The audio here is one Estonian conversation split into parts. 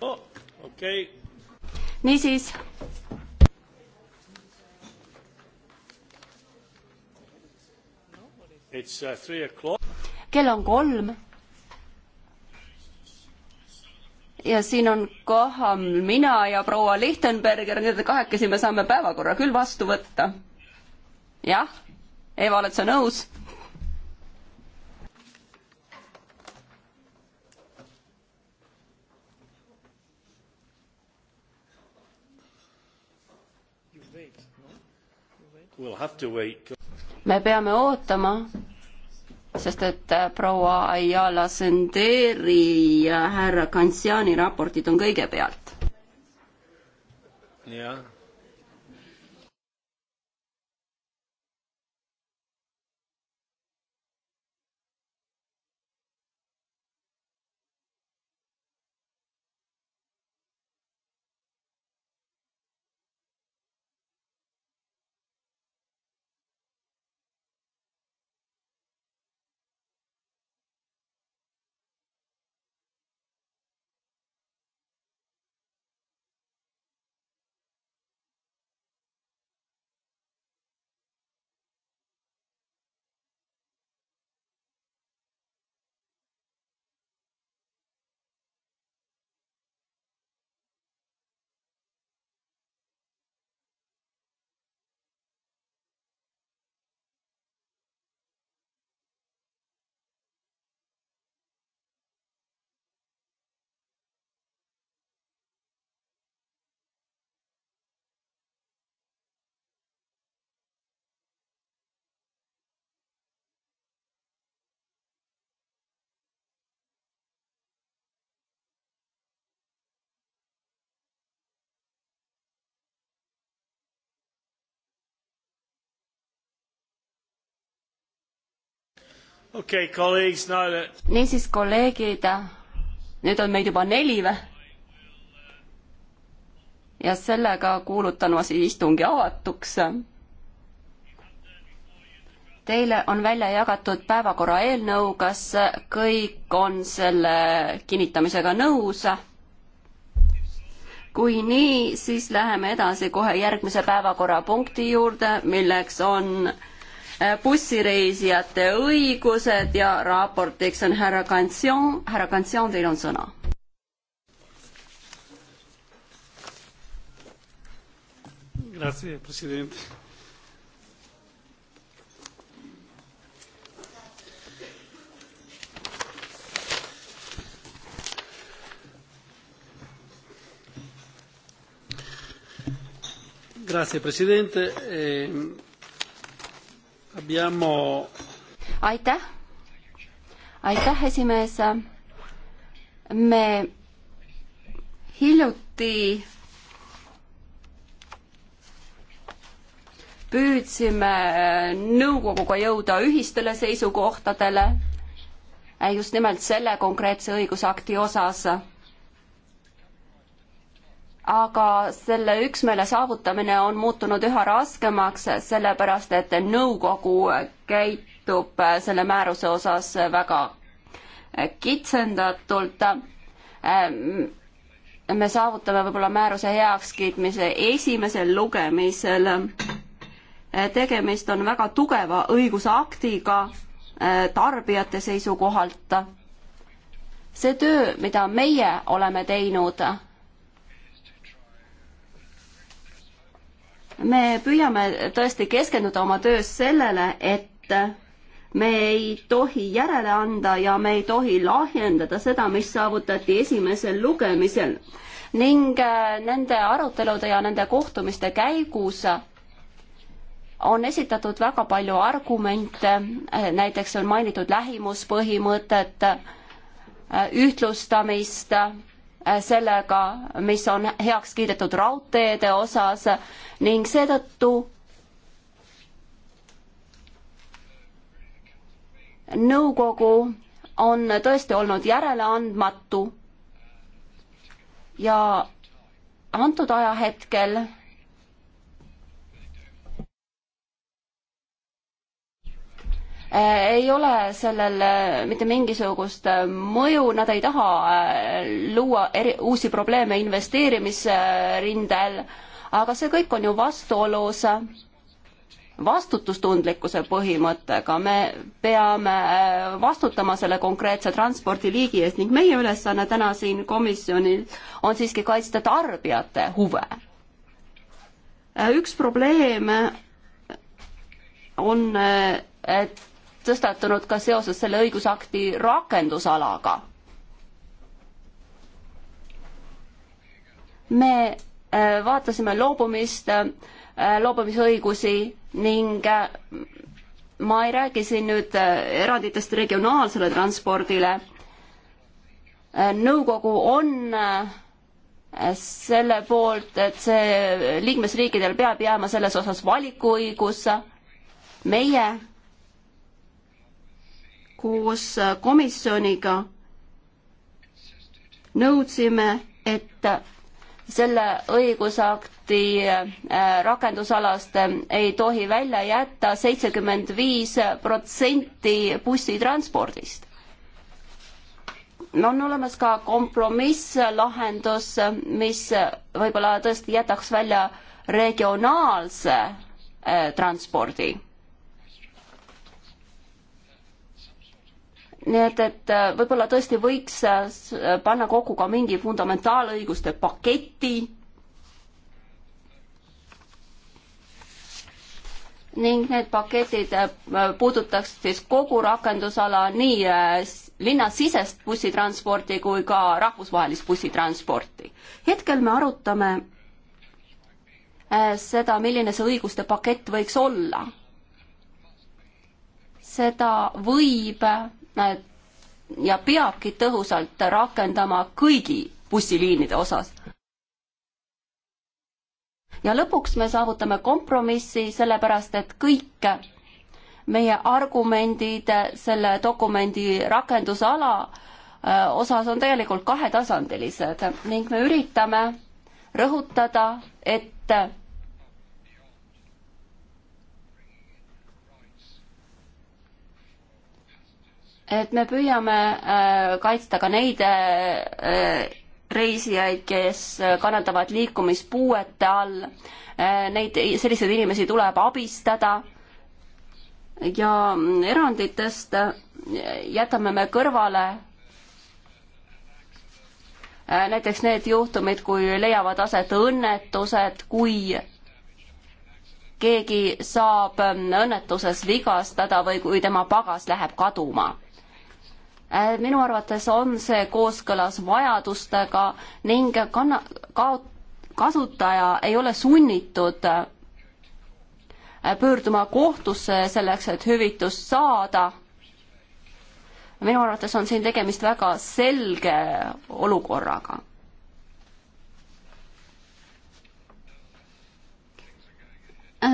oh,. okei okay.. niisiis. Uh, kell on kolm. ja siin on kohal mina ja proua Lichtenberger, nii et kahekesi me saame päevakorra küll vastu võtta. jah, Eva, oled sa nõus? me peame ootama, sest et äh, proua Ayala Senderi ja härra Kansiani raportid on kõigepealt. jah okay,. That... niisiis, kolleegid, nüüd on meid juba neli või? ja sellega kuulutan ma siis istungi avatuks. Teile on välja jagatud päevakorra eelnõu, kas kõik on selle kinnitamisega nõus? kui nii, siis läheme edasi kohe järgmise päevakorrapunkti juurde, milleks on Äh, bussireisijate õigused ja raportiks on härra Kantsion, härra Kantsion, teil on sõna. Grazie, president. Grazie Presidente. Eh, Abbiamo... aitäh, aitäh, esimees. me hiljuti püüdsime nõukoguga jõuda ühistele seisukohtadele just nimelt selle konkreetse õigusakti osas aga selle üksmeele saavutamine on muutunud üha raskemaks, sellepärast et nõukogu käitub selle määruse osas väga kitsendatult. me saavutame võib-olla määruse heakskiitmise esimesel lugemisel. tegemist on väga tugeva õigusaktiga tarbijate seisukohalt. see töö, mida meie oleme teinud me püüame tõesti keskenduda oma töös sellele, et me ei tohi järele anda ja me ei tohi lahjendada seda, mis saavutati esimesel lugemisel ning äh, nende arutelude ja nende kohtumiste käigus on esitatud väga palju argumente, äh, näiteks on mainitud lähimuspõhimõtet, äh, ühtlustamist Äh, sellega, mis on heaks kiidetud raudteede osas ning seetõttu nõukogu on tõesti olnud järeleandmatu ja antud ajahetkel Äh, ei ole sellel äh, mitte mingisugust äh, mõju, nad ei taha luua eri, uusi probleeme investeerimisrindel, aga see kõik on ju vastuolus vastutustundlikkuse põhimõttega, me peame vastutama selle konkreetse transpordiliigi eest ning meie ülesanne täna siin komisjonil on siiski kaitsta tarbijate huve. üks probleem on, et tõstatunud ka seoses selle õigusakti rakendusalaga. me äh, vaatasime loobumist, äh, loobumisõigusi ning äh, ma ei räägi siin nüüd eranditest regionaalsele transpordile. nõukogu on selle poolt, et see liikmesriikidel peab jääma selles osas valikuõigus. meie koos komisjoniga nõudsime, et selle õigusakti äh, rakendusalast ei tohi välja jätta seitsekümmend viis protsenti bussitranspordist. on olemas ka kompromisslahendus, mis võib-olla tõesti jätaks välja regionaalse äh, transpordi nii et, et äh, võib-olla tõesti võiks äh, äh, panna kokku ka mingi fundamentaalõiguste paketi ning need paketid puudutaks siis kogu rakendusala nii linnasisest bussitransporti kui ka rahvusvahelist bussitransporti. hetkel me arutame seda, milline see õiguste pakett võiks olla. seda võib Äh, ja peabki tõhusalt rakendama kõigi bussiliinide osas. ja lõpuks me saavutame kompromissi, sellepärast et kõik meie argumendid selle dokumendi rakendusala äh, osas on tegelikult kahetasandilised ning me üritame rõhutada, et et me püüame äh, kaitsta ka neid äh, reisijaid, kes äh, kannatavad liikumispuuete all. Neid, selliseid inimesi tuleb abistada ja mm, eranditest jätame me kõrvale näiteks need juhtumid, kui leiavad aset õnnetused, kui keegi saab mm, õnnetuses vigastada või kui tema pagas läheb kaduma. Äh, minu arvates on see kooskõlas vajadustega ning kanna-, kao-, kasutaja ei ole sunnitud äh, pöörduma kohtusse selleks, et hüvitust saada. minu arvates on siin tegemist väga selge olukorraga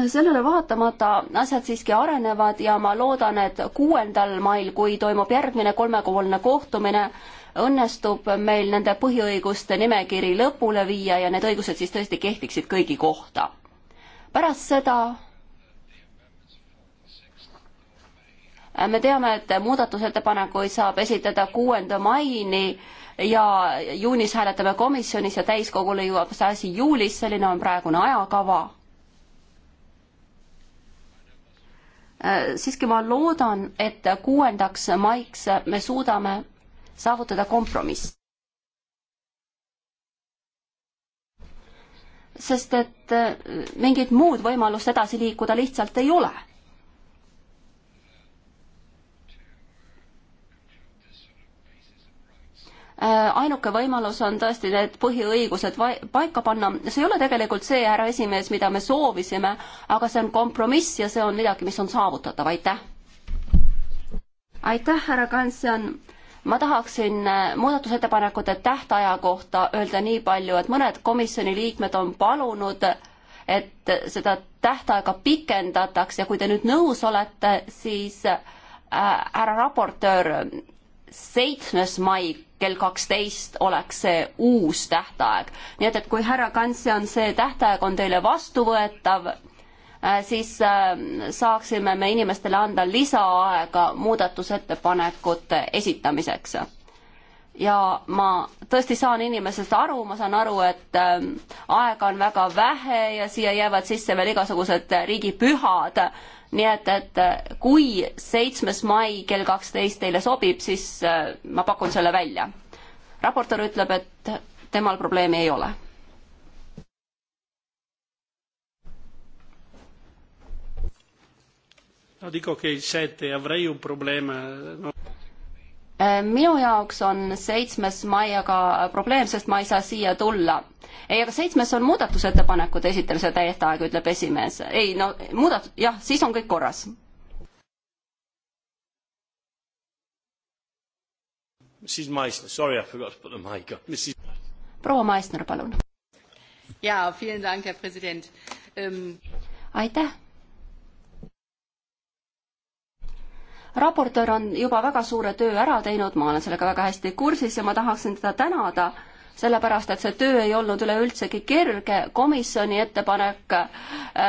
sellele vaatamata asjad siiski arenevad ja ma loodan, et kuuendal mail, kui toimub järgmine kolmepoolne kohtumine, õnnestub meil nende põhiõiguste nimekiri lõpule viia ja need õigused siis tõesti kehtiksid kõigi kohta. pärast seda me teame, et muudatusettepanekuid saab esitada kuuenda maini ja juunis hääletame komisjonis ja täiskogule jõuab see asi juulis, selline on praegune ajakava Äh, siiski ma loodan, et kuuendaks maiks me suudame saavutada kompromiss. sest et äh, mingit muud võimalust edasi liikuda lihtsalt ei ole Äh, ainuke võimalus on tõesti need põhiõigused paika panna. see ei ole tegelikult see, härra esimees, mida me soovisime, aga see on kompromiss ja see on midagi, mis on saavutatav, aitäh. aitäh, härra Kantsjan. ma tahaksin äh, muudatusettepanekute tähtaja kohta öelda nii palju, et mõned komisjoni liikmed on palunud, et seda tähtaega pikendataks ja kui te nüüd nõus olete, siis äh, härra raportöör, seitsmes mai kell kaksteist oleks see uus tähtaeg. nii et, et kui härra Kantsjan, see tähtaeg on teile vastuvõetav, äh, siis äh, saaksime me inimestele anda lisaaega muudatusettepanekute esitamiseks ja ma tõesti saan inimesest aru, ma saan aru, et äh, aega on väga vähe ja siia jäävad sisse veel igasugused riigipühad nii et, et äh, kui seitsmes mai kell kaksteist teile sobib, siis äh, ma pakun selle välja. raportöör ütleb, et temal probleemi ei ole no dico che il 7 avrei un problema. No. Äh, minu jaoks on seitsmes mai aga probleem, sest ma ei saa siia tulla ei, aga seitsmes on muudatusettepanekute esitamise tähtaeg, ütleb esimees. ei no muudat-, jah, siis on kõik korras. Mrs Meissner, sorry I forgot to put the mic up. Mrs proua Meissner, palun. jaa, vielen dank, herr president um.... Ähm, aitäh raportöör on juba väga suure töö ära teinud, ma olen sellega väga hästi kursis ja ma tahaksin teda tänada sellepärast et see töö ei olnud üleüldsegi kerge, komisjoni ettepanek äh,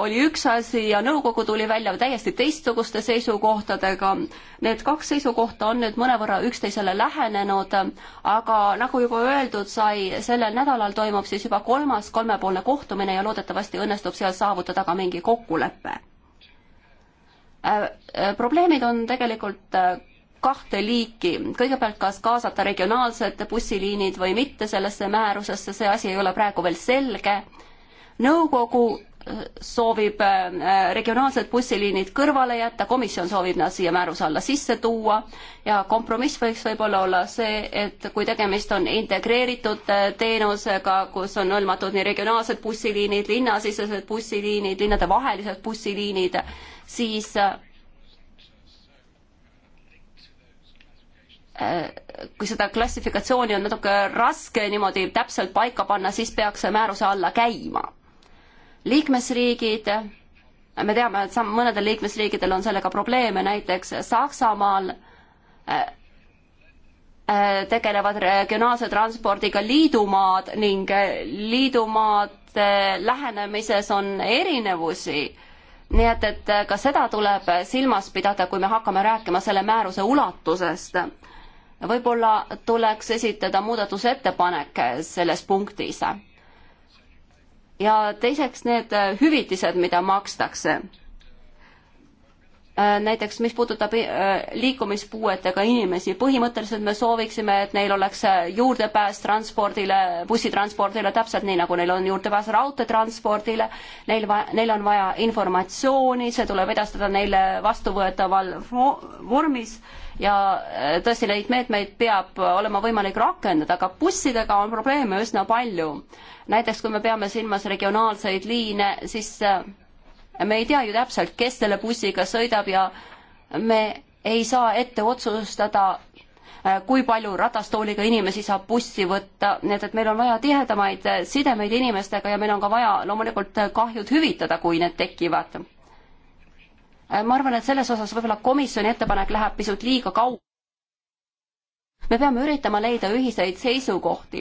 oli üks asi ja nõukogu tuli välja täiesti teistsuguste seisukohtadega. Need kaks seisukohta on nüüd mõnevõrra üksteisele lähenenud, aga nagu juba öeldud sai, sellel nädalal toimub siis juba kolmas kolmepoolne kohtumine ja loodetavasti õnnestub seal saavutada ka mingi kokkulepe äh,. Äh, probleemid on tegelikult äh, kahte liiki. kõigepealt, kas kaasata regionaalsed bussiliinid või mitte sellesse määrusesse, see asi ei ole praegu veel selge. nõukogu äh, soovib äh, regionaalsed bussiliinid kõrvale jätta, komisjon soovib nad siia määruse alla sisse tuua ja kompromiss võiks võib-olla olla see, et kui tegemist on integreeritud äh, teenusega, kus on hõlmatud nii regionaalsed bussiliinid, linnasisesed bussiliinid, linnadevahelised bussiliinid, siis Äh, kui seda klassifikatsiooni on natuke raske niimoodi täpselt paika panna, siis peaks see määruse alla käima. liikmesriigid, me teame, et samm, mõnedel liikmesriikidel on sellega probleeme, näiteks Saksamaal äh, äh, tegelevad regionaalse transpordiga liidumaad ning liidumaade lähenemises on erinevusi nii et, et ka seda tuleb silmas pidada, kui me hakkame rääkima selle määruse ulatusest võib-olla tuleks esitada muudatusettepanek selles punktis. ja teiseks need hüvitised, mida makstakse. Äh, näiteks, mis puudutab äh, liikumispuuetega inimesi, põhimõtteliselt me sooviksime, et neil oleks äh, juurdepääs transpordile, bussitranspordile täpselt nii, nagu neil on juurdepääs raudteetranspordile, neil, neil on vaja informatsiooni, see tuleb edastada neile vastuvõetaval vormis ja äh, tõesti, neid meetmeid peab olema võimalik rakendada, aga bussidega on probleeme üsna palju. näiteks kui me peame silmas regionaalseid liine, siis äh, me ei tea ju täpselt, kes selle bussiga sõidab ja me ei saa ette otsustada, äh, kui palju ratastooliga inimesi saab bussi võtta, nii et, et meil on vaja tihedamaid sidemeid inimestega ja meil on ka vaja loomulikult kahjud hüvitada, kui need tekivad. Äh, ma arvan, et selles osas võib-olla komisjoni ettepanek läheb pisut liiga kaugele. me peame üritama leida ühiseid seisukohti,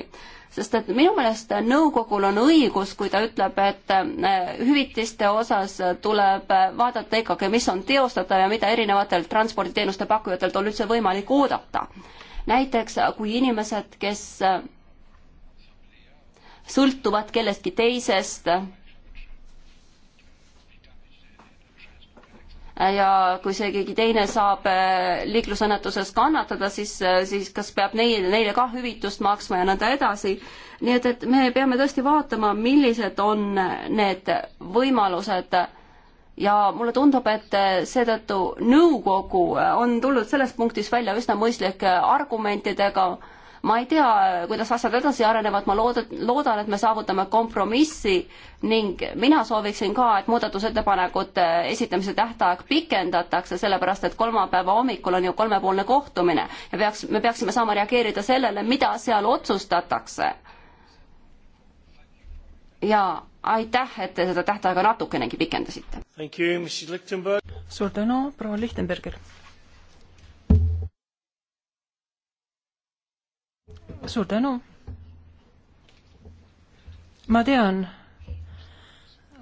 sest et minu meelest nõukogul on õigus, kui ta ütleb, et äh, hüvitiste osas tuleb äh, vaadata ikkagi, mis on teostatav ja mida erinevatel transporditeenuste pakkujatelt on üldse võimalik oodata. näiteks kui inimesed, kes sõltuvad kellestki teisest, ja kui see keegi teine saab äh, liiklusõnnetuses kannatada, siis, äh, siis kas peab neile, neile ka hüvitust maksma ja nõnda edasi. nii et, et me peame tõesti vaatama, millised on need võimalused ja mulle tundub, et äh, seetõttu nõukogu on tulnud selles punktis välja üsna mõistlike argumentidega ma ei tea, kuidas asjad edasi arenevad, ma loodan, loodan, et me saavutame kompromissi ning mina sooviksin ka, et muudatusettepanekute esitamise tähtaeg pikendatakse, sellepärast et kolmapäeva hommikul on ju kolmepoolne kohtumine ja peaks, me peaksime saama reageerida sellele, mida seal otsustatakse. ja aitäh, et te seda tähtaega natukenegi pikendasite. suur tänu, proua Lichtenberger suur tänu. ma tean,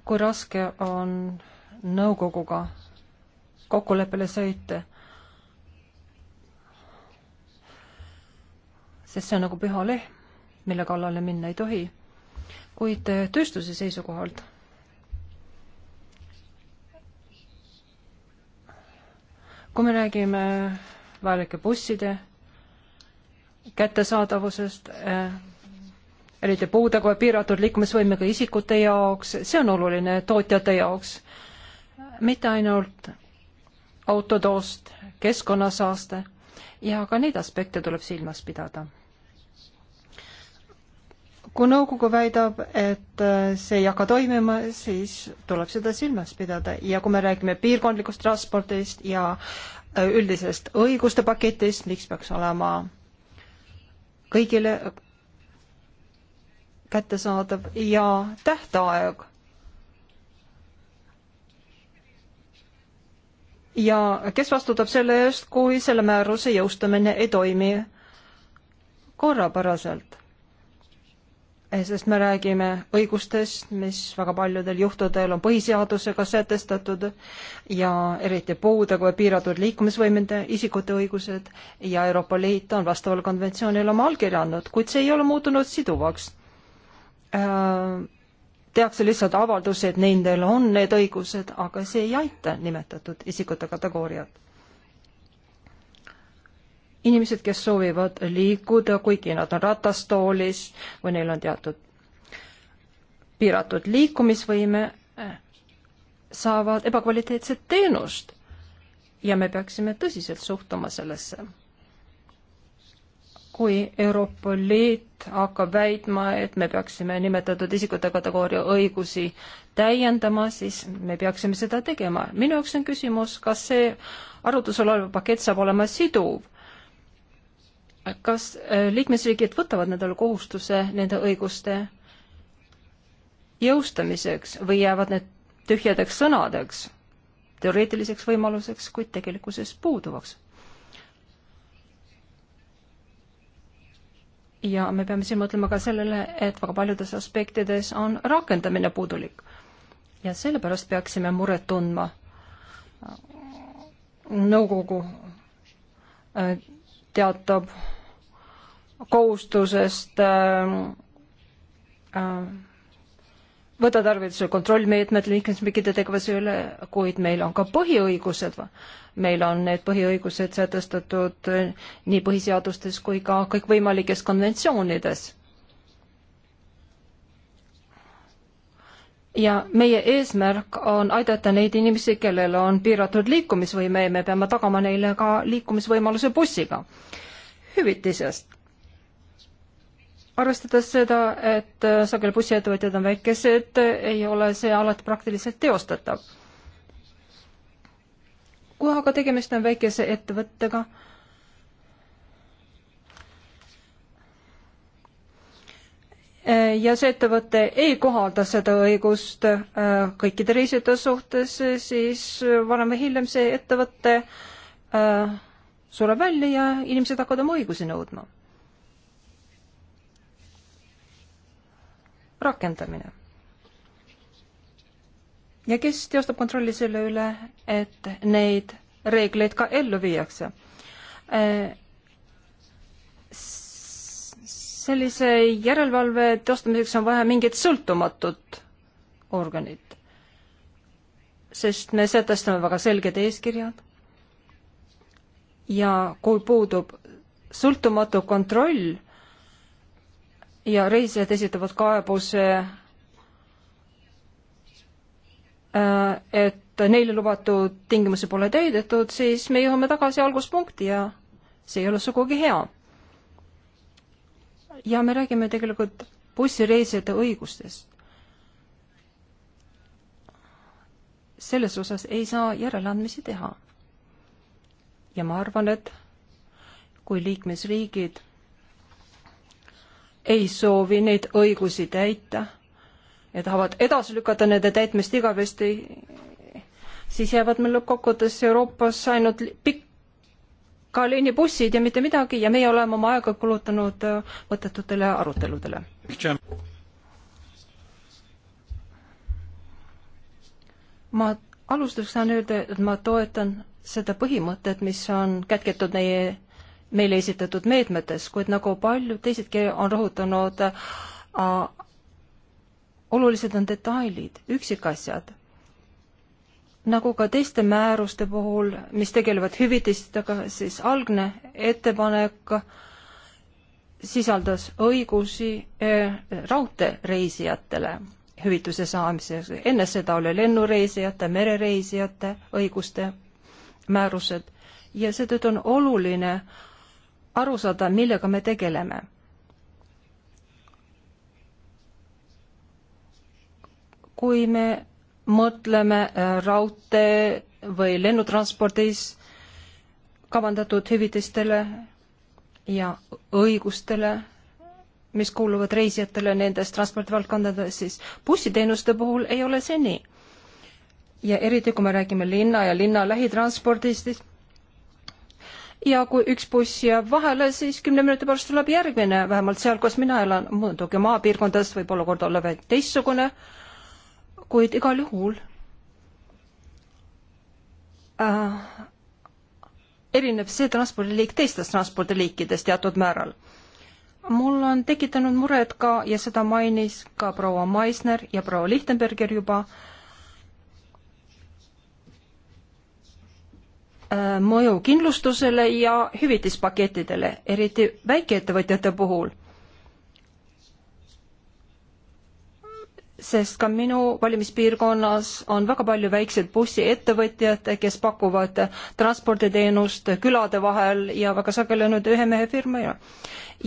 kui raske on nõukoguga kokkuleppele sõita. sest see on nagu püha lehm, mille kallale minna ei tohi. kuid tööstuse seisukohalt kui me räägime vajalike busside kättesaadavusest, äh, eriti puudega piiratud liikumisvõimega isikute jaoks, see on oluline tootjate jaoks. mitte ainult autode ost, keskkonnasaaste ja ka neid aspekte tuleb silmas pidada. kui nõukogu väidab, et äh, see ei hakka toimima, siis tuleb seda silmas pidada ja kui me räägime piirkondlikust transpordist ja äh, üldisest õiguste paketist, miks peaks olema äh, kõigile kättesaadav ja tähtaeg. ja kes vastutab selle eest, kui selle määruse jõustamine ei toimi korrapäraselt? Eh, sest me räägime õigustest, mis väga paljudel juhtudel on põhiseadusega sätestatud ja eriti puudega või piiratud liikumisvõimende isikute õigused ja Euroopa Liit on vastavale konventsioonile oma allkirja andnud, kuid see ei ole muutunud siduvaks äh,. tehakse lihtsalt avaldusi, et nendel on need õigused, aga see ei aita nimetatud isikute kategooriat inimesed, kes soovivad liikuda, kuigi nad on ratastoolis või neil on teatud piiratud liikumisvõime, saavad ebakvaliteetset teenust ja me peaksime tõsiselt suhtuma sellesse. kui Euroopa Liit hakkab väitma, et me peaksime nimetatud isikute kategooria õigusi täiendama, siis me peaksime seda tegema. minu jaoks on küsimus, kas see arutusel olev pakett saab olema siduv kas äh, liikmesriigid võtavad endale kohustuse nende õiguste jõustamiseks või jäävad need tühjadeks sõnadeks, teoreetiliseks võimaluseks, kuid tegelikkuses puuduvaks? ja me peame siin mõtlema ka sellele, et väga paljudes aspektides on rakendamine puudulik. ja sellepärast peaksime muret tundma äh, nõukogu äh, teatab kohustusest äh, äh, võtta tarvitusele kontrollmeetmed liikmesriikide tegevuse üle, kuid meil on ka põhiõigused. meil on need põhiõigused sätestatud nii põhiseadustes kui ka kõikvõimalikes konventsioonides. ja meie eesmärk on aidata neid inimesi, kellel on piiratud liikumisvõime ja me peame tagama neile ka liikumisvõimaluse bussiga. hüvitisest. arvestades seda, et äh, sageli bussiettevõtjad on väikesed, ei ole see alati praktiliselt teostatav. kui aga tegemist on väikese ettevõttega, ja see ettevõte ei kohalda seda õigust äh, kõikide reisijate suhtes, siis varem või hiljem see ettevõte äh, sureb välja ja inimesed hakkavad oma õigusi nõudma. rakendamine. ja kes teostab kontrolli selle üle, et neid reegleid ka ellu viiakse? Äh, sellise järelevalve teostamiseks on vaja mingit sõltumatut organit, sest me sätestame väga selged eeskirjad ja kui puudub sõltumatu kontroll ja reisijad esitavad kaebuse, äh, et neile lubatud tingimusi pole täidetud, siis me jõuame tagasi alguspunkti ja see ei ole sugugi hea ja me räägime tegelikult bussireisijate õigustest. selles osas ei saa järeleandmisi teha. ja ma arvan, et kui liikmesriigid ei soovi neid õigusi täita ja tahavad edasi lükata nende täitmist igavesti, siis jäävad meil lõppkokkuvõttes Euroopas ainult pikk ka liinibussid ja mitte midagi ja meie oleme oma aega kulutanud äh, mõttetutele aruteludele. ma alustuseks saan öelda, et ma toetan seda põhimõtet, mis on kätketud meie, meile esitatud meetmetes, kuid nagu paljud teisedki on rõhutanud, äh, olulised on detailid, üksikasjad nagu ka teiste määruste puhul, mis tegelevad hüvitistega, siis algne ettepanek sisaldas õigusi eh, raudteereisijatele hüvituse saamiseks. enne seda oli lennureisijate, merereisijate õiguste määrused ja seetõttu on oluline aru saada, millega me tegeleme. kui me mõtleme äh, raudtee või lennutranspordis kavandatud hüvitistele ja õigustele, mis kuuluvad reisijatele nendes transpordivaldkondades, siis bussiteenuste puhul ei ole see nii. ja eriti, kui me räägime linna ja linna lähitranspordist, ja kui üks buss jääb vahele, siis kümne minuti pärast tuleb järgmine, vähemalt seal, kus mina elan, muidugi maapiirkondades võib olukord olla veel teistsugune kuid igal juhul äh, erineb see transpordiliik teistest transpordiliikidest teatud määral. mul on tekitanud mured ka ja seda mainis ka proua Maisner ja proua Lichtenberger juba äh,, mõju kindlustusele ja hüvitispakettidele, eriti väikeettevõtjate puhul sest ka minu valimispiirkonnas on väga palju väikseid bussiettevõtjaid, kes pakuvad transporditeenust külade vahel ja väga sageli on nad ühe mehe firma ja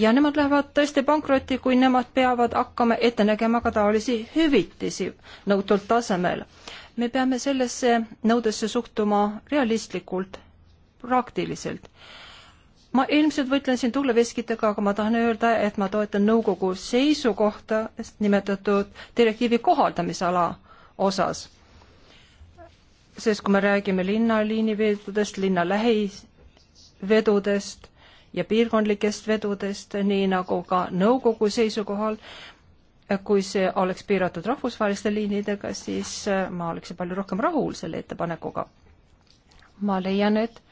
ja nemad lähevad tõesti pankrotti, kui nemad peavad hakkama ette nägema ka taolisi hüvitisi nõutult tasemel. me peame sellesse nõudesse suhtuma realistlikult, praktiliselt ma ilmselt võitlen siin tuuleveskitega, aga ma tahan öelda, et ma toetan nõukogu seisukohta nimetatud direktiivi kohaldamisala osas. sest kui me räägime linna liiniveedudest, linna lähivedudest ja piirkondlikest vedudest, nii nagu ka nõukogu seisukohal, kui see oleks piiratud rahvusvaheliste liinidega, siis ma oleksin palju rohkem rahul selle ettepanekuga. ma leian, et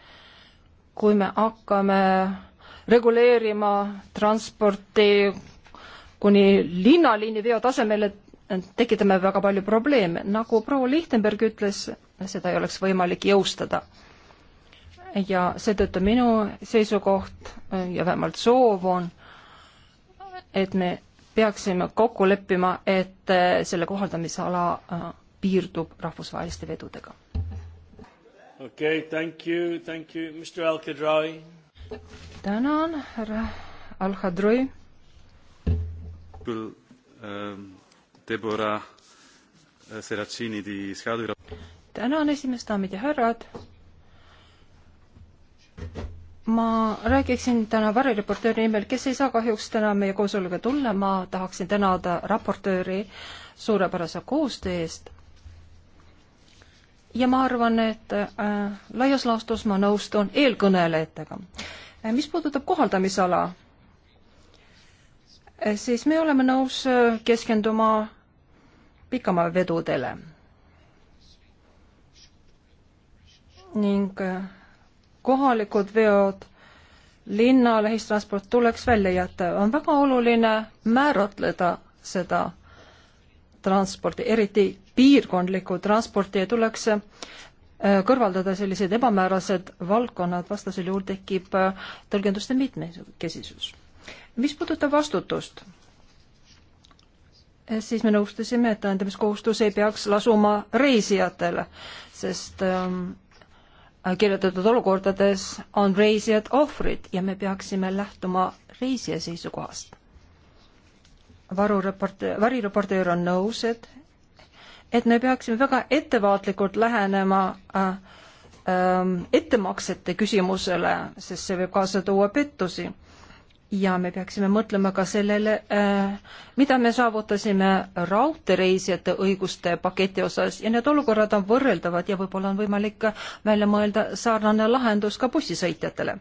kui me hakkame reguleerima transporti kuni linnaliini veo tasemele, tekitame väga palju probleeme. nagu proua Lichtenberg ütles, seda ei oleks võimalik jõustada. ja seetõttu minu seisukoht äh, ja vähemalt soov on, et me peaksime kokku leppima, et äh, selle kohaldamisala äh, piirdub rahvusvaheliste vedudega okei okay,, thank you, thank you, Mr Al-Kadri. tänan, härra Al-Kadri. küll ähm, Deborah äh, Seracini di Skadura. tänan, esimesed daamid ja härrad. ma räägiksin täna varireportööri nimel, kes ei saa kahjuks täna meie koosolekule tulla, ma tahaksin tänada raportööri suurepärase koostöö eest ja ma arvan, et äh, laias laastus ma nõustun eelkõnelejatega. Äh, mis puudutab kohaldamisala, äh, siis me oleme nõus äh, keskenduma pikamaavedudele ning kohalikud veod, linna lähistransport tuleks välja jätta. on väga oluline määratleda seda transporti, eriti piirkondlikku transporti ja tuleks äh, kõrvaldada sellised ebamäärased valdkonnad, vastasel juhul tekib äh, tõlgenduste mitmekesisus. mis puudutab vastutust, äh, siis me nõustusime, et tõendamiskohustus ei peaks lasuma reisijatele, sest ähm, kirjeldatud olukordades on reisijad ohvrid ja me peaksime lähtuma reisija seisukohast. varureport-, varireportöör on nõus, et et me peaksime väga ettevaatlikult lähenema äh, ähm, ettemaksete küsimusele, sest see võib kaasa tuua pettusi. ja me peaksime mõtlema ka sellele, äh, mida me saavutasime raudteereisijate õiguste paketi osas ja need olukorrad on võrreldavad ja võib-olla on võimalik välja mõelda sarnane lahendus ka bussisõitjatele.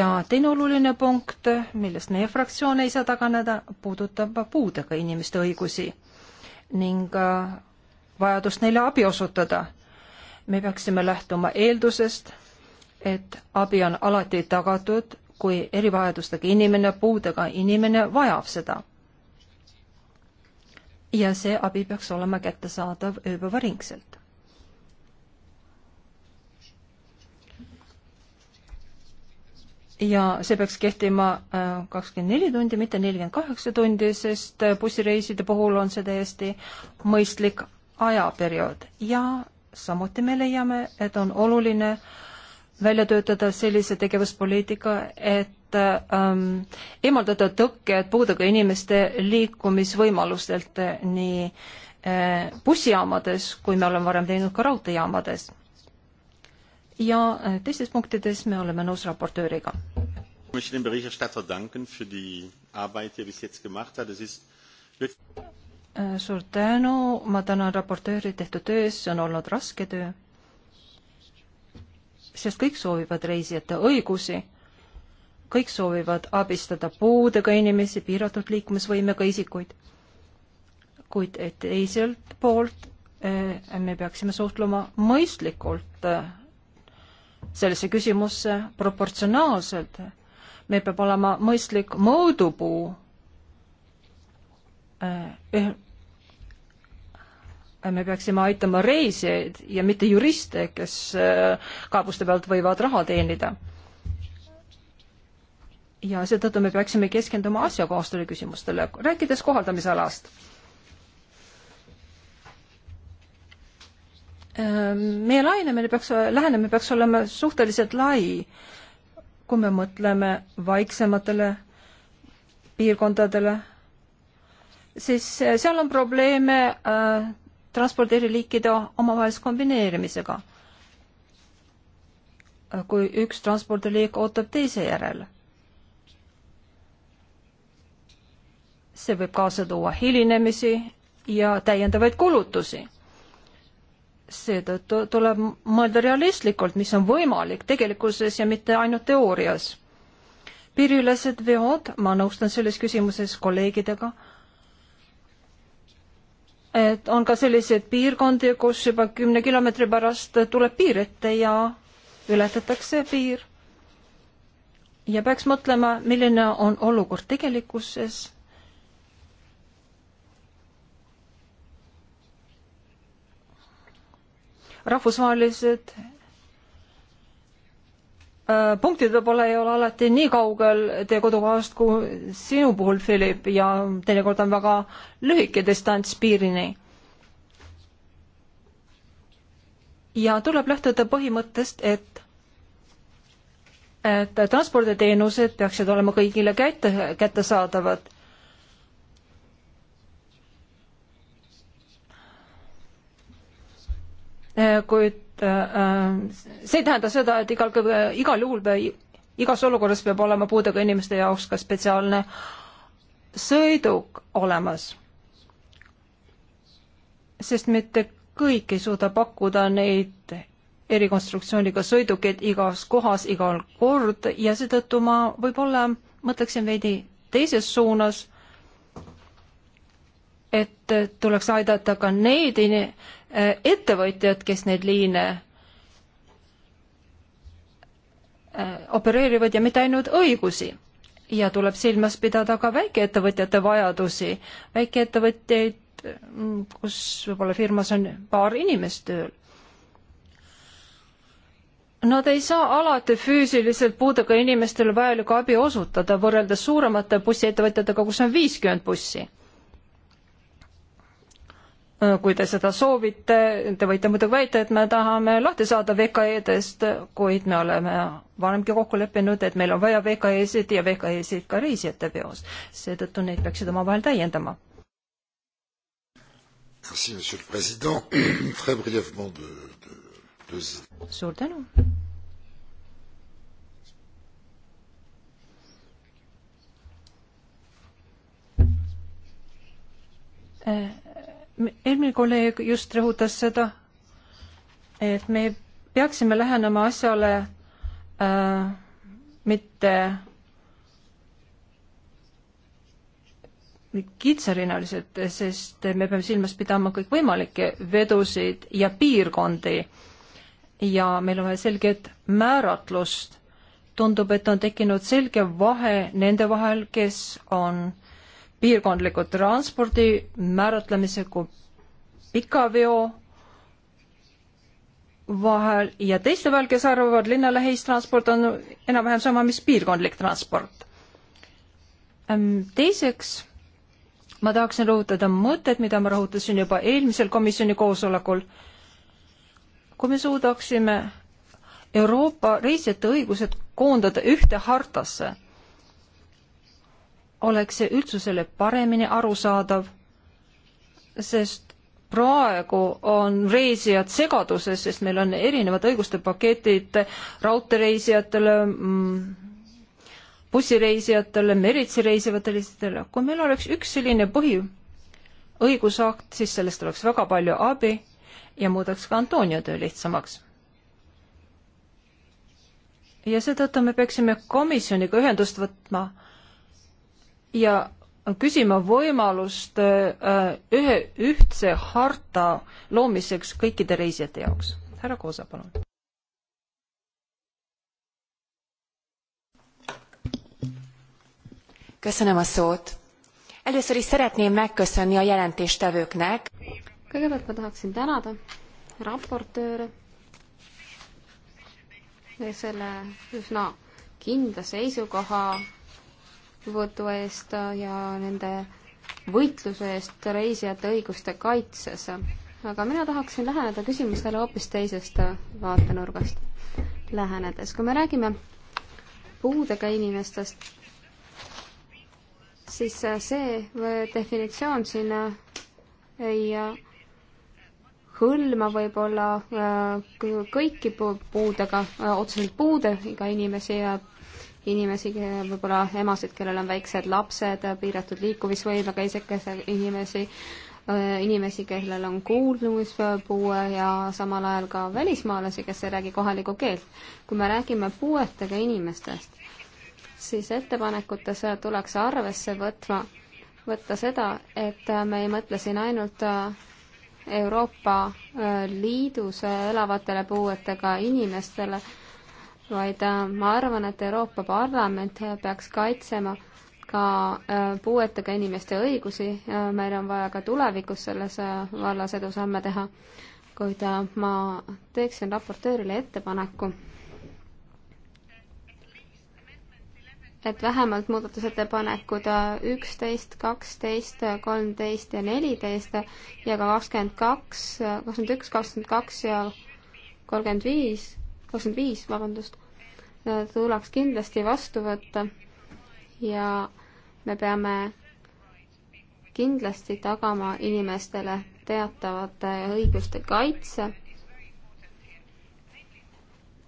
ja teine oluline punkt, millest meie fraktsioon ei saa taganeda, puudutab puudega inimeste õigusi ning äh, vajadust neile abi osutada. me peaksime lähtuma eeldusest, et abi on alati tagatud, kui erivajadustega inimene, puudega inimene vajab seda. ja see abi peaks olema kättesaadav ööpäevaringselt. ja see peaks kehtima äh, kakskümmend neli tundi, mitte nelikümmend kaheksa tundi, sest äh, bussireiside puhul on see täiesti mõistlik ajaperiood ja samuti me leiame, et on oluline välja töötada sellise tegevuspoliitika, et ähm, eemaldada tõkked puudega inimeste liikumisvõimalustelt äh, nii äh, bussijaamades, kui me oleme varem teinud ka raudteejaamades ja äh, teistes punktides me oleme nõus raportööriga. Er äh, suur tänu, ma tänan raportööri tehtud töö eest, see on olnud raske töö, sest kõik soovivad reisijate õigusi kõik soovivad abistada puudega inimesi, piiratud liikumisvõimega isikuid. kuid teiselt poolt äh, me peaksime suhtlema mõistlikult sellesse küsimusse proportsionaalselt. meil peab olema mõistlik mõõdupuu eh, äh, me peaksime aitama reisijaid ja mitte juriste, kes äh, kaebuste pealt võivad raha teenida. ja seetõttu me peaksime keskenduma asjakohastele küsimustele. rääkides kohaldamisalast Ehm, meie laienemine peaks, lähenemine peaks olema suhteliselt lai, kui me mõtleme vaiksematele piirkondadele, siis eh, seal on probleeme äh, transpordiliikide omavahelise kombineerimisega. Äh, kui üks transpordiliik ootab teise järel. see võib kaasa tuua hilinemisi ja täiendavaid kulutusi seetõttu tuleb mõelda realistlikult, mis on võimalik tegelikkuses ja mitte ainult teoorias. piiriülesed veod, ma nõustun selles küsimuses kolleegidega, et on ka selliseid piirkondi, kus juba kümne kilomeetri pärast tuleb piir ette ja ületatakse piir. ja peaks mõtlema, milline on olukord tegelikkuses rahvusvahelised äh, punktid võib-olla ei ole alati nii kaugel teie kodukohast kui sinu puhul, Philip, ja teinekord on väga lühike distants piirini. ja tuleb lähtuda põhimõttest, et et transporditeenused peaksid olema kõigile kätte, kättesaadavad Äh, kuid äh, äh, see ei tähenda seda, et igal, igal juhul, igas olukorras peab olema puudega inimeste jaoks ka spetsiaalne sõiduk olemas. sest mitte kõik ei suuda pakkuda neid erikonstruktsiooniga sõidukeid igas kohas igal kord ja seetõttu ma võib-olla mõtleksin veidi teises suunas et tuleks aidata ka neid äh, ettevõtjad, kes neid liine äh, opereerivad ja mitte ainult õigusi. ja tuleb silmas pidada ka väikeettevõtjate vajadusi, väikeettevõtjaid, mm, kus võib-olla firmas on paar inimest tööl. Nad ei saa alati füüsiliselt puudega inimestele vajalikku abi osutada, võrreldes suuremate bussiettevõtjatega, kus on viiskümmend bussi kui te seda soovite, te võite muidugi väita, et me tahame lahti saada VKE-dest, kuid me oleme varemgi kokku leppinud, et meil on vaja VKE-sid ja VKE-sid ka reisijate peos. seetõttu neid peaksid omavahel täiendama. suur tänu. Eh eelmine kolleeg just rõhutas seda, et me peaksime lähenema asjale äh, mitte kitsarinnalised, sest me peame silmas pidama kõikvõimalikke vedusid ja piirkondi ja meil on vaja selget määratlust. tundub, et on tekkinud selge vahe nende vahel, kes on piirkondliku transpordi määratlemise kui pikaveo vahel ja teiste vahel, kes arvavad, linna lähistransport on enam-vähem sama, mis piirkondlik transport. teiseks ma tahaksin rõhutada mõtet, mida ma rõhutasin juba eelmisel komisjoni koosolekul. kui me suudaksime Euroopa reisijate õigused koondada ühte hartasse oleks see üldsusele paremini arusaadav, sest praegu on reisijad segaduses, sest meil on erinevad õiguste paketid raudteereisijatele, mm, bussireisijatele, meritsi reisivatele reisijatele. kui meil oleks üks selline põhiõigusakt, siis sellest oleks väga palju abi ja muudaks ka Antonio töö lihtsamaks. ja seetõttu me peaksime komisjoniga ühendust võtma ja küsima võimalust äh, ühe ühtse harta loomiseks kõikide reisijate jaoks. härra Koosa, palun. köszönöm a szót. Először is szeretném megköszönni a jelentéstevőknek. Kõigepealt ma tahaksin tänada raportööre selle üsna kindla seisukoha jõupingutu eest ja nende võitluse eest reisijate õiguste kaitses. aga mina tahaksin läheneda küsimusele hoopis teisest vaatenurgast lähenedes. kui me räägime puudega inimestest, siis see definitsioon siin ei hõlma võib-olla kõiki puudega, otseselt puudega inimesi ja inimesi, võib-olla emasid, kellel on väiksed lapsed, piiratud liikumisvõimega isekese inimesi, inimesi, kellel on kuulmispuue ja samal ajal ka välismaalasi, kes ei räägi kohalikku keelt. kui me räägime puuetega inimestest, siis ettepanekutes tuleks arvesse võtma, võtta seda, et me ei mõtle siin ainult Euroopa Liidus elavatele puuetega inimestele, vaid äh, ma arvan, et Euroopa Parlament peaks kaitsema ka äh, puuetega inimeste õigusi, äh, meil on vaja ka tulevikus selles vallas edusamme teha, kuid ma teeksin raportöörile ettepaneku, et vähemalt muudatusettepanekud üksteist, kaksteist, kolmteist ja neliteist ja ka kakskümmend kaks, kakskümmend üks, kakskümmend kaks ja kolmkümmend viis, kakskümmend viis, vabandust, tuleks kindlasti vastu võtta ja me peame kindlasti tagama inimestele teatavate õiguste kaitse.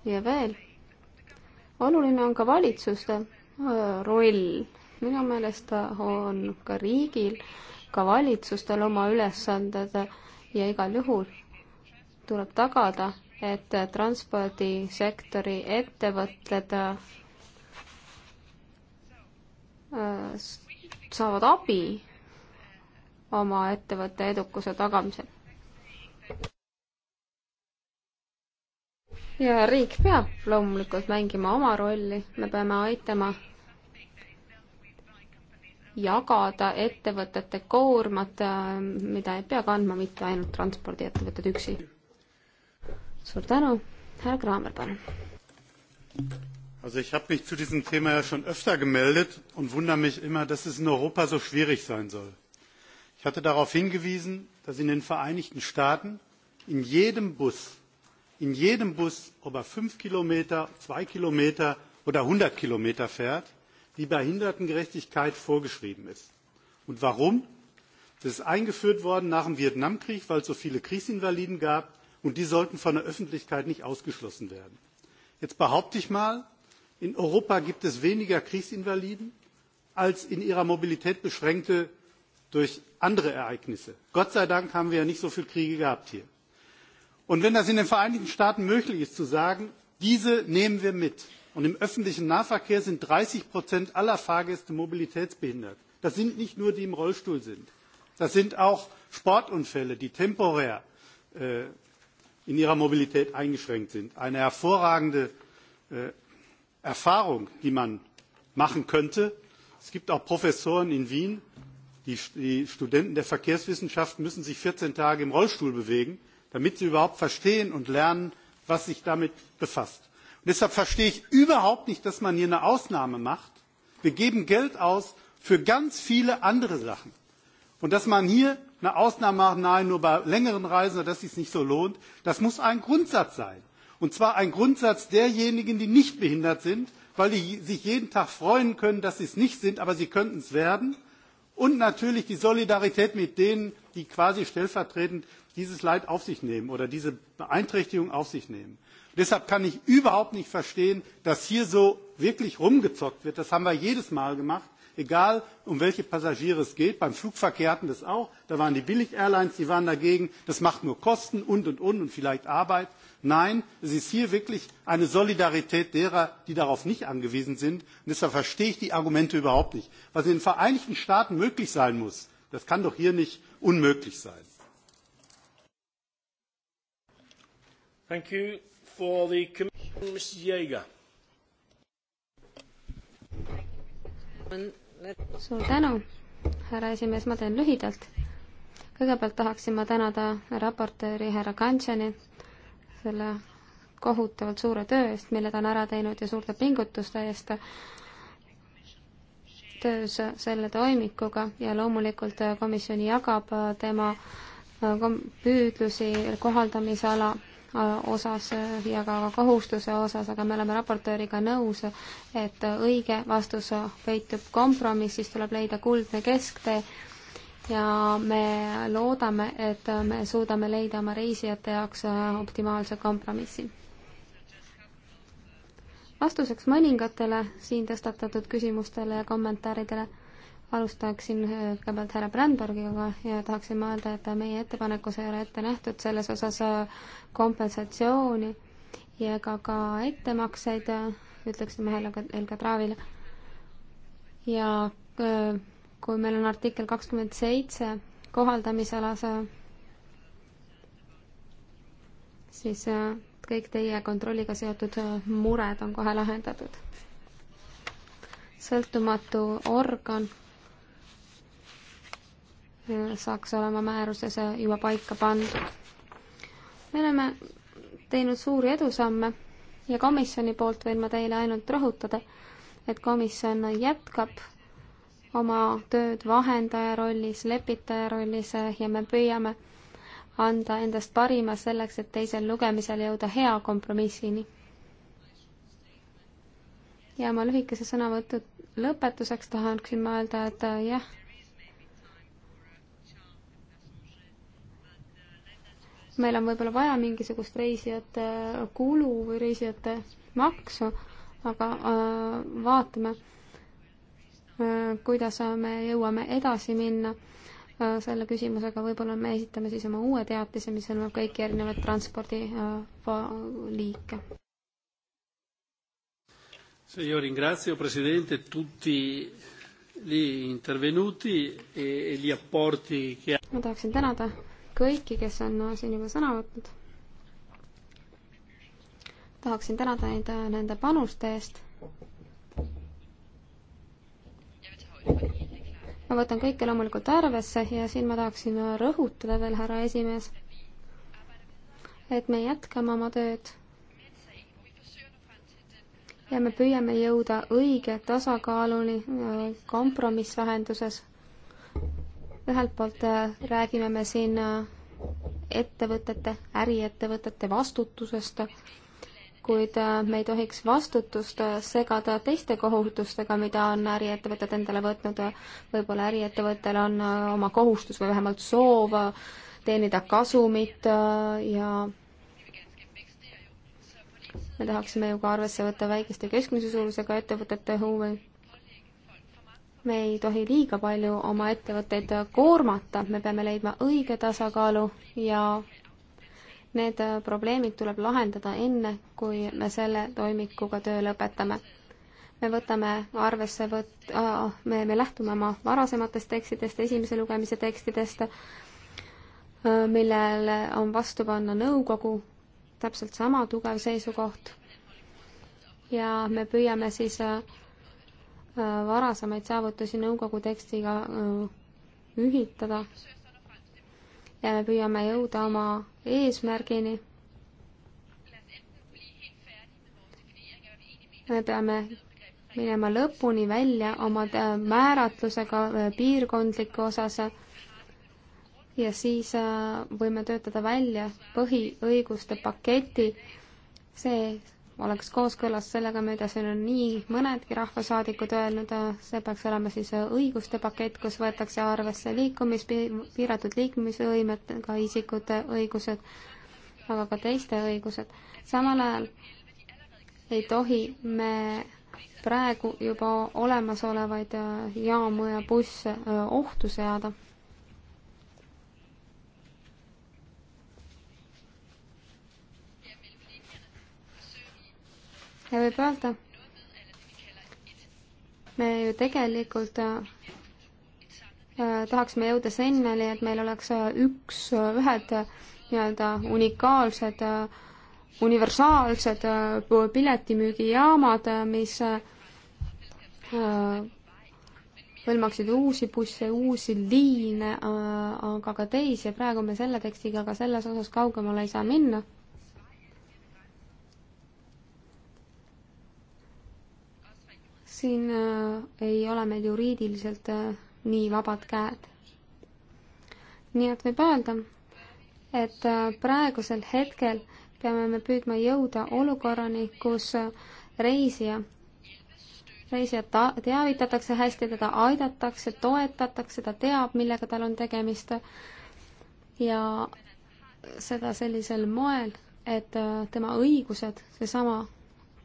ja veel, oluline on ka valitsuste roll. minu meelest on ka riigil, ka valitsustel oma ülesanded ja igal juhul tuleb tagada, et transpordisektori ettevõtted äh, saavad abi oma ettevõtte edukuse tagamisel. ja riik peab loomulikult mängima oma rolli, me peame aitama jagada ettevõtete koormat, äh, mida ei pea kandma mitte ainult transpordiettevõtted üksi suur tänu, härra Kraamer, palun. Also ich habe mich zu diesem Thema ja schon öfter gemeldet und wundere mich immer, dass es in Europa so schwierig sein soll. Ich hatte darauf hingewiesen, dass in den Vereinigten Staaten in jedem Bus, in jedem Bus, ob er fünf Kilometer, zwei Kilometer oder 100 Kilometer fährt, die Behindertengerechtigkeit vorgeschrieben ist. Und warum? Das ist eingeführt worden nach dem Vietnamkrieg, weil es so viele Kriegsinvaliden gab und die sollten von der Öffentlichkeit nicht ausgeschlossen werden. Jetzt behaupte ich mal, in Europa gibt es weniger Kriegsinvaliden als in ihrer Mobilität beschränkte durch andere Ereignisse. Gott sei Dank haben wir ja nicht so viele Kriege gehabt hier. Und wenn das in den Vereinigten Staaten möglich ist, zu sagen, diese nehmen wir mit. Und im öffentlichen Nahverkehr sind 30 Prozent aller Fahrgäste mobilitätsbehindert. Das sind nicht nur die, die im Rollstuhl sind. Das sind auch Sportunfälle, die temporär äh, in ihrer Mobilität eingeschränkt sind. Eine hervorragende äh, Erfahrung, die man machen könnte. Es gibt auch Professoren in Wien, die, die Studenten der Verkehrswissenschaften müssen sich 14 Tage im Rollstuhl bewegen, damit sie überhaupt verstehen und lernen, was sich damit befasst. Und deshalb verstehe ich überhaupt nicht, dass man hier eine Ausnahme macht. Wir geben Geld aus für ganz viele andere Sachen. Und dass man hier eine Ausnahme machen, nein, nur bei längeren Reisen, sodass es sich nicht so lohnt. Das muss ein Grundsatz sein. Und zwar ein Grundsatz derjenigen, die nicht behindert sind, weil die sich jeden Tag freuen können, dass sie es nicht sind, aber sie könnten es werden. Und natürlich die Solidarität mit denen, die quasi stellvertretend dieses Leid auf sich nehmen oder diese Beeinträchtigung auf sich nehmen. Und deshalb kann ich überhaupt nicht verstehen, dass hier so wirklich rumgezockt wird. Das haben wir jedes Mal gemacht egal um welche Passagiere es geht. Beim Flugverkehr hatten das auch. Da waren die Billig-Airlines, die waren dagegen. Das macht nur Kosten und, und, und und vielleicht Arbeit. Nein, es ist hier wirklich eine Solidarität derer, die darauf nicht angewiesen sind. Und deshalb verstehe ich die Argumente überhaupt nicht. Was in den Vereinigten Staaten möglich sein muss, das kann doch hier nicht unmöglich sein. Thank you for the commission, Mrs. Jaeger suur tänu, härra esimees, ma teen lühidalt. kõigepealt tahaksin ma tänada raportööri härra Kantšeni selle kohutavalt suure töö eest, mille ta on ära teinud ja suurte pingutuste eest töös selle toimikuga ja loomulikult komisjon jagab tema püüdlusi kohaldamisala osas ja ka kohustuse osas, aga me oleme raportööriga nõus, et õige vastus peitub kompromissis, tuleb leida kuldne kesktee ja me loodame, et me suudame leida oma reisijate jaoks optimaalse kompromissi. vastuseks mõningatele siin tõstatatud küsimustele ja kommentaaridele alustaksin äh, kõigepealt härra Brandbergiga ja tahaksin mõelda, et meie ettepanekus ei ole ette nähtud selles osas äh, kompensatsiooni ja ka, ka ettemakseid, äh, ütleksin ma Helga, Helga Traavile. ja kui meil on artikkel kakskümmend seitse kohaldamisalas, siis kõik teie kontrolliga seotud mured on kohe lahendatud. sõltumatu organ saaks olema määruses juba paika pandud. me oleme teinud suuri edusamme ja komisjoni poolt võin ma teile ainult rõhutada, et komisjon jätkab oma tööd vahendaja rollis, lepitaja rollis ja me püüame anda endast parima selleks, et teisel lugemisel jõuda hea kompromissini. ja oma lühikese sõnavõtu lõpetuseks tahaksin ma öelda, et jah meil on võib-olla vaja mingisugust reisijate kulu või reisijate maksu, aga äh, vaatame äh,, kuidas me jõuame edasi minna äh, selle küsimusega, võib-olla me esitame siis oma uue teatise, mis hõlmab kõiki erinevaid transpordiliike. Äh, Io ringrazio Presidente tutti gli intervenuti e, e gli apporti che... ma tahaksin tänada kõiki, kes on äh, siin juba sõna võtnud. tahaksin tänada neid äh, nende panuste eest. ma võtan kõike loomulikult arvesse ja siin ma tahaksin äh, rõhutada veel, härra esimees, et me jätkame oma tööd ja me püüame jõuda õige tasakaaluni kompromisslahenduses ühelt poolt äh, räägime me siin äh, ettevõtete, äriettevõtete vastutusest, kuid äh, me ei tohiks vastutust segada teiste kohustustega, mida on äriettevõtted endale võtnud. võib-olla äriettevõttel on oma kohustus või vähemalt soov teenida kasumit ja me tahaksime ju ka arvesse võtta väikeste keskmise suurusega ettevõtete huve me ei tohi liiga palju oma ettevõtteid koormata, me peame leidma õige tasakaalu ja need probleemid tuleb lahendada enne, kui me selle toimikuga töö lõpetame. me võtame arvesse võt-, me, me lähtume oma varasematest tekstidest, esimese lugemise tekstidest, millele on vastu panna nõukogu, täpselt sama tugev seisukoht, ja me püüame siis äh, Äh, varasemaid saavutusi nõukogu tekstiga äh, ühitada ja me püüame jõuda oma eesmärgini. me peame minema lõpuni välja oma äh, määratlusega piirkondliku osas ja siis võime töötada välja põhiõiguste paketi. see oleks kooskõlas sellega, mida siin on nii mõnedki rahvasaadikud öelnud, see peaks olema siis õiguste pakett, kus võetakse arvesse liikumis, piiratud liikumisvõimetega isikute õigused, aga ka teiste õigused. samal ajal ei tohi me praegu juba olemasolevaid jaamu ja busse ohtu seada ja võib öelda, me ju tegelikult äh, tahaksime jõuda sinnani, et meil oleks äh, üks, äh, ühed nii-öelda unikaalsed, universaalsed piletimüügijaamad, mis hõlmaksid uusi busse, uusi liine, aga ka teisi ja praegu me selle tekstiga ka selles osas kaugemale ei saa minna. siin äh, ei ole meil juriidiliselt äh, nii vabad käed. nii et võib öelda, et äh, praegusel hetkel peame me püüdma jõuda olukorrani, kus reisija, reisijat teavitatakse hästi, teda aidatakse, toetatakse, ta teab, millega tal on tegemist ja seda sellisel moel, et tema õigused, seesama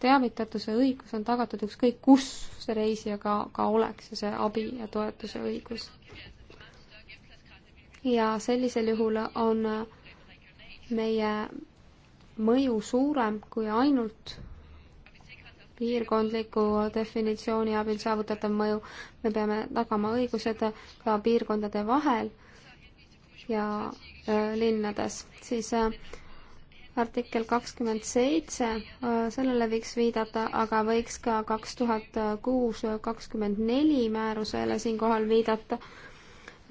teavitatuse õigus on tagatud ükskõik kus see reisija ka, ka oleks ja see abi ja toetuse õigus. ja sellisel juhul on meie mõju suurem kui ainult piirkondliku definitsiooni abil saavutatav mõju. me peame tagama õigused ka piirkondade vahel ja äh, linnades, siis äh, artikkel kakskümmend seitse, äh, sellele võiks viidata, aga võiks ka kaks tuhat kuus äh, kakskümmend neli määrusele siinkohal viidata.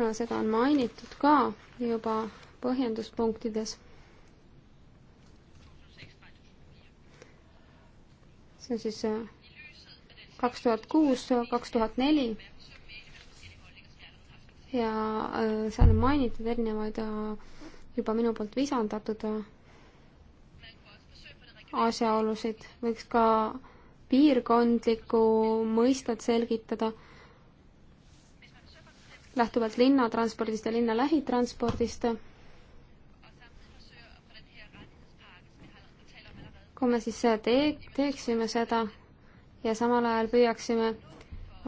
Äh, seda on mainitud ka juba põhjenduspunktides. see on siis kaks tuhat kuus, kaks tuhat neli ja seal on mainitud erinevaid juba minu poolt visandatud asjaolusid, võiks ka piirkondlikku mõistet selgitada lähtuvalt linnatranspordist ja linna lähitranspordist. kui me siis teek, teeksime seda ja samal ajal püüaksime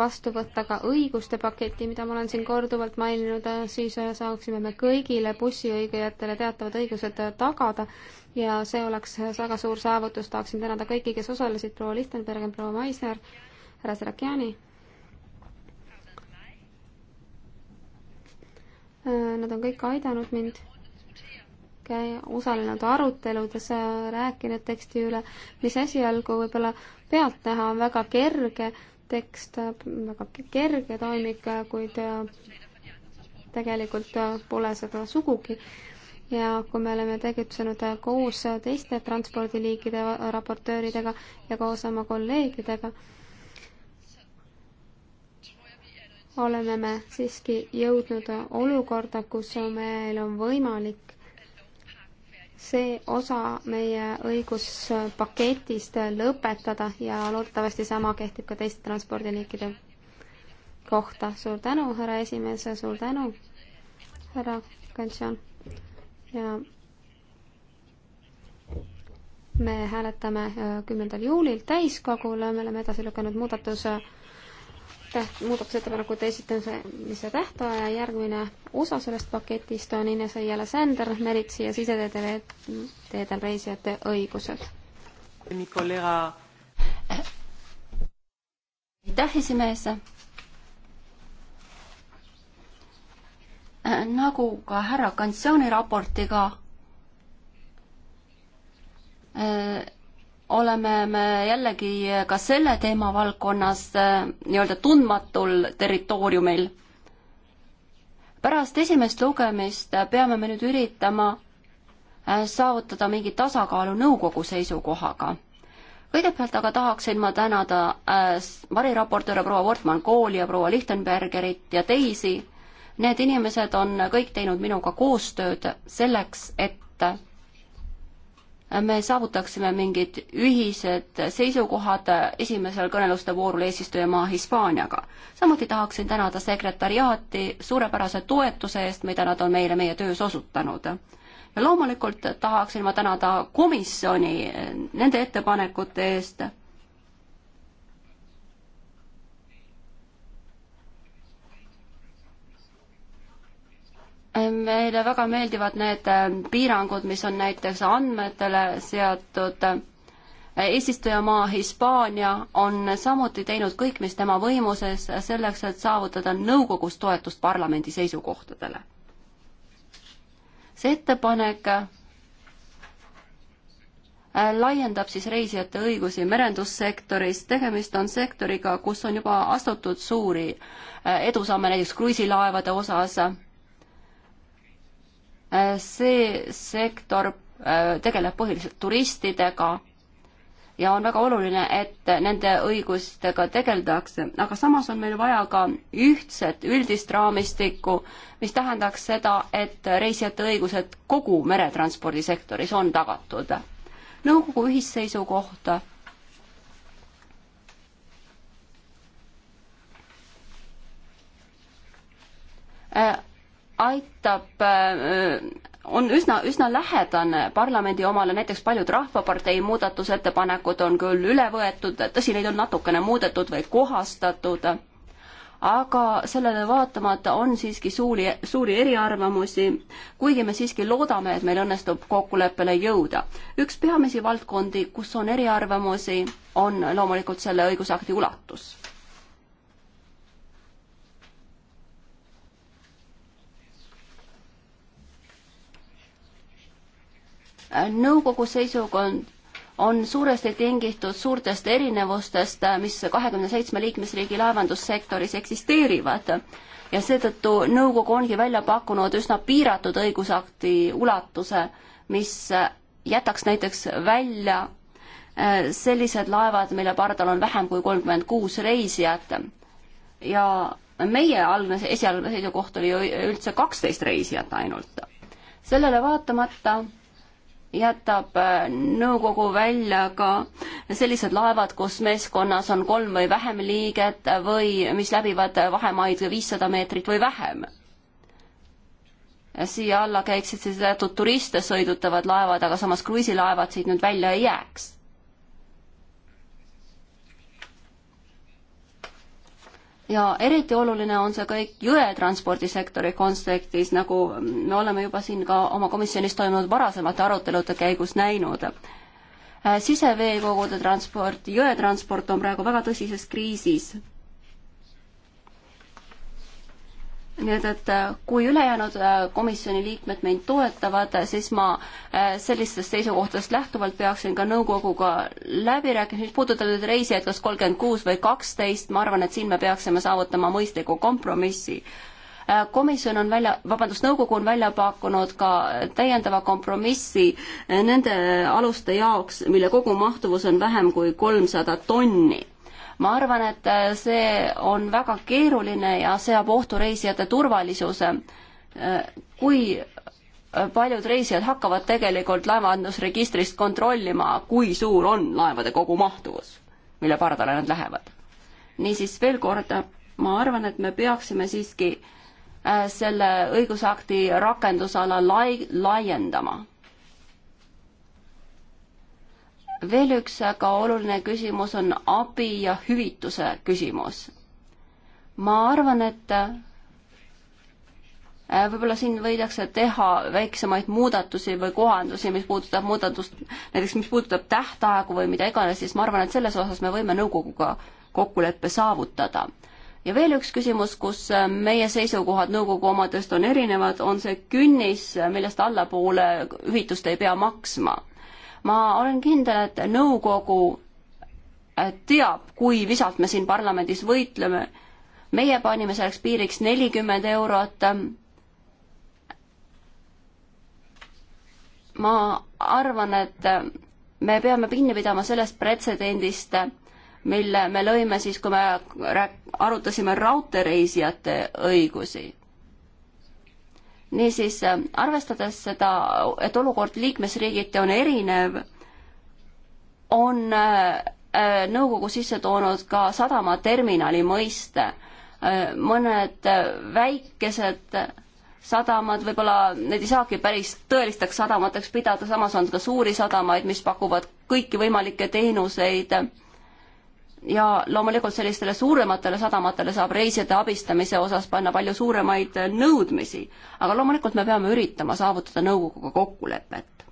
vastu võtta ka õiguste paketi, mida ma olen siin korduvalt maininud, äh, siis äh, saaksime me kõigile bussiõigejatele teatavad õigused äh, tagada ja see oleks väga suur saavutus, tahaksin tänada kõiki, kes osalesid, proua Lichtenberg, proua Maisner, härra Serakiani. Nad on kõik aidanud mind käi-, osalenud aruteludes, rääkinud teksti üle, mis esialgu võib-olla pealtnäha on väga kerge, tekst, väga kerge toimik, kuid äh, tegelikult äh, pole seda sugugi. ja kui me oleme tegutsenud äh, koos teiste transpordiliikide raportööridega ja koos oma kolleegidega, oleme me siiski jõudnud olukorda, kus meil on võimalik see osa meie õiguspaketist lõpetada ja loodetavasti sama kehtib ka teiste transpordiliikide kohta. suur tänu, härra esimees, suur tänu, härra Kantsjon. ja me hääletame äh, kümnendal juulil täiskogul, me oleme edasi lükanud muudatuse täht-, muudatusettepanekute esitamise tähtaja järgmine osa sellest paketist on Ines Õiele Sänder, Meritsi ja siseteedel teedel reisijate õigused. aitäh, esimees! nagu ka härra Kantsiooni raportiga äh, oleme me jällegi ka selle teema valdkonnas äh, nii-öelda tundmatul territooriumil. pärast esimest lugemist peame me nüüd üritama äh, saavutada mingi tasakaalu nõukogu seisukohaga. kõigepealt aga tahaksin ma tänada äh, variraportööre proua Wortmann Kooli ja proua Lichtenbergerit ja teisi. Need inimesed on kõik teinud minuga koostööd selleks, et me saavutaksime mingid ühised seisukohad esimesel kõneluste voorul eesistujamaa Hispaaniaga. samuti tahaksin tänada sekretariaati suurepärase toetuse eest, mida nad on meile meie töös osutanud. ja loomulikult tahaksin ma tänada komisjoni nende ettepanekute eest meile väga meeldivad need ähm, piirangud, mis on näiteks andmetele seatud. eesistujamaa Hispaania on samuti teinud kõik, mis tema võimuses, selleks, et saavutada nõukogus toetust parlamendi seisukohtadele. see ettepanek äh, laiendab siis reisijate õigusi merendussektoris. tegemist on sektoriga, kus on juba astutud suuri äh, edusamme näiteks kruiisilaevade osas Äh, see sektor äh, tegeleb põhiliselt turistidega ja on väga oluline, et nende õigustega tegeldakse, aga samas on meil vaja ka ühtset üldist raamistikku, mis tähendaks seda, et reisijate õigused kogu meretranspordisektoris on tagatud. nõukogu ühisseisukoht äh, aitab, äh, on üsna, üsna lähedane parlamendi omale, näiteks paljud Rahvapartei muudatusettepanekud on küll üle võetud, tõsi, neid on natukene muudetud või kohastatud, aga sellele vaatamata on siiski suuri, suuri eriarvamusi, kuigi me siiski loodame, et meil õnnestub kokkuleppele jõuda. üks peamisi valdkondi, kus on eriarvamusi, on loomulikult selle õigusakti ulatus nõukogu seisukond on suuresti tingitud suurtest erinevustest, mis kahekümne seitsme liikmesriigi laevandussektoris eksisteerivad ja seetõttu nõukogu ongi välja pakkunud üsna piiratud õigusakti ulatuse, mis jätaks näiteks välja äh, sellised laevad, mille pardal on vähem kui kolmkümmend kuus reisijat. ja meie algne, esialgne seisukoht oli ju üldse kaksteist reisijat ainult. sellele vaatamata jätab äh, nõukogu välja ka sellised laevad, kus meeskonnas on kolm või vähem liiget või mis läbivad vahemaid viissada meetrit või vähem. siia alla käiksid siis teatud turiste sõidutavad laevad, aga samas kruiisilaevad siit nüüd välja ei jääks ja eriti oluline on see kõik jõetranspordisektori kontekstis, nagu me oleme juba siin ka oma komisjonis toimunud varasemate arutelude käigus näinud. Äh, siseveekogude transport, jõetransport on praegu väga tõsises kriisis nii et, et äh, kui ülejäänud äh, komisjoni liikmed mind toetavad, äh, siis ma sellistest seisukohtadest lähtuvalt peaksin ka nõukoguga läbi rääkima, mis puudutab nüüd reisijaid, kas kolmkümmend kuus või kaksteist, ma arvan, et siin me peaksime saavutama mõistliku kompromissi. komisjon on välja, vabandust, nõukogu on välja pakkunud ka täiendava kompromissi nende aluste jaoks, mille kogumahtuvus on vähem kui kolmsada tonni ma arvan, et äh, see on väga keeruline ja seab ohtu reisijate turvalisuse. Äh, kui äh, paljud reisijad hakkavad tegelikult laevaandlusregistrist kontrollima, kui suur on laevade kogumahtuvus, mille pardale nad lähevad. niisiis veel kord, ma arvan, et me peaksime siiski selle õigusakti rakendusala lai-, laiendama. veel üks väga oluline küsimus on abi ja hüvituse küsimus. ma arvan, et äh, võib-olla siin võidakse teha väiksemaid muudatusi või kohandusi, mis puudutab muudatust, näiteks mis puudutab tähtaegu või mida iganes, siis ma arvan, et selles osas me võime nõukoguga kokkuleppe saavutada. ja veel üks küsimus, kus äh, meie seisukohad nõukogu omadest on erinevad, on see künnis, äh, millest allapoole hüvitust ei pea maksma ma olen kindel, et nõukogu äh, teab, kui visalt me siin parlamendis võitleme. meie panime selleks piiriks nelikümmend eurot. ma arvan, et äh, me peame kinni pidama sellest pretsedendist, mille me lõime siis, kui me arutasime raudteereisijate õigusi niisiis, arvestades seda, et olukord liikmesriigiti on erinev, on äh, nõukogu sisse toonud ka sadamaterminali mõiste. Äh, mõned väikesed sadamad, võib-olla neid ei saagi päris tõelisteks sadamateks pidada, samas on ka suuri sadamaid, mis pakuvad kõiki võimalikke teenuseid ja loomulikult sellistele suurematele sadamatele saab reisijate abistamise osas panna palju suuremaid nõudmisi, aga loomulikult me peame üritama saavutada nõukoguga kokkulepet.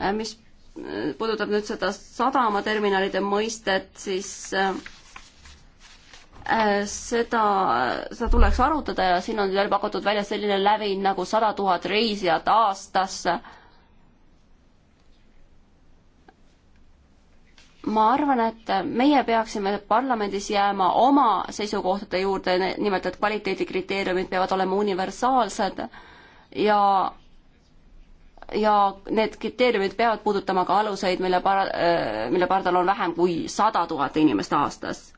Äh, mis äh, puudutab nüüd seda sadamaterminalide mõistet, siis äh, seda, seda tuleks arutada ja siin on välja pakutud välja selline lävin nagu sada tuhat reisijat aastas ma arvan, et meie peaksime parlamendis jääma oma seisukohtade juurde, nimelt et kvaliteedikriteeriumid peavad olema universaalsed ja ja need kriteeriumid peavad puudutama ka aluseid, mille par-, äh, mille pardal on vähem kui sada tuhat inimest aastas.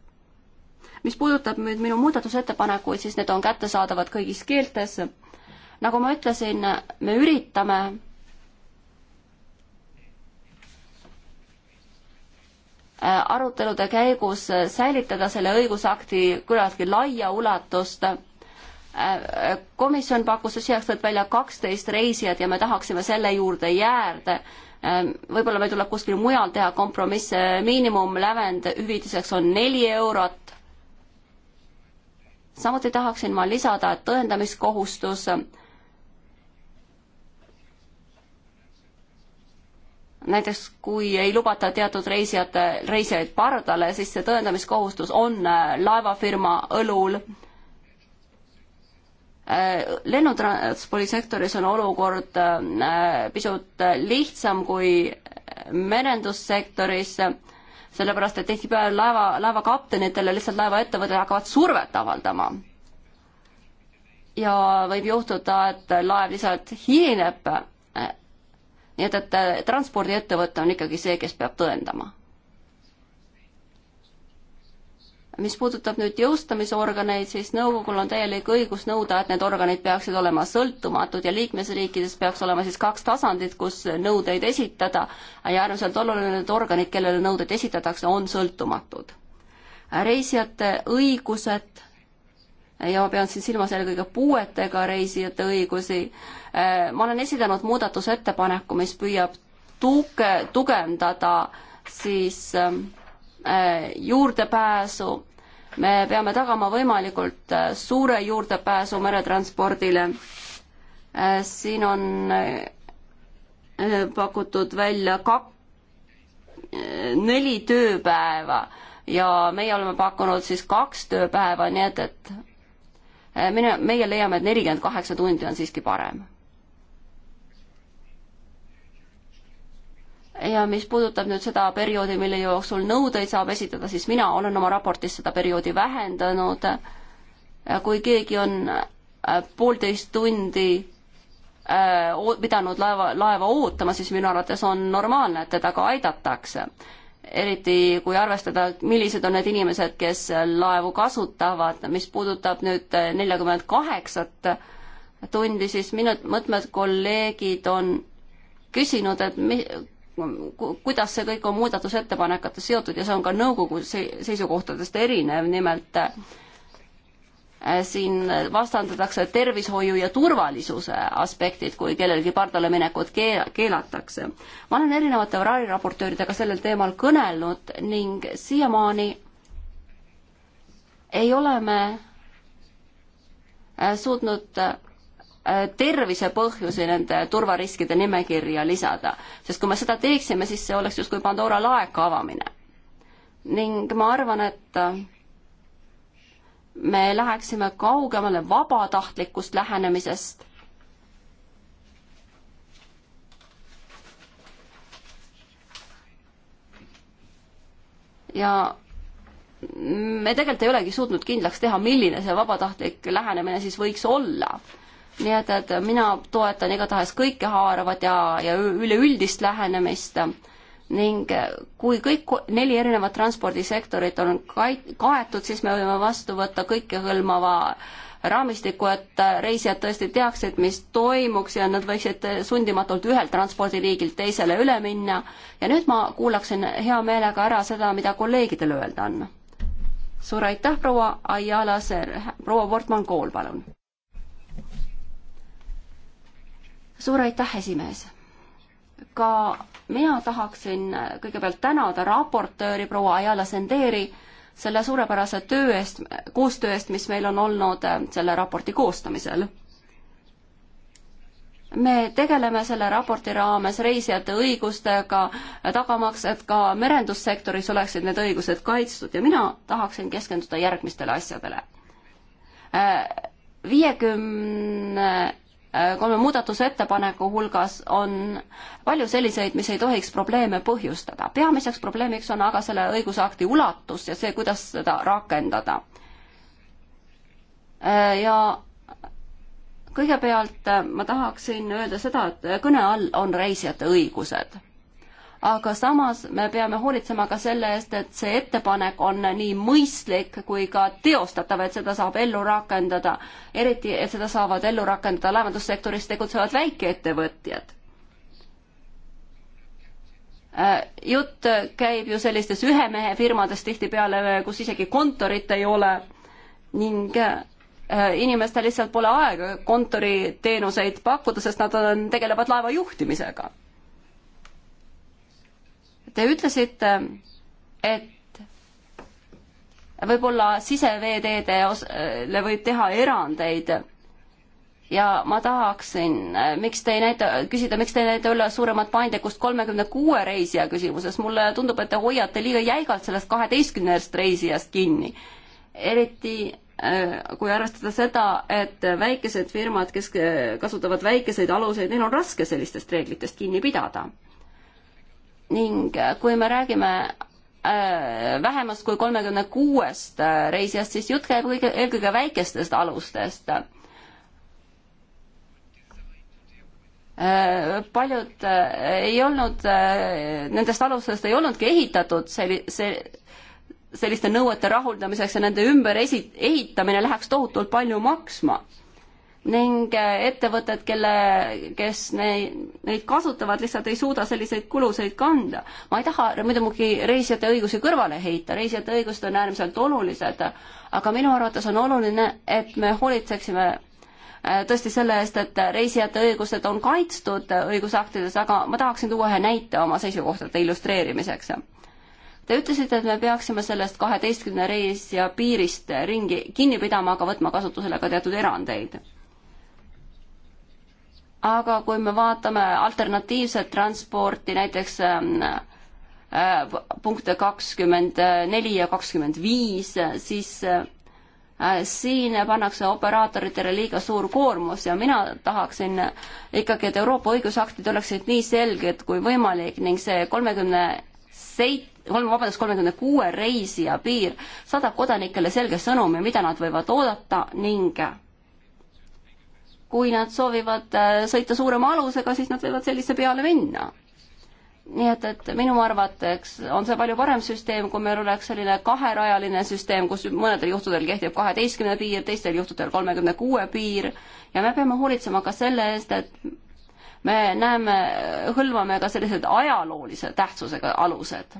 mis puudutab nüüd minu muudatusettepanekuid, siis need on kättesaadavad kõigis keeltes. nagu ma ütlesin, me üritame Äh, arutelude käigus äh, säilitada selle õigusakti küllaltki laia ulatust. Äh, komisjon pakkus siseks, et välja kaksteist reisijat ja me tahaksime selle juurde jääda. võib-olla meil tuleb kuskil mujal teha kompromisse, miinimumlävend hüvitiseks on neli eurot. samuti tahaksin ma lisada, et tõendamiskohustus näiteks kui ei lubata teatud reisijate, reisijaid pardale, siis see tõendamiskohustus on äh, laevafirma õlul. Äh, lennutranspordisektoris on olukord äh, pisut lihtsam kui merendussektoris, sellepärast et tihtipeale laeva, laevakaptenitele lihtsalt laevaettevõtted hakkavad survet avaldama. ja võib juhtuda, et laev lihtsalt hilineb nii et, et äh, transpordiettevõte on ikkagi see, kes peab tõendama. mis puudutab nüüd jõustamisorganeid, siis nõukogul on täielik õigus nõuda, et need organid peaksid olema sõltumatud ja liikmesriikides peaks olema siis kaks tasandit, kus nõudeid esitada ja äärmiselt oluline, et organid, kellele nõudeid esitatakse, on sõltumatud. reisijate õigused ja ma pean siin silmas eelkõige puuetega reisijate õigusi Äh, ma olen esitanud muudatusettepaneku, mis püüab tuge, tugevdada siis ähm, äh, juurdepääsu me peame tagama võimalikult äh, suure juurdepääsu meretranspordile. siin on pakutud välja kak-, neli tööpäeva ja meie oleme pakkunud siis kaks tööpäeva, nii et, et mine, meie leiame, et nelikümmend kaheksa tundi on siiski parem ja mis puudutab nüüd seda perioodi, mille jooksul nõudeid saab esitada, siis mina olen oma raportis seda perioodi vähendanud. kui keegi on äh, poolteist tundi äh, pidanud laeva, laeva ootama, siis minu arvates on normaalne, et teda ka aidatakse. eriti kui arvestada, millised on need inimesed, kes laevu kasutavad, mis puudutab nüüd äh, neljakümmet kaheksat tundi, siis minu mõtmed kolleegid on küsinud, et mi-, kuidas see kõik on muudatusettepanekutes seotud ja see on ka nõukogu seisukohtadest erinev, nimelt äh, siin vastandatakse tervishoiu ja turvalisuse aspektid, kui kellelgi pardale minekut keelatakse. ma olen erinevate variraportööridega sellel teemal kõnelnud ning siiamaani ei ole me äh, suutnud äh, Äh, tervise põhjusi nende turvariskide nimekirja lisada. sest kui me seda teeksime, siis see oleks justkui Pandora laeka avamine. ning ma arvan, et äh, me läheksime kaugemale vabatahtlikust lähenemisest. ja me tegelikult ei olegi suutnud kindlaks teha, milline see vabatahtlik lähenemine siis võiks olla nii et, et mina toetan igatahes kõikehaaраvat ja, ja üleüldist lähenemist ning eh, kui kõik neli erinevat transpordisektorit on kaetud, siis me võime vastu võtta kõikehõlmava raamistiku, et eh, reisijad tõesti teaksid, mis toimuks ja nad võiksid eh, sundimatult ühelt transpordiliigilt teisele üle minna. ja nüüd ma kuulaksin hea meelega ära seda, mida kolleegidel öelda on. suur aitäh, proua Ayala Ser, proua Portman Kool, palun suur aitäh, esimees! ka mina tahaksin kõigepealt tänada raportööri proua Ayala Senderi selle suurepärase töö eest, koostöö eest, mis meil on olnud äh, selle raporti koostamisel. me tegeleme selle raporti raames reisijate õigustega, tagamaks, et ka merendussektoris oleksid need õigused kaitstud ja mina tahaksin keskenduda järgmistele asjadele. Äh, viiekümne Äh, kolme muudatusettepaneku hulgas on palju selliseid, mis ei tohiks probleeme põhjustada. peamiseks probleemiks on aga selle õigusakti ulatus ja see, kuidas seda rakendada. Äh, ja kõigepealt äh, ma tahaksin öelda seda, et kõne all on reisijate õigused aga samas me peame hoolitsema ka selle eest, et see ettepanek on nii mõistlik kui ka teostatav, et seda saab ellu rakendada. eriti, et seda saavad ellu rakendada laevandussektoris tegutsevad väikeettevõtjad. Äh, jutt käib ju sellistest ühe mehe firmadest tihtipeale, kus isegi kontorit ei ole ning äh, inimestel lihtsalt pole aega kontoriteenuseid pakkuda, sest nad on, tegelevad laeva juhtimisega Te ütlesite, et võib-olla siseveeteedele võib teha erandeid ja ma tahaksin, äh, miks te ei näita, küsida, miks te ei näita üle suuremat paindlikkust kolmekümne kuue reisija küsimuses, mulle tundub, et te hoiate liiga jäigalt sellest kaheteistkümnest reisijast kinni. eriti äh, kui arvestada seda, et väikesed firmad, kes äh, kasutavad väikeseid aluseid, neil on raske sellistest reeglitest kinni pidada ning äh, kui me räägime äh, vähemast kui kolmekümne kuuest äh, reisijast, siis jutt käib kõige, eelkõige väikestest alustest. paljud ei olnud, nendest alustest ei olnudki ehitatud selli-, see, selliste nõuete rahuldamiseks ja nende ümber esi-, ehitamine läheks tohutult palju maksma ning äh, ettevõtted, kelle, kes neid, neid kasutavad, lihtsalt ei suuda selliseid kulusid kanda. ma ei taha muidu muidugi reisijate õigusi kõrvale heita, reisijate õigused on äärmiselt olulised, aga minu arvates on oluline, et me hoolitseksime äh, tõesti selle eest, et reisijate õigused on kaitstud õigusaktides, aga ma tahaksin tuua ühe näite oma seisukohtade illustreerimiseks. Te ütlesite, et me peaksime sellest kaheteistkümne reisija piirist ringi kinni pidama, aga võtma kasutusele ka teatud erandeid aga kui me vaatame alternatiivset transporti, näiteks ähm, äh, punkte kakskümmend neli ja kakskümmend viis, siis äh, siin pannakse operaatoritele liiga suur koormus ja mina tahaksin ikkagi, et Euroopa õigusaktid oleksid nii selged kui võimalik ning see kolmekümne seit-, kolm, vabandust, kolmekümne kuue reisija piir saadab kodanikele selge sõnumi, mida nad võivad oodata ning kui nad soovivad äh, sõita suurema alusega, siis nad võivad sellise peale minna. nii et, et minu arvates on see palju parem süsteem, kui meil oleks selline kaherajaline süsteem, kus mõnedel juhtudel kehtib kaheteistkümne piir, teistel juhtudel kolmekümne kuue piir ja me peame hoolitsema ka selle eest, et me näeme, hõlmame ka sellised ajaloolise tähtsusega alused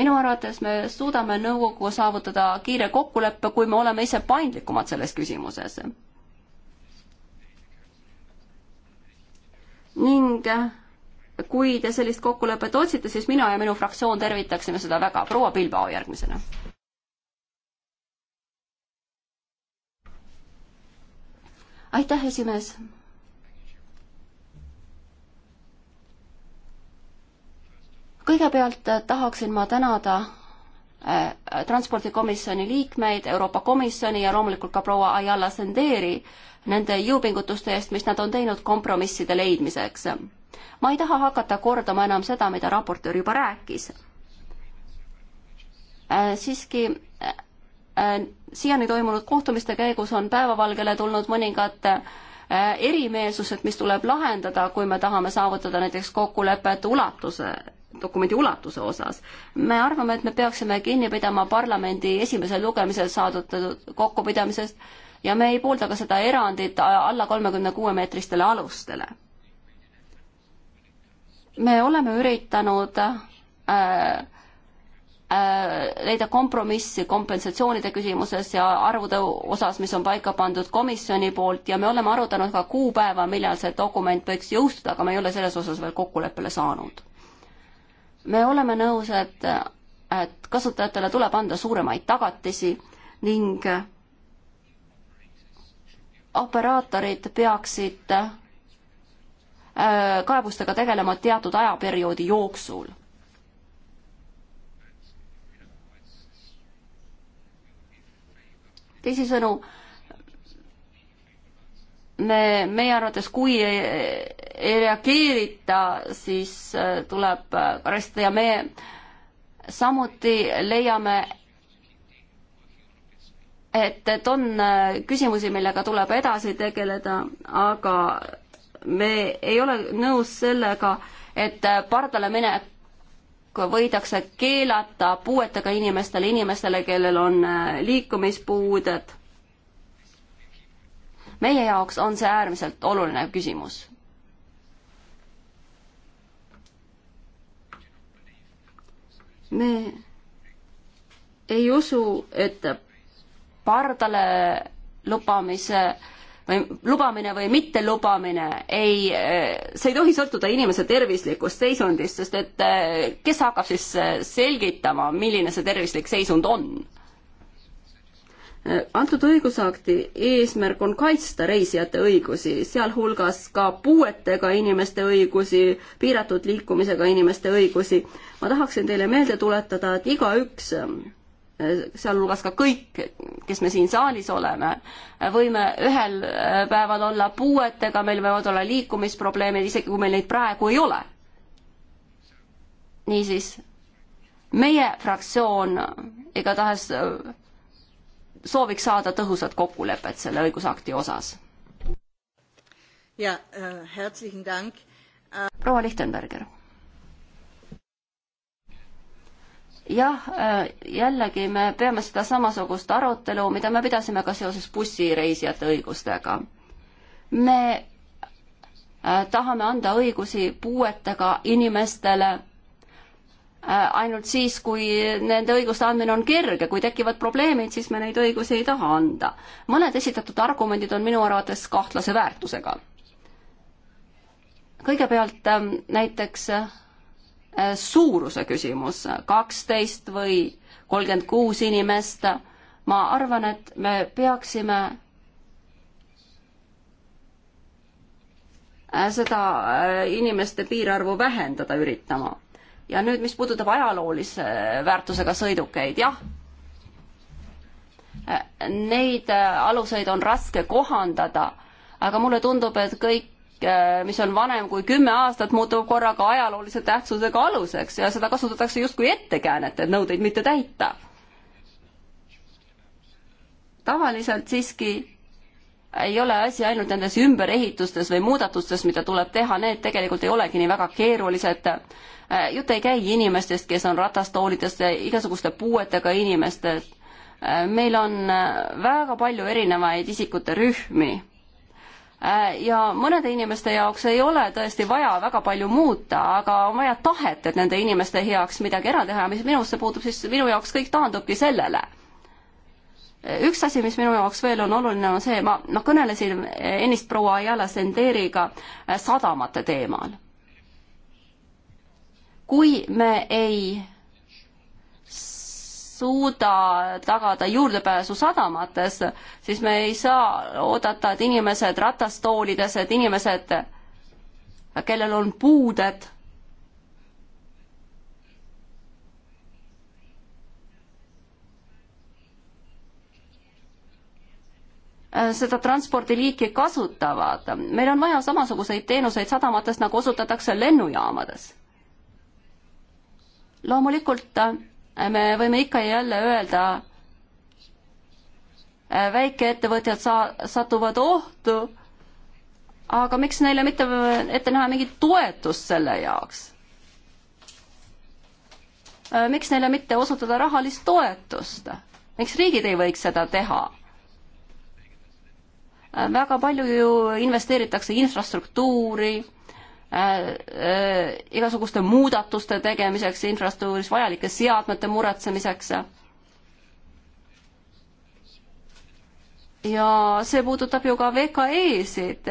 minu arvates me suudame nõukoguga saavutada kiire kokkuleppe, kui me oleme ise paindlikumad selles küsimuses ning kui te sellist kokkulepet otsite, siis mina ja minu fraktsioon tervitaksime seda väga. proua Pilbao järgmisena. aitäh, esimees. kõigepealt tahaksin ma tänada Äh, transpordikomisjoni liikmeid, Euroopa Komisjoni ja loomulikult ka proua Ayala Senderi nende jõupingutuste eest, mis nad on teinud kompromisside leidmiseks. ma ei taha hakata kordama enam seda, mida raportöör juba rääkis. Äh, siiski äh, siiani toimunud kohtumiste käigus on päevavalgele tulnud mõningad erimeelsused, mis tuleb lahendada, kui me tahame saavutada näiteks kokkulepet ulatuse dokumendi ulatuse osas. me arvame, et me peaksime kinni pidama parlamendi esimesel lugemisel saadud kokkupidamisest ja me ei poolda ka seda erandit alla kolmekümne kuue meetristele alustele. me oleme üritanud äh, äh, leida kompromissi kompensatsioonide küsimuses ja arvude osas, mis on paika pandud komisjoni poolt ja me oleme arutanud ka kuupäeva, millal see dokument võiks jõustuda, aga me ei ole selles osas veel kokkuleppele saanud me oleme nõus, et, et kasutajatele tuleb anda suuremaid tagatisi ning operaatorid peaksid äh, kaebustega tegelema teatud ajaperioodi jooksul. teisisõnu, me, meie arvates, kui ei, ei reageerita, siis äh, tuleb karistada äh, ja me samuti leiame, et, et on äh, küsimusi, millega tuleb edasi tegeleda, aga me ei ole nõus sellega, et pardale minek võidakse keelata puuetega inimestele, inimestele, kellel on liikumispuuded meie jaoks on see äärmiselt oluline küsimus. me ei usu, et pardale lubamise või lubamine või mittelubamine ei, see ei tohi sõltuda inimese tervislikust seisundist, sest et eh, kes hakkab siis eh, selgitama, milline see tervislik seisund on antud õigusakti eesmärk on kaitsta reisijate õigusi, sealhulgas ka puuetega inimeste õigusi, piiratud liikumisega inimeste õigusi. ma tahaksin teile meelde tuletada, et igaüks, sealhulgas ka kõik, kes me siin saalis oleme, võime ühel päeval olla puuetega, meil võivad olla liikumisprobleemid, isegi kui meil neid praegu ei ole. niisiis, meie fraktsioon igatahes sooviks saada tõhusat kokkulepet selle õigusakti osas. Äh, äh, proua Lichtenberger. jah, äh, jällegi me peame seda samasugust arutelu, mida me pidasime ka seoses bussireisijate õigustega. me tahame anda õigusi puuetega inimestele Äh, ainult siis, kui nende õiguste andmine on kerge, kui tekivad probleemid, siis me neid õigusi ei taha anda. mõned esitatud argumendid on minu arvates kahtlase väärtusega. kõigepealt ähm, näiteks äh, suuruse küsimus, kaksteist või kolmkümmend kuus inimest, ma arvan, et me peaksime äh, seda inimeste piirarvu vähendada üritama ja nüüd, mis puudutab ajaloolise väärtusega sõidukeid, jah, neid äh, aluseid on raske kohandada, aga mulle tundub, et kõik, äh, mis on vanem kui kümme aastat, muutub korraga ajaloolise tähtsusega aluseks ja seda kasutatakse justkui ettekäänet, et nõudeid mitte täita. tavaliselt siiski ei ole asi ainult nendes ümberehitustes või muudatustes, mida tuleb teha, need tegelikult ei olegi nii väga keerulised Äh, jutt ei käi inimestest, kes on ratastoolides, igasuguste puuetega inimestest. Äh, meil on äh, väga palju erinevaid isikute rühmi. ja mõnede inimeste jaoks ei ole tõesti vaja väga palju muuta, aga on vaja tahet, et nende inimeste heaks midagi ära teha, mis minusse puutub, siis minu jaoks kõik taandubki sellele üks asi, mis minu jaoks veel on oluline, on see, ma, ma kõnelesin ennist proua Ayala Senderiga sadamate teemal kui me ei suuda tagada juurdepääsu sadamates, siis me ei saa oodata, et inimesed ratastoolides, et inimesed, kellel on puuded, seda transpordiliiki kasutavad. meil on vaja samasuguseid teenuseid sadamates, nagu osutatakse lennujaamades loomulikult äh, me võime ikka ja jälle öelda, äh, väikeettevõtjad saa-, satuvad ohtu, aga miks neile mitte ette näha mingit toetust selle jaoks? Äh, miks neile mitte osutada rahalist toetust? miks riigid ei võiks seda teha? väga palju ju investeeritakse infrastruktuuri Äh, äh, igasuguste muudatuste tegemiseks infrastruktuuris, vajalike seadmete muretsemiseks. ja see puudutab ju ka VKE-sid.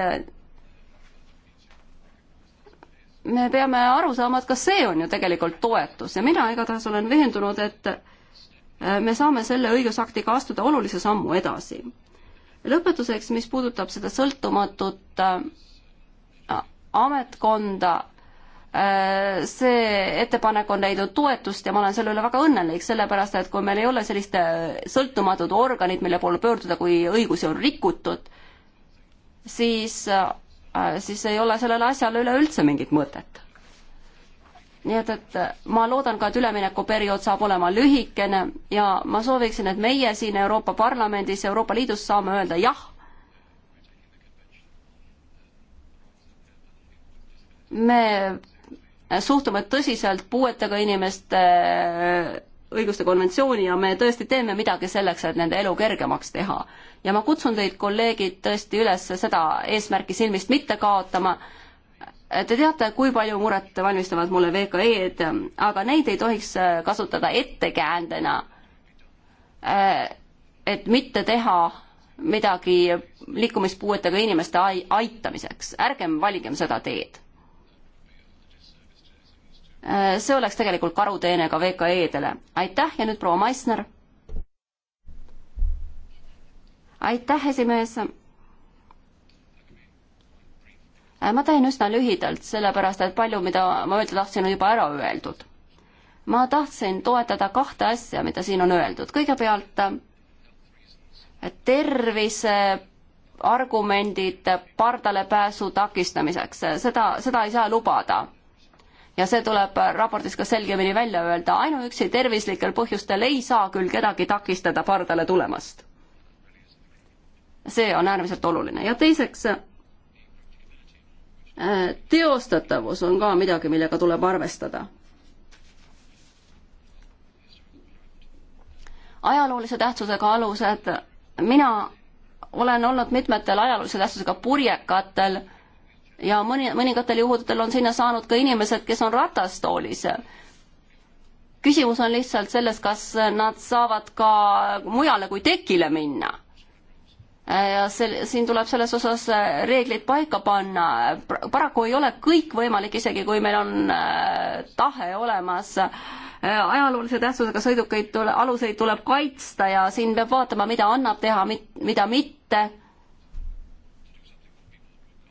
me peame aru saama, et ka see on ju tegelikult toetus ja mina igatahes olen veendunud, et äh, me saame selle õigusaktiga astuda olulise sammu edasi. lõpetuseks, mis puudutab seda sõltumatut ametkonda. Äh, see ettepanek on leidnud toetust ja ma olen selle üle väga õnnelik, sellepärast et kui meil ei ole sellist äh, sõltumatut organit, mille poole pöörduda, kui õigusi on rikutud, siis, äh, siis ei ole sellele asjale üleüldse mingit mõtet nii et, et ma loodan ka, et üleminekuperiood saab olema lühikene ja ma sooviksin, et meie siin Euroopa Parlamendis, Euroopa Liidus saame öelda jah me suhtume tõsiselt puuetega inimeste äh, õiguste konventsiooni ja me tõesti teeme midagi selleks, et nende elu kergemaks teha. ja ma kutsun teid, kolleegid, tõesti üles seda eesmärki silmist mitte kaotama. Te teate, kui palju muret valmistavad mulle VKE-d, aga neid ei tohiks äh, kasutada ettekäändena, äh, et mitte teha midagi liikumispuuetega inimeste aitamiseks. ärgem valigem seda teed Äh, see oleks tegelikult karuteene ka VKE-dele. aitäh ja nüüd proua Maisner. aitäh, esimees äh, ma teen üsna lühidalt, sellepärast et palju, mida ma öelda tahtsin, on juba ära öeldud. ma tahtsin toetada kahte asja, mida siin on öeldud. kõigepealt äh, tervise argumendid pardale pääsu takistamiseks, seda, seda ei saa lubada ja see tuleb raportis ka selgemini välja öelda, ainuüksi tervislikel põhjustel ei saa küll kedagi takistada pardale tulemast. see on äärmiselt oluline ja teiseks, äh, teostatavus on ka midagi, millega tuleb arvestada. ajaloolise tähtsusega alused, mina olen olnud mitmetel ajaloolise tähtsusega purjekatel ja mõni, mõningatel juhudel on sinna saanud ka inimesed, kes on ratastoolis. küsimus on lihtsalt selles, kas nad saavad ka mujale kui tekile minna. ja sel-, siin tuleb selles osas reeglid paika panna, paraku ei ole kõik võimalik, isegi kui meil on äh, tahe olemas äh, ajaloolise tähtsusega sõidukeid tule, aluseid tuleb kaitsta ja siin peab vaatama, mida annab teha, mida mitte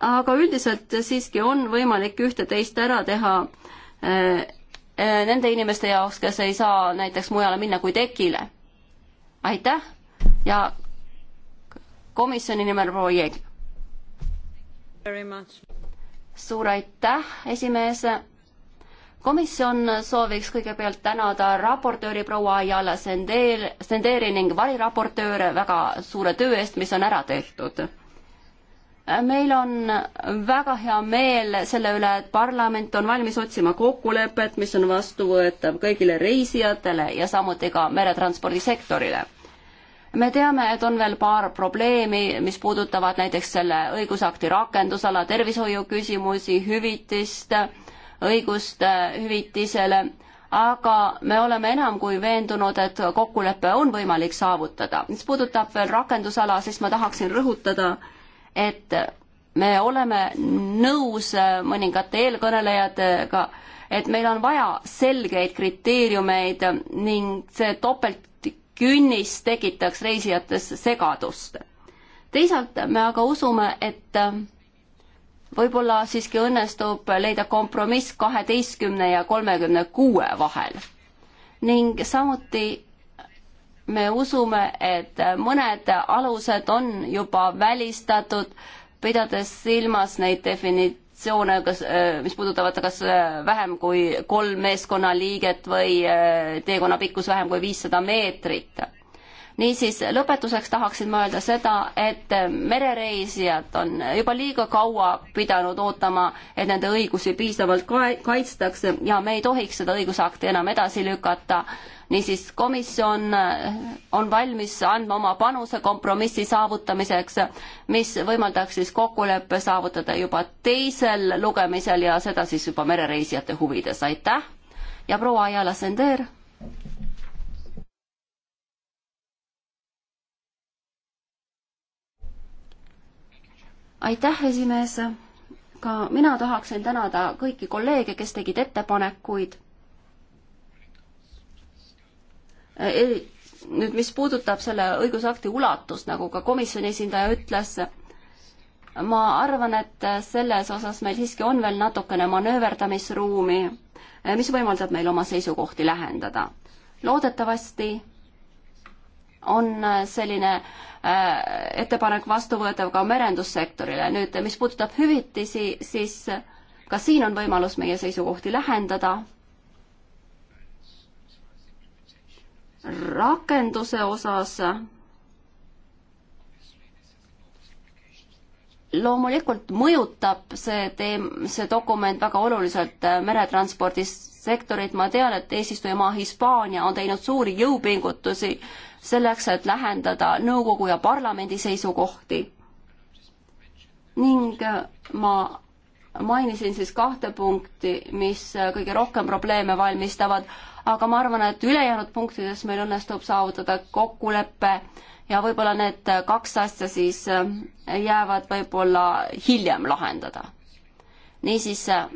aga üldiselt siiski on võimalik ühte-teist ära teha äh, äh, nende inimeste jaoks, kes ei saa näiteks mujale minna kui tekile. aitäh ja komisjoni nimel proua Jeeg. suur aitäh, esimees. komisjon sooviks kõigepealt tänada raportööri proua Ayala Sendeel, Sendeeri ning variraportööre väga suure töö eest, mis on ära tehtud meil on väga hea meel selle üle, et parlament on valmis otsima kokkulepet, mis on vastuvõetav kõigile reisijatele ja samuti ka meretranspordisektorile. me teame, et on veel paar probleemi, mis puudutavad näiteks selle õigusakti rakendusala, tervishoiuküsimusi, hüvitist, õigust äh, hüvitisele, aga me oleme enam kui veendunud, et kokkulepe on võimalik saavutada. mis puudutab veel rakendusala, siis ma tahaksin rõhutada, et me oleme nõus mõningate eelkõnelejatega, et meil on vaja selgeid kriteeriumeid ning see topeltkünnis tekitaks reisijates segadust. teisalt me aga usume, et võib-olla siiski õnnestub leida kompromiss kaheteistkümne ja kolmekümne kuue vahel. ning samuti me usume, et mõned alused on juba välistatud, pidades silmas neid definitsioone, kas, äh, mis puudutavad kas äh, vähem kui kolm meeskonnaliiget või äh, teekonna pikkus vähem kui viissada meetrit. niisiis, lõpetuseks tahaksin ma öelda seda, et merereisijad on juba liiga kaua pidanud ootama, et nende õigusi piisavalt kaitstakse ja me ei tohiks seda õigusakti enam edasi lükata niisiis komisjon äh, on valmis andma oma panuse kompromissi saavutamiseks, mis võimaldaks siis kokkuleppe saavutada juba teisel lugemisel ja seda siis juba merereisijate huvides, aitäh! ja proua Ajala Sender. aitäh, esimees! ka mina tahaksin tänada kõiki kolleege, kes tegid ettepanekuid Äh, nüüd, mis puudutab selle õigusakti ulatust, nagu ka komisjoni esindaja ütles, ma arvan, et selles osas meil siiski on veel natukene manööverdamisruumi, äh, mis võimaldab meil oma seisukohti lähendada. loodetavasti on äh, selline ettepanek vastuvõetav ka merendussektorile. nüüd, mis puudutab hüvitisi, siis ka siin on võimalus meie seisukohti lähendada rakenduse osas loomulikult mõjutab see teem-, see dokument väga oluliselt äh, meretranspordisektorit, ma tean, et eesistujamaa Hispaania on teinud suuri jõupingutusi selleks, et lähendada nõukogu ja parlamendi seisukohti. ning äh, ma mainisin siis kahte punkti, mis kõige rohkem probleeme valmistavad, aga ma arvan, et ülejäänud punktides meil õnnestub saavutada kokkulepe ja võib-olla need kaks asja siis äh, jäävad võib-olla hiljem lahendada. niisiis äh,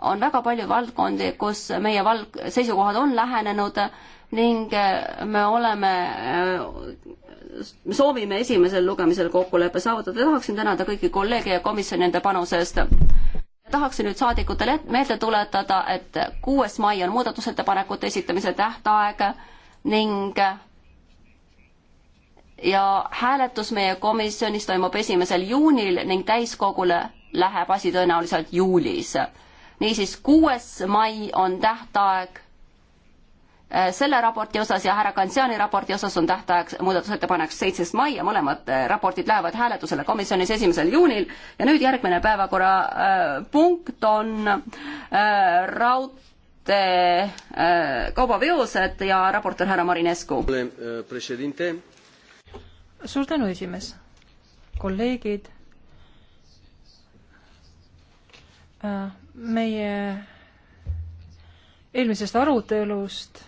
on väga palju valdkondi, kus meie val-, seisukohad on lähenenud ning äh, me oleme soovime esimesel lugemisel kokkuleppe saavutada. tahaksin tänada kõiki kolleege ja komisjoni nende panuse eest. tahaksin nüüd saadikutele meelde tuletada, et kuues mai on muudatusettepanekute esitamise tähtaeg ning ja hääletus meie komisjonis toimub esimesel juunil ning täiskogule läheb asi tõenäoliselt juulis. niisiis, kuues mai on tähtaeg Äh, selle raporti osas ja härra Kansiani raporti osas on tähtaeg muudatusettepanek seitses mai ja mõlemad äh, raportid lähevad hääletusele komisjonis esimesel juunil ja nüüd järgmine päevakorrapunkt äh, on äh, raudtee äh, kaubaveosed ja raportöör härra Marinescu. suur tänu, esimees. kolleegid äh,. meie eelmisest arutelust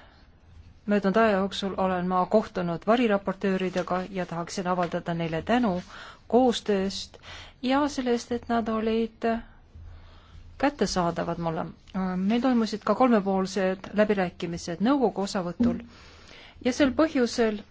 möödunud aja jooksul olen ma kohtunud variraportööridega ja tahaksin avaldada neile tänu koostööst ja selle eest, et nad olid kättesaadavad mulle. meil toimusid ka kolmepoolsed läbirääkimised nõukogu osavõtul ja sel põhjusel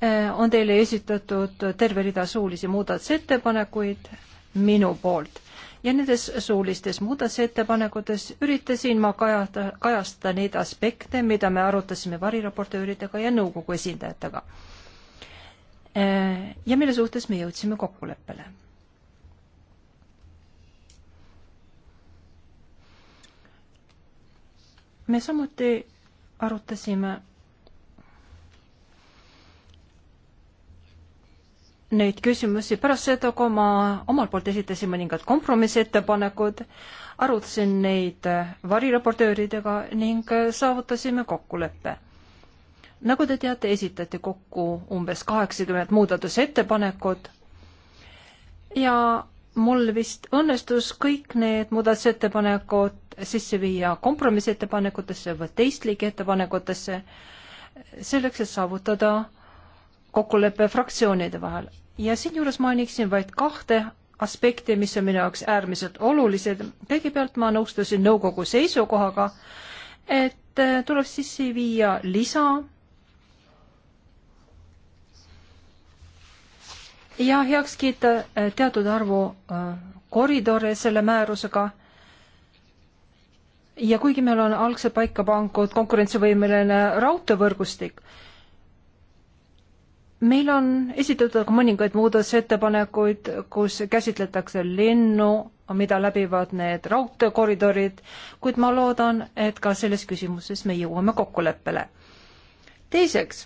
eh, on teile esitatud terve rida suulisi muudatusettepanekuid minu poolt ja nendes suulistes muudatusettepanekutes üritasin ma kajata, kajastada neid aspekte, mida me arutasime variraportööridega ja nõukogu esindajatega. Äh, ja mille suhtes me jõudsime kokkuleppele me samuti arutasime neid küsimusi pärast seda, kui ma omalt poolt esitasin mõningad kompromissettepanekud, arutasin neid variraportööridega ning saavutasime kokkuleppe. nagu te teate, esitati kokku umbes kaheksakümmend muudatusettepanekut ja mul vist õnnestus kõik need muudatusettepanekud sisse viia kompromissettepanekutesse või teist liiki ettepanekutesse, selleks et saavutada kokkulepe fraktsioonide vahel ja siinjuures mainiksin vaid kahte aspekte, mis on minu jaoks äärmiselt olulised. kõigepealt ma nõustusin nõukogu seisukohaga, et äh, tuleb sisse viia lisa ja heaks kiita äh, teatud arvu äh, koridore selle määrusega ja kuigi meil on algselt paika pandud konkurentsivõimeline raudteevõrgustik, meil on esitatud ka mõningaid muudatusettepanekuid, kus käsitletakse linnu, mida läbivad need raudteekoridorid, kuid ma loodan, et ka selles küsimuses me jõuame kokkuleppele. teiseks,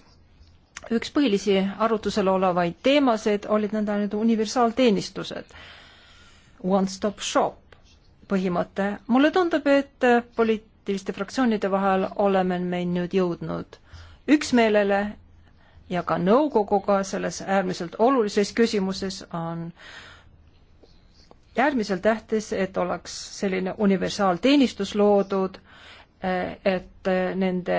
üks põhilisi arutusel olevaid teemasid olid nõndanimetatud universaalteenistused, one-stop shop põhimõte. mulle tundub, et poliitiliste fraktsioonide vahel oleme me nüüd jõudnud üksmeelele ja ka nõukoguga selles äärmiselt olulises küsimuses on äärmiselt tähtis, et oleks selline universaalteenistus loodud, eh, et eh, nende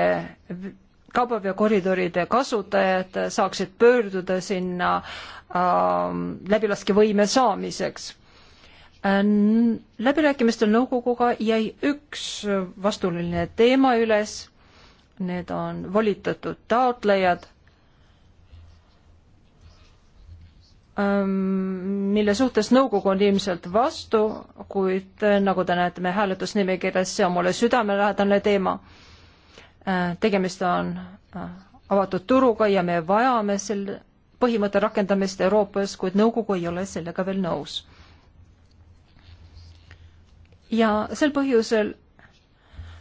kaubaveokoridoride kasutajad saaksid pöörduda sinna äh, läbilaskevõime saamiseks äh, läbirääkimistel nõukoguga jäi üks vastuoluline teema üles, need on volitatud taotlejad mille suhtes nõukogu on ilmselt vastu, kuid äh, nagu te näete meie hääletusnimekirjas, see on mulle südamelähedane teema. Äh, tegemist on äh, avatud turuga ja me vajame selle põhimõtte rakendamist Euroopas, kuid nõukogu ei ole sellega veel nõus. ja sel põhjusel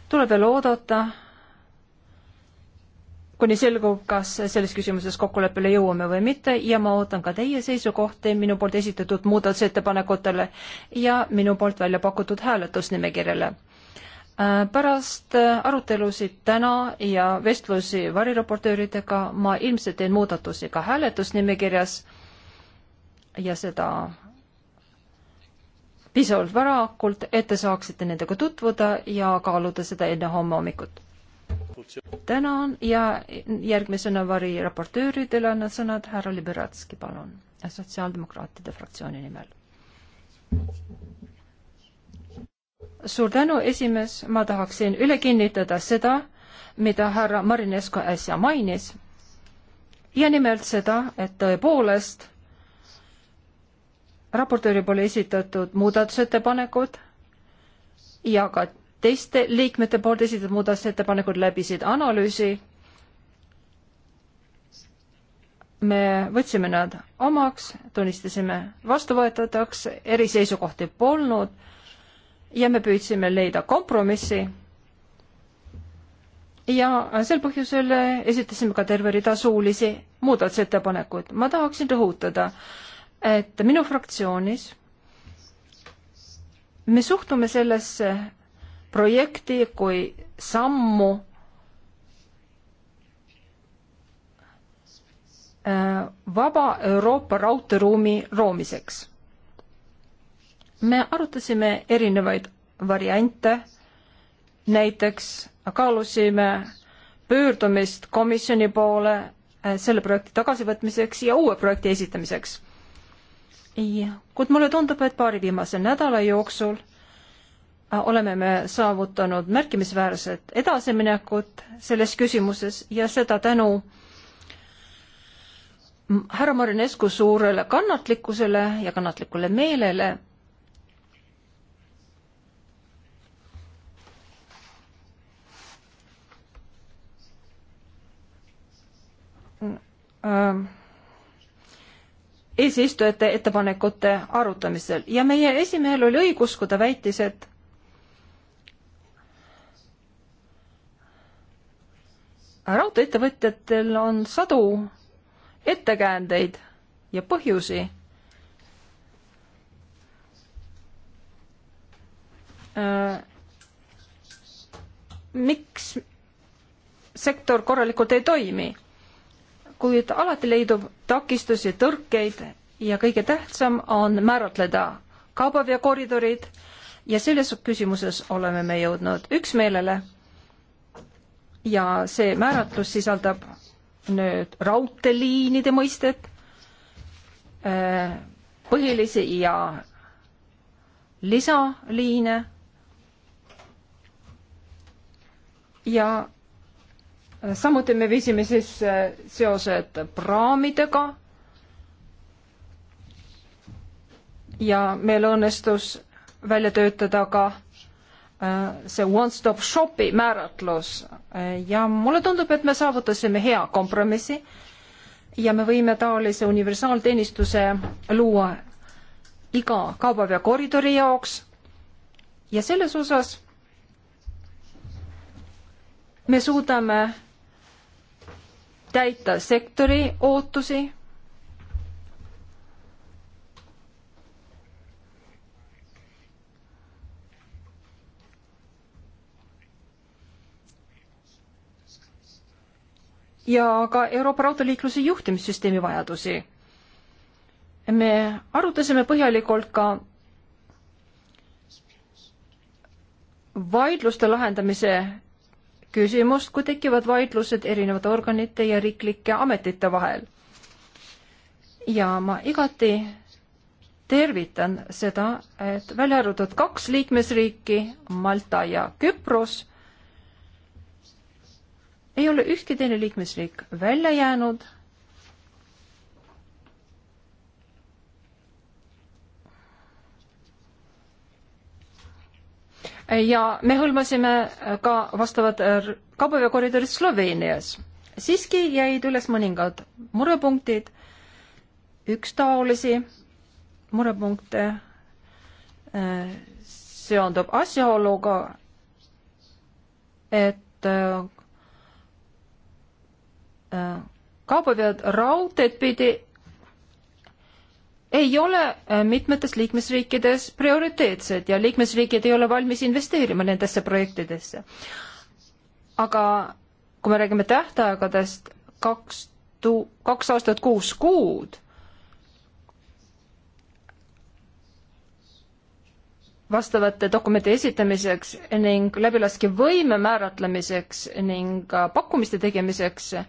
tuleb veel oodata kuni selgub, kas selles küsimuses kokkuleppele jõuame või mitte ja ma ootan ka teie seisukohti minu poolt esitatud muudatusettepanekutele ja minu poolt välja pakutud hääletusnimekirjale. Äh, pärast arutelusid täna ja vestlusi variraportööridega ma ilmselt teen muudatusi ka hääletusnimekirjas ja seda piisavalt varakult, et te saaksite nendega tutvuda ja kaaluda seda enne homme hommikut tänan ja järgmisena variraportööridele annan sõnad härra Liberatski, palun, sotsiaaldemokraatide fraktsiooni nimel. suur tänu, esimees, ma tahaksin üle kinnitada seda, mida härra Marinesko äsja mainis ja nimelt seda, et tõepoolest raportööri poole esitatud muudatusettepanekud ja ka teiste liikmete poolt esitatud muudatusettepanekud läbisid analüüsi. me võtsime nad omaks, tunnistasime vastuvõetavaks, eriseisukohti polnud ja me püüdsime leida kompromissi. ja sel põhjusel esitasime ka terve rida suulisi muudatusettepanekuid. ma tahaksin rõhutada, et minu fraktsioonis me suhtume sellesse projekti kui sammu äh, vaba Euroopa raudteeruumi loomiseks. me arutasime erinevaid variante, näiteks kaalusime pöördumist komisjoni poole äh, selle projekti tagasivõtmiseks ja uue projekti esitamiseks. kuid mulle tundub, et paari viimase nädala jooksul oleme me saavutanud märkimisväärset edasiminekut selles küsimuses ja seda tänu härra Marinescu suurele kannatlikkusele ja kannatlikule meelele. Ähm, eesistujate ettepanekute arutamisel ja meie esimehel oli õigus, kui ta väitis, et raudtee-ettevõtjatel on sadu ettekäändeid ja põhjusi äh,, miks sektor korralikult ei toimi, kuid alati leidub takistusi, tõrkeid ja kõige tähtsam on määratleda kaubaveokoridorid ja selles küsimuses oleme me jõudnud üksmeelele ja see määratlus sisaldab nüüd raudteeliinide mõistet, äh, põhilisi ja lisaliine ja äh, samuti me viisime sisse äh, seosed praamidega ja meil õnnestus välja töötada ka Äh, see one-stop shopi määratlus äh, ja mulle tundub, et me saavutasime hea kompromissi ja me võime taolise universaalteenistuse luua iga kaubaveokoridori jaoks ja selles osas me suudame täita sektori ootusi ja ka Euroopa raudteeliikluse juhtimissüsteemi vajadusi. me arutasime põhjalikult ka vaidluste lahendamise küsimust, kui tekivad vaidlused erinevate organite ja riiklike ametite vahel. ja ma igati tervitan seda, et välja arvatud kaks liikmesriiki, Malta ja Küpros ei ole ühtki teine liikmesriik välja jäänud. ja me hõlmasime ka vastavad äh, kaubaveokoridorid Sloveenias. siiski jäid üles mõningad murepunktid, ükstaolisi murepunkte äh, seondub asjaoluga, et äh, kaubaveod raudteed pidi ei ole äh, mitmetes liikmesriikides prioriteetsed ja liikmesriigid ei ole valmis investeerima nendesse projektidesse. aga kui me räägime tähtaegadest kaks tu-, kaks aastat kuus kuud, vastavate dokumendi esitamiseks ning läbilaskevõime määratlemiseks ning pakkumiste tegemiseks äh,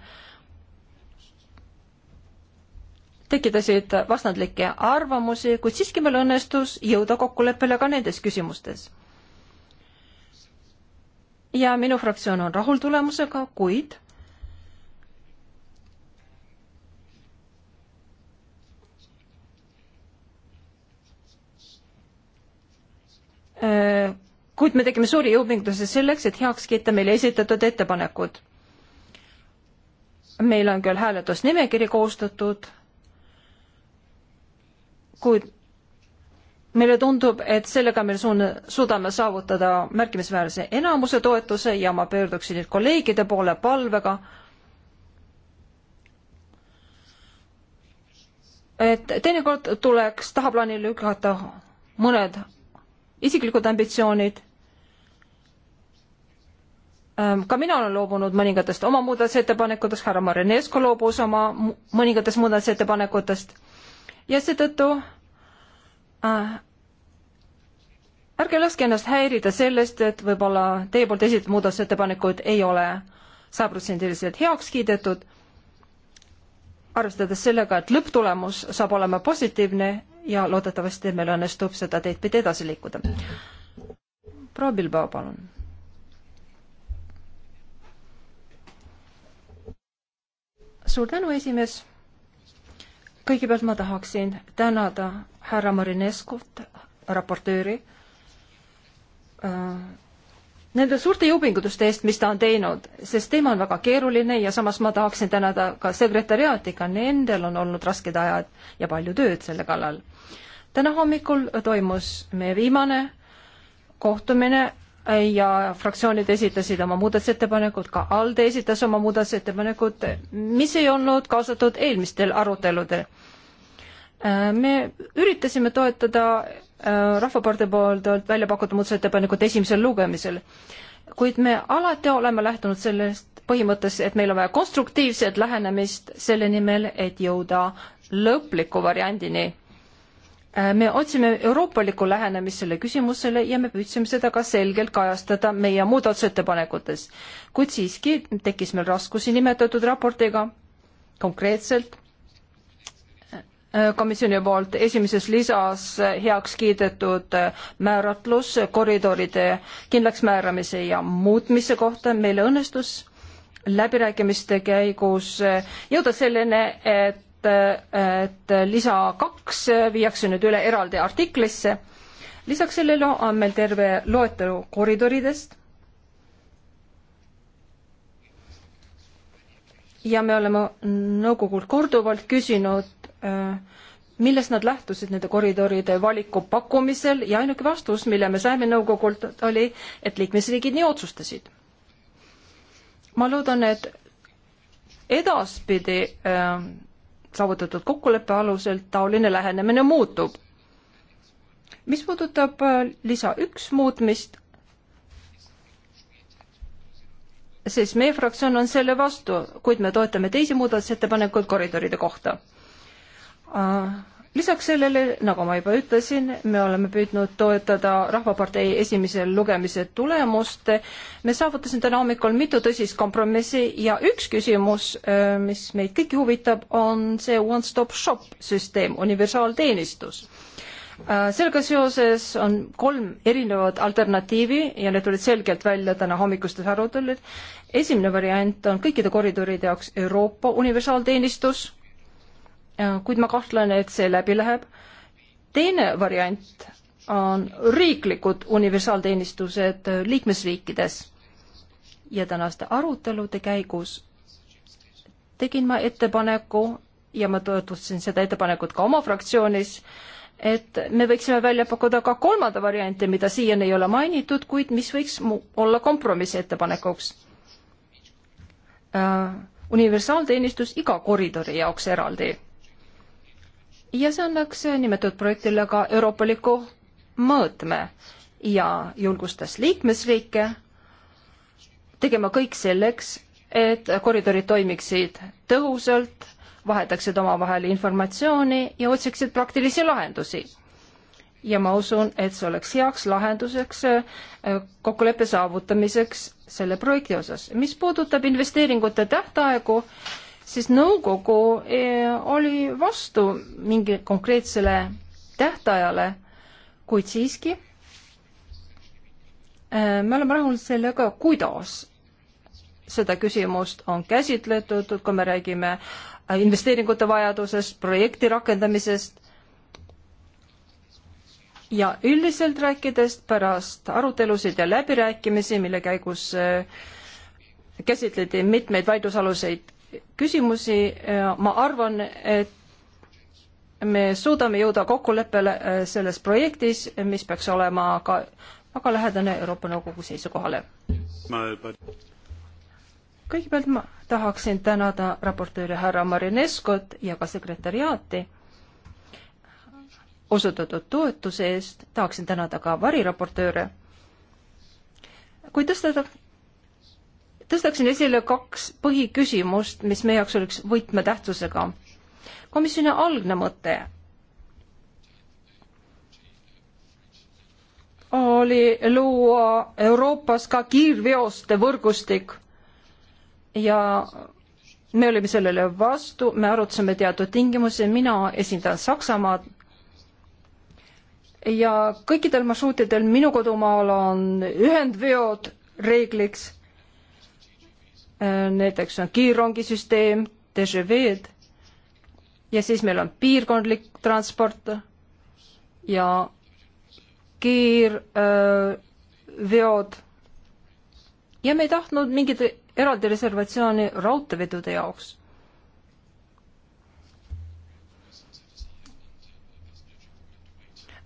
tekitasid vastandlikke arvamusi, kuid siiski meil õnnestus jõuda kokkuleppele ka nendes küsimustes. ja minu fraktsioon on rahul tulemusega, kuid äh, kuid me tegime suuri jõupingutusi selleks, et heaks kiita meile esitatud ettepanekud. meil on küll hääletusnimekiri koostatud kuid meile tundub, et sellega me suudame saavutada märkimisväärse enamuse toetuse ja ma pöörduksin nüüd kolleegide poole palvega, et teinekord tuleks tahaplaanile lükata mõned isiklikud ambitsioonid. Ähm, ka mina olen loobunud mõningatest oma muudatusettepanekutest, härra Marinesko loobus oma mõningatest muudatusettepanekutest ja seetõttu äh, ärge laske ennast häirida sellest, et võib-olla teie poolt esitatud muudatusettepanekud ei ole sajaprotsendiliselt heaks kiidetud, arvestades sellega, et lõpptulemus saab olema positiivne ja loodetavasti meil õnnestub seda teed pidi edasi liikuda. proua Bilbao, palun. suur tänu, esimees kõigepealt ma tahaksin tänada härra Marineskut, raportööri äh, nende suurte jõupingutuste eest, mis ta on teinud, sest teema on väga keeruline ja samas ma tahaksin tänada ka sekretäriaati, ka nendel on olnud rasked ajad ja palju tööd selle kallal. täna hommikul toimus meie viimane kohtumine ja fraktsioonid esitasid oma muudatusettepanekud, ka ALDE esitas oma muudatusettepanekud, mis ei olnud kaasatud eelmistel aruteludel. Äh, me üritasime toetada äh, Rahvapartei poolt välja pakutud muudatusettepanekut esimesel lugemisel, kuid me alati oleme lähtunud sellest põhimõttest, et meil on vaja konstruktiivset lähenemist selle nimel, et jõuda lõpliku variandini Äh, me otsime euroopalikku lähenemist selle küsimusele ja me püüdsime seda ka selgelt kajastada meie muudatusettepanekutes. kuid siiski tekkis meil raskusi nimetatud raportiga, konkreetselt äh, komisjoni poolt esimeses lisas heaks kiidetud äh, määratlus koridoride kindlaksmääramise ja muutmise kohta meile õnnestus läbirääkimiste käigus jõuda selleni, et et, et lisa kaks viiakse nüüd üle eraldi artiklisse. lisaks sellele on meil terve loetelu koridoridest. ja me oleme nõukogult korduvalt küsinud, millest nad lähtusid nende koridoride valiku pakkumisel ja ainuke vastus, mille me saime nõukogult, oli, et liikmesriigid nii otsustasid. ma loodan, et edaspidi äh, saavutatud kokkuleppe alusel taoline lähenemine muutub. mis puudutab äh, lisa üks muutmist, siis meie fraktsioon on selle vastu, kuid me toetame teisi muudatusettepanekuid koridoride kohta äh, lisaks sellele, nagu ma juba ütlesin, me oleme püüdnud toetada Rahvapartei esimese lugemise tulemust. me saavutasime täna hommikul mitu tõsist kompromissi ja üks küsimus, äh, mis meid kõiki huvitab, on see one-stop shop süsteem, universaalteenistus äh, sellega seoses on kolm erinevat alternatiivi ja need tulid selgelt välja täna hommikustes arutelud. esimene variant on kõikide koridoride jaoks Euroopa universaalteenistus Äh, kuid ma kahtlen, et see läbi läheb. teine variant on riiklikud universaalteenistused äh, liikmesriikides. ja tänaste arutelude käigus tegin ma ettepaneku ja ma toetasin seda ettepanekut ka oma fraktsioonis, et me võiksime välja pakkuda ka kolmanda variante, mida siiani ei ole mainitud, kuid mis võiks olla kompromissi ettepanekuks äh,. universaalteenistus iga koridori jaoks eraldi ja see annaks nimetatud projektile ka euroopaliku mõõtme ja julgustas liikmesriike tegema kõik selleks, et koridorid toimiksid tõhusalt, vahetaksid omavahel informatsiooni ja otsiksid praktilisi lahendusi. ja ma usun, et see oleks heaks lahenduseks äh, kokkuleppe saavutamiseks selle projekti osas. mis puudutab investeeringute tähtaegu, siis nõukogu eh, oli vastu mingi konkreetsele tähtajale, kuid siiski eh, me oleme rahul sellega, kuidas seda küsimust on käsitletud, kui me räägime eh, investeeringute vajadusest, projekti rakendamisest ja üldiselt rääkides pärast arutelusid ja läbirääkimisi, mille käigus käsitleti mitmeid vaidlusaluseid küsimusi, äh, ma arvan, et me suudame jõuda kokkuleppele äh, selles projektis, mis peaks olema ka väga lähedane Euroopa Nõukogu seisukohale. kõigepealt ma tahaksin tänada raportööri härra Marineskot ja ka sekretäriaati osutatud toetuse eest, tahaksin tänada ka variraportööre. kui tõstada tõstaksin esile kaks põhiküsimust, mis meie jaoks oleks võtmetähtsusega. komisjoni algne mõte oli luua Euroopas ka kiirveoste võrgustik ja me olime sellele vastu, me arutasime teatud tingimusi, mina esindan Saksamaad ja kõikidel marsruutidel minu kodumaal on ühendveod reegliks Äh, näiteks on kiirrongisüsteem, DŽV-d ja siis meil on piirkondlik transport ja kiirveod äh, ja me ei tahtnud mingit eraldi reservatsiooni raudteevedude jaoks.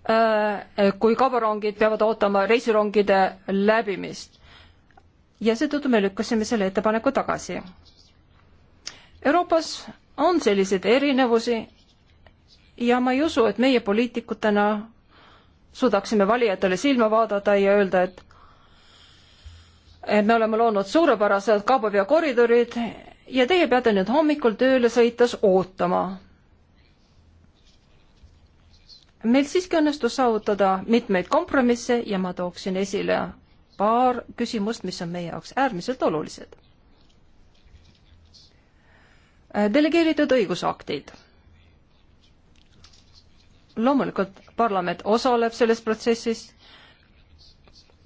Äh, kui kaubarongid peavad ootama reisirongide läbimist ja seetõttu me lükkasime selle ettepaneku tagasi. Euroopas on selliseid erinevusi ja ma ei usu, et meie poliitikutena suudaksime valijatele silma vaadata ja öelda, et et me oleme loonud suurepärased kaubaveokoridorid ja teie peate nüüd hommikul tööle sõites ootama. meil siiski õnnestus saavutada mitmeid kompromisse ja ma tooksin esile paar küsimust, mis on meie jaoks äärmiselt olulised. Äh, delegeeritud õigusaktid. loomulikult parlament osaleb selles protsessis.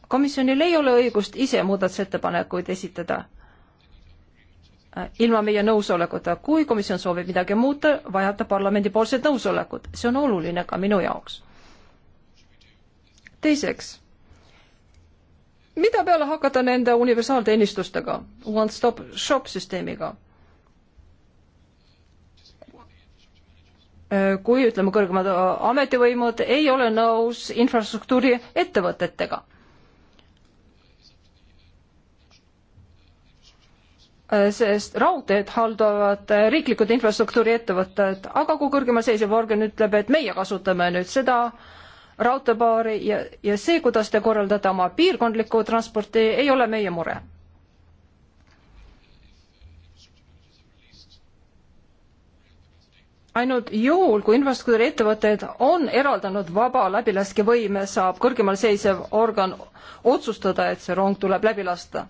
komisjonil ei ole õigust ise muudatusettepanekuid esitada äh, ilma meie nõusolekuta. kui komisjon soovib midagi muuta, vajab ta parlamendipoolset nõusolekut. see on oluline ka minu jaoks. teiseks mida peale hakata nende universaalteenistustega, one-stop shop süsteemiga? kui ütleme, kõrgemad ametivõimud ei ole nõus infrastruktuuri ettevõtetega. sest raudteed haldavad riiklikud infrastruktuuri ettevõtted, aga kui kõrgemal seisev organ ütleb, et meie kasutame nüüd seda äh, raudteepaari ja, ja see, kuidas te korraldate oma piirkondlikku transporti, ei ole meie mure ainult juhul, kui infrastruktuuriettevõtted on eraldanud vaba läbilaskevõime, saab kõrgemal seisev organ otsustada, et see rong tuleb läbi lasta.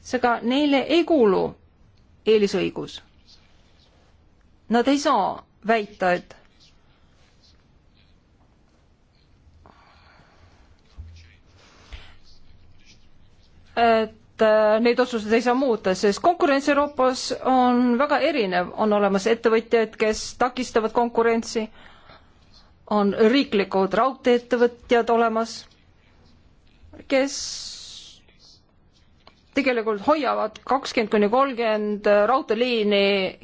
seega neile ei kuulu eelisõigus. Nad ei saa väita, et et äh, neid otsuseid ei saa muuta, sest konkurents Euroopas on väga erinev, on olemas ettevõtjaid, kes takistavad konkurentsi, on riiklikud raudtee-ettevõtjad olemas, kes tegelikult hoiavad kakskümmend kuni kolmkümmend raudteeliini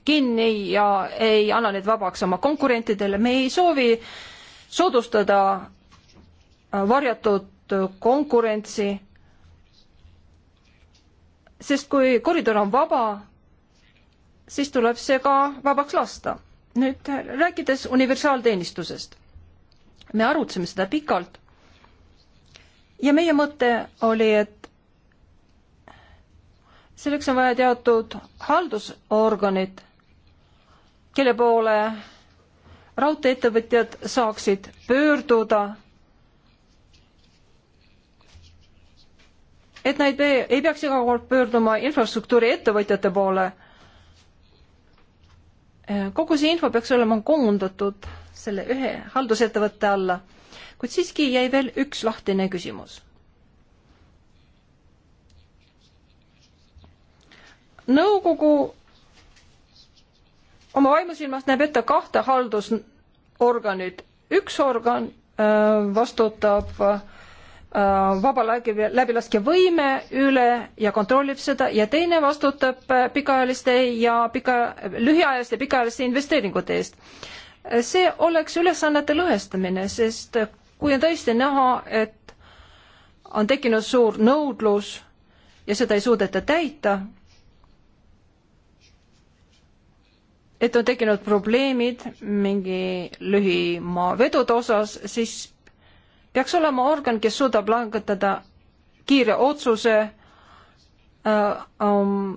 kinni ja ei anna neid vabaks oma konkurentidele. me ei soovi soodustada varjatud konkurentsi sest kui koridor on vaba, siis tuleb see ka vabaks lasta. nüüd rääkides universaalteenistusest. me arutasime seda pikalt ja meie mõte oli, et selleks on vaja teatud haldusorganid, kelle poole raudtee-ettevõtjad saaksid pöörduda et nad ei peaks iga kord pöörduma infrastruktuuriettevõtjate poole. kogu see info peaks olema koondatud selle ühe haldusettevõtte alla, kuid siiski jäi veel üks lahtine küsimus. nõukogu oma vaimusilmas näeb ette kahte haldusorganit, üks organ öö, äh, vastutab öö, äh, Äh, vaba läbilaskevõime üle ja kontrollib seda ja teine vastutab äh, pikaajaliste ja pika, lühiajaliste pikaajaliste investeeringute eest. see oleks ülesannete lõhestamine, sest kui on tõesti näha, et on tekkinud suur nõudlus ja seda ei suudeta täita, et on tekkinud probleemid mingi lühimaavedude osas, siis peaks olema organ, kes suudab langetada kiire otsuse äh, um,,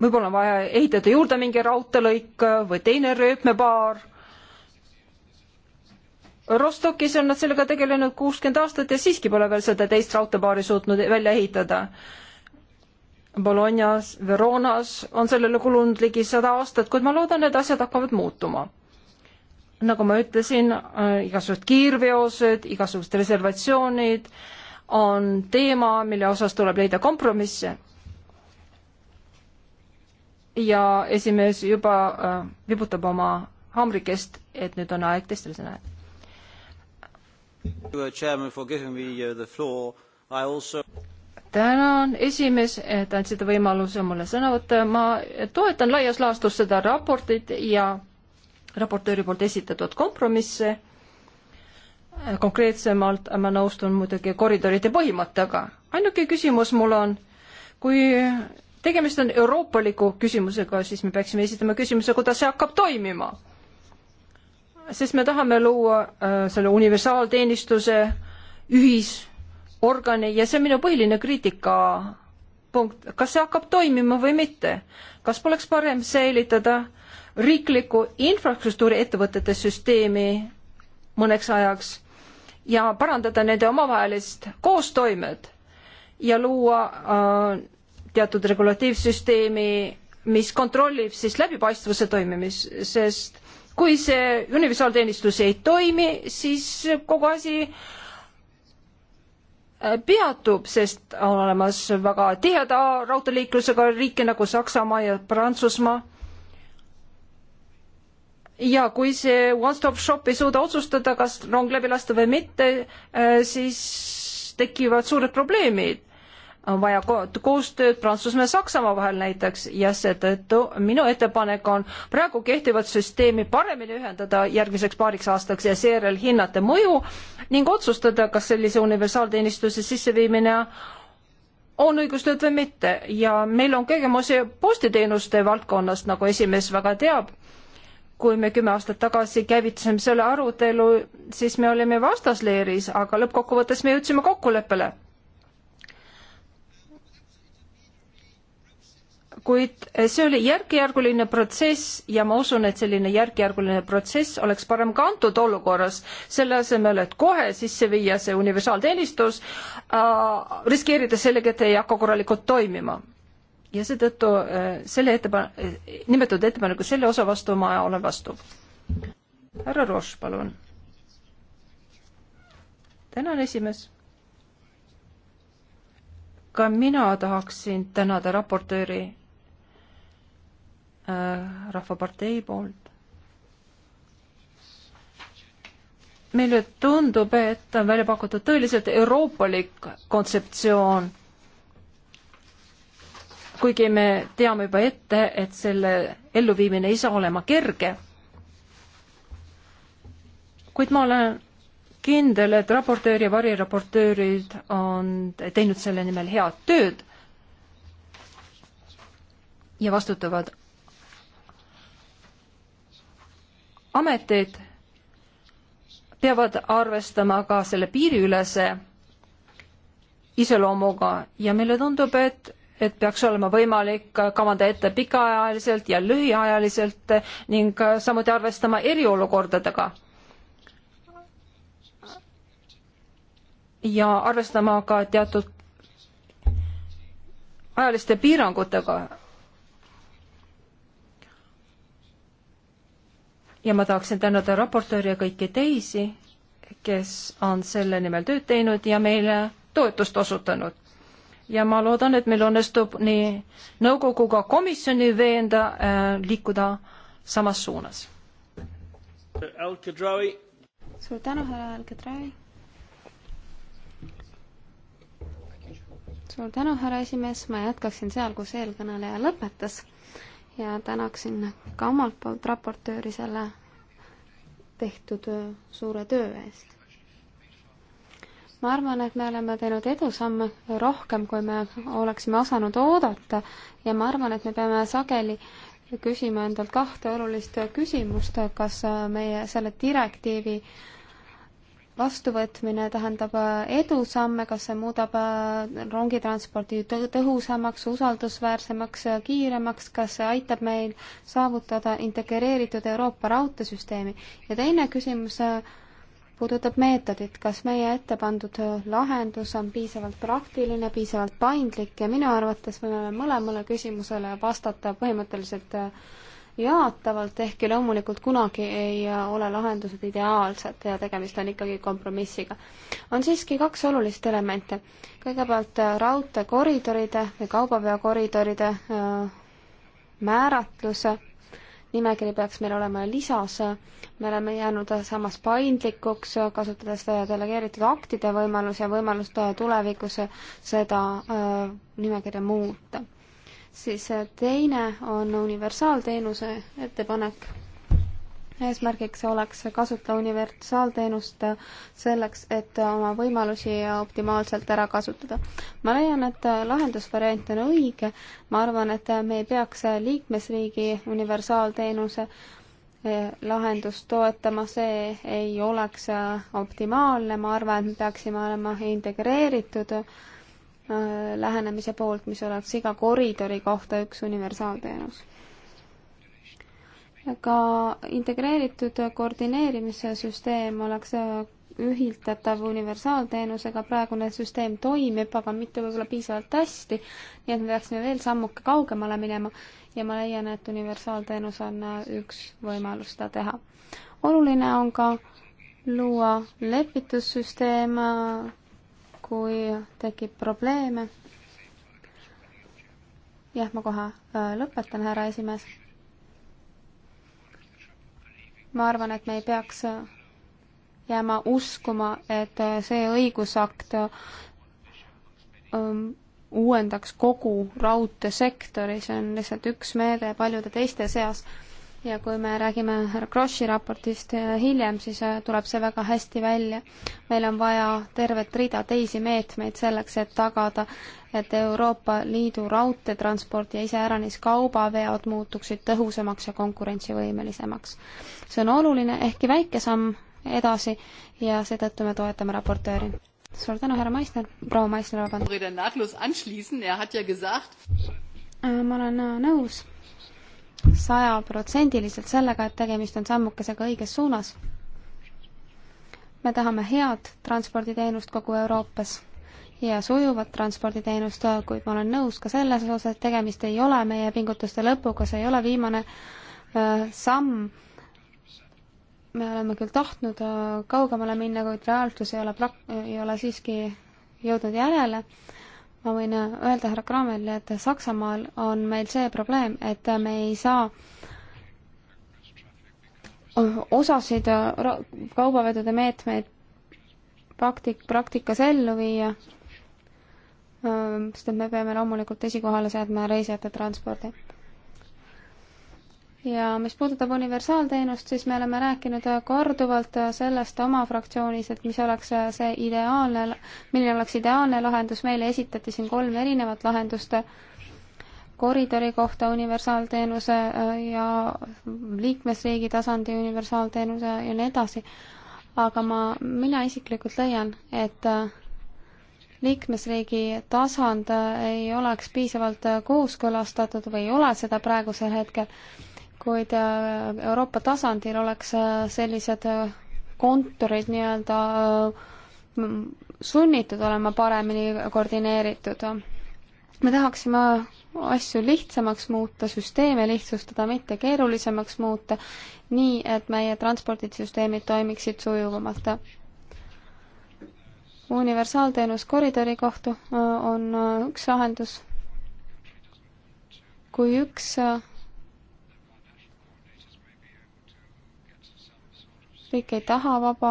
võib-olla on vaja ehitada juurde mingi raudteelõik või teine rööpmepaar. Rostokis on nad sellega tegelenud kuuskümmend aastat ja siiski pole veel seda teist raudteepaari suutnud välja ehitada. Bolognas, Veronas on sellele kulunud ligi sada aastat, kuid ma loodan, et asjad hakkavad muutuma nagu ma ütlesin, äh, igasugused kiirveosed, igasugused reservatsioonid on teema, mille osas tuleb leida kompromisse. ja esimees juba äh, vibutab oma haamrikest, et nüüd on aeg teistele sõna. Uh, uh, tänan, esimees, et andsite võimaluse mulle sõna võtta. ma toetan laias laastus seda raportit ja raportööri poolt esitatud kompromisse. konkreetsemalt ma nõustun muidugi koridoride põhimõttega. ainuke küsimus mul on, kui tegemist on euroopaliku küsimusega, siis me peaksime esitama küsimuse, kuidas see hakkab toimima. sest me tahame luua äh, selle universaalteenistuse ühisorgani ja see on minu põhiline kriitikapunkt, kas see hakkab toimima või mitte. kas poleks parem säilitada äh, riiklikku infrastruktuuriettevõtete süsteemi mõneks ajaks ja parandada nende omavahelist koostoimet ja luua äh, teatud regulatiivsüsteemi, mis kontrollib siis läbipaistvuse toimimist, sest kui see universaalteenistus ei toimi, siis kogu asi äh, peatub, sest on olemas väga tiheda raudteeliiklusega riike nagu Saksamaa ja Prantsusmaa ja kui see one-stop shop ei suuda otsustada, kas rong läbi lasta või mitte, äh, siis tekivad suured probleemid. on vaja koostööd Prantsusmaa ja Saksamaa vahel näiteks ja seetõttu minu ettepanek on praegu kehtivat süsteemi paremini ühendada järgmiseks paariks aastaks ja seejärel hinnata mõju ning otsustada, kas sellise universaalteenistuse sisseviimine on õigustatud või mitte ja meil on kogemusi postiteenuste valdkonnast, nagu esimees väga teab kui me kümme aastat tagasi käivitasime selle arutelu, siis me olime vastasleeris, aga lõppkokkuvõttes me jõudsime kokkuleppele. kuid see oli järkjärguline protsess ja ma usun, et selline järkjärguline protsess oleks parem ka antud olukorras, selle asemel, et kohe sisse viia see universaalteenistus äh,, riskeerides sellega, et ei hakka korralikult toimima ja seetõttu äh, selle ettepaneku, äh, nimetatud ettepaneku selle osa vastu ma olen vastu. härra Roš, palun. tänan, esimees. ka mina tahaksin tänada raportööri äh, Rahvapartei poolt. meile tundub, et on välja pakutud tõeliselt euroopalik kontseptsioon kuigi me teame juba ette, et selle elluviimine ei saa olema kerge. kuid ma olen kindel, et raportöör ja variraportöörid on teinud selle nimel head tööd ja vastutavad ametid peavad arvestama ka selle piiriülese iseloomuga ja meile tundub, et et peaks olema võimalik kavanda ette pikaajaliselt ja lühiajaliselt ning samuti arvestama eriolukordadega. ja arvestama ka teatud ajaliste piirangutega. ja ma tahaksin tänada raportööri ja kõiki teisi, kes on selle nimel tööd teinud ja meile toetust osutanud ja ma loodan, et meil õnnestub nii nõukoguga komisjoni veenda äh, liikuda samas suunas. suur tänu, härra Al-Kadrawi. suur tänu, härra esimees, ma jätkaksin seal, kus eelkõneleja lõpetas ja tänaksin ka omalt poolt raportööri selle tehtud äh, suure töö eest ma arvan, et me oleme teinud edusamme rohkem, kui me oleksime osanud oodata ja ma arvan, et me peame sageli küsima endalt kahte olulist küsimust, kas meie selle direktiivi vastuvõtmine tähendab edusamme, kas see muudab rongitranspordi tõhusamaks, usaldusväärsemaks, kiiremaks, kas see aitab meil saavutada integreeritud Euroopa raudteesüsteemi ja teine küsimus, puudutab meetodit, kas meie ette pandud lahendus on piisavalt praktiline, piisavalt paindlik ja minu arvates võime mõlemale küsimusele vastata põhimõtteliselt äh, jaatavalt, ehkki loomulikult kunagi ei äh, ole lahendused ideaalsed ja tegemist on ikkagi kompromissiga. on siiski kaks olulist elementi. kõigepealt äh, raudteekoridoride või kaubaveokoridoride määratluse nimekiri peaks meil olema lisas, me oleme jäänud samas paindlikuks, kasutades delegeeritud aktide võimalus ja võimalust tulevikus seda äh, nimekirja muuta. siis äh, teine on universaalteenuse ettepanek eesmärgiks oleks kasutada universaalteenust selleks, et oma võimalusi optimaalselt ära kasutada. ma leian, et lahendusvariant on õige, ma arvan, et me ei peaks liikmesriigi universaalteenuse lahendust toetama, see ei oleks optimaalne, ma arvan, et me peaksime olema integreeritud äh, lähenemise poolt, mis oleks iga koridori kohta üks universaalteenus ka integreeritud koordineerimise süsteem oleks ühildatav universaalteenusega, praegune süsteem toimib, aga mitte võib-olla piisavalt hästi, nii et me peaksime veel sammuke kaugemale minema ja ma leian, et universaalteenus on üks võimalus seda teha. oluline on ka luua lepitussüsteem, kui tekib probleeme. jah, ma kohe äh, lõpetan, härra esimees ma arvan, et me ei peaks jääma uskuma, et see õigusakt ähm, uuendaks kogu raudteesektori, see on lihtsalt üks meede paljude teiste seas ja kui me räägime härra Grossi raportist eh, hiljem, siis eh, tuleb see väga hästi välja. meil on vaja tervet rida teisi meetmeid selleks, et tagada, et Euroopa Liidu raudteetransport ja iseäranis kaubaveod muutuksid tõhusamaks ja konkurentsivõimelisemaks. see on oluline, ehkki väike samm edasi ja seetõttu me toetame raportööri. suur tänu, härra Maisner, proua Maisner, vabandust. Er äh, ma olen äh, nõus sajaprotsendiliselt sellega, et tegemist on sammukesega õiges suunas. me tahame head transporditeenust kogu Euroopas ja sujuvat transporditeenust, kuid ma olen nõus ka selles osas, et tegemist ei ole meie pingutuste lõpuga, see ei ole viimane äh, samm. me oleme küll tahtnud äh, kaugemale minna, kuid reaalsus ei ole prak-, ei ole siiski jõudnud järele äh, ma võin öelda härra Kraamel, et Saksamaal on meil see probleem, et me ei saa osasid kaubavedude meetmeid praktik-, praktikas ellu viia, sest et me peame loomulikult esikohale seadma reisijate transpordi ja mis puudutab universaalteenust, siis me oleme rääkinud äh, korduvalt äh, sellest oma fraktsioonis, et mis oleks äh, see ideaalne, milline oleks ideaalne lahendus, meile esitati siin kolm erinevat lahendust koridori kohta universaalteenuse ja liikmesriigi tasandi universaalteenuse ja nii edasi. aga ma, mina isiklikult leian, et liikmesriigi tasand ei oleks piisavalt kooskõlastatud või ei ole seda praegusel hetkel kuid äh, Euroopa tasandil oleks äh, sellised äh, kontorid nii-öelda sunnitud olema paremini koordineeritud. me tahaksime asju lihtsamaks muuta, süsteeme lihtsustada, mitte keerulisemaks muuta, nii et meie transpordisüsteemid toimiksid sujuvamalt. universaalteenus koridori kohta on üks lahendus. kui üks liikmesriik ei taha vaba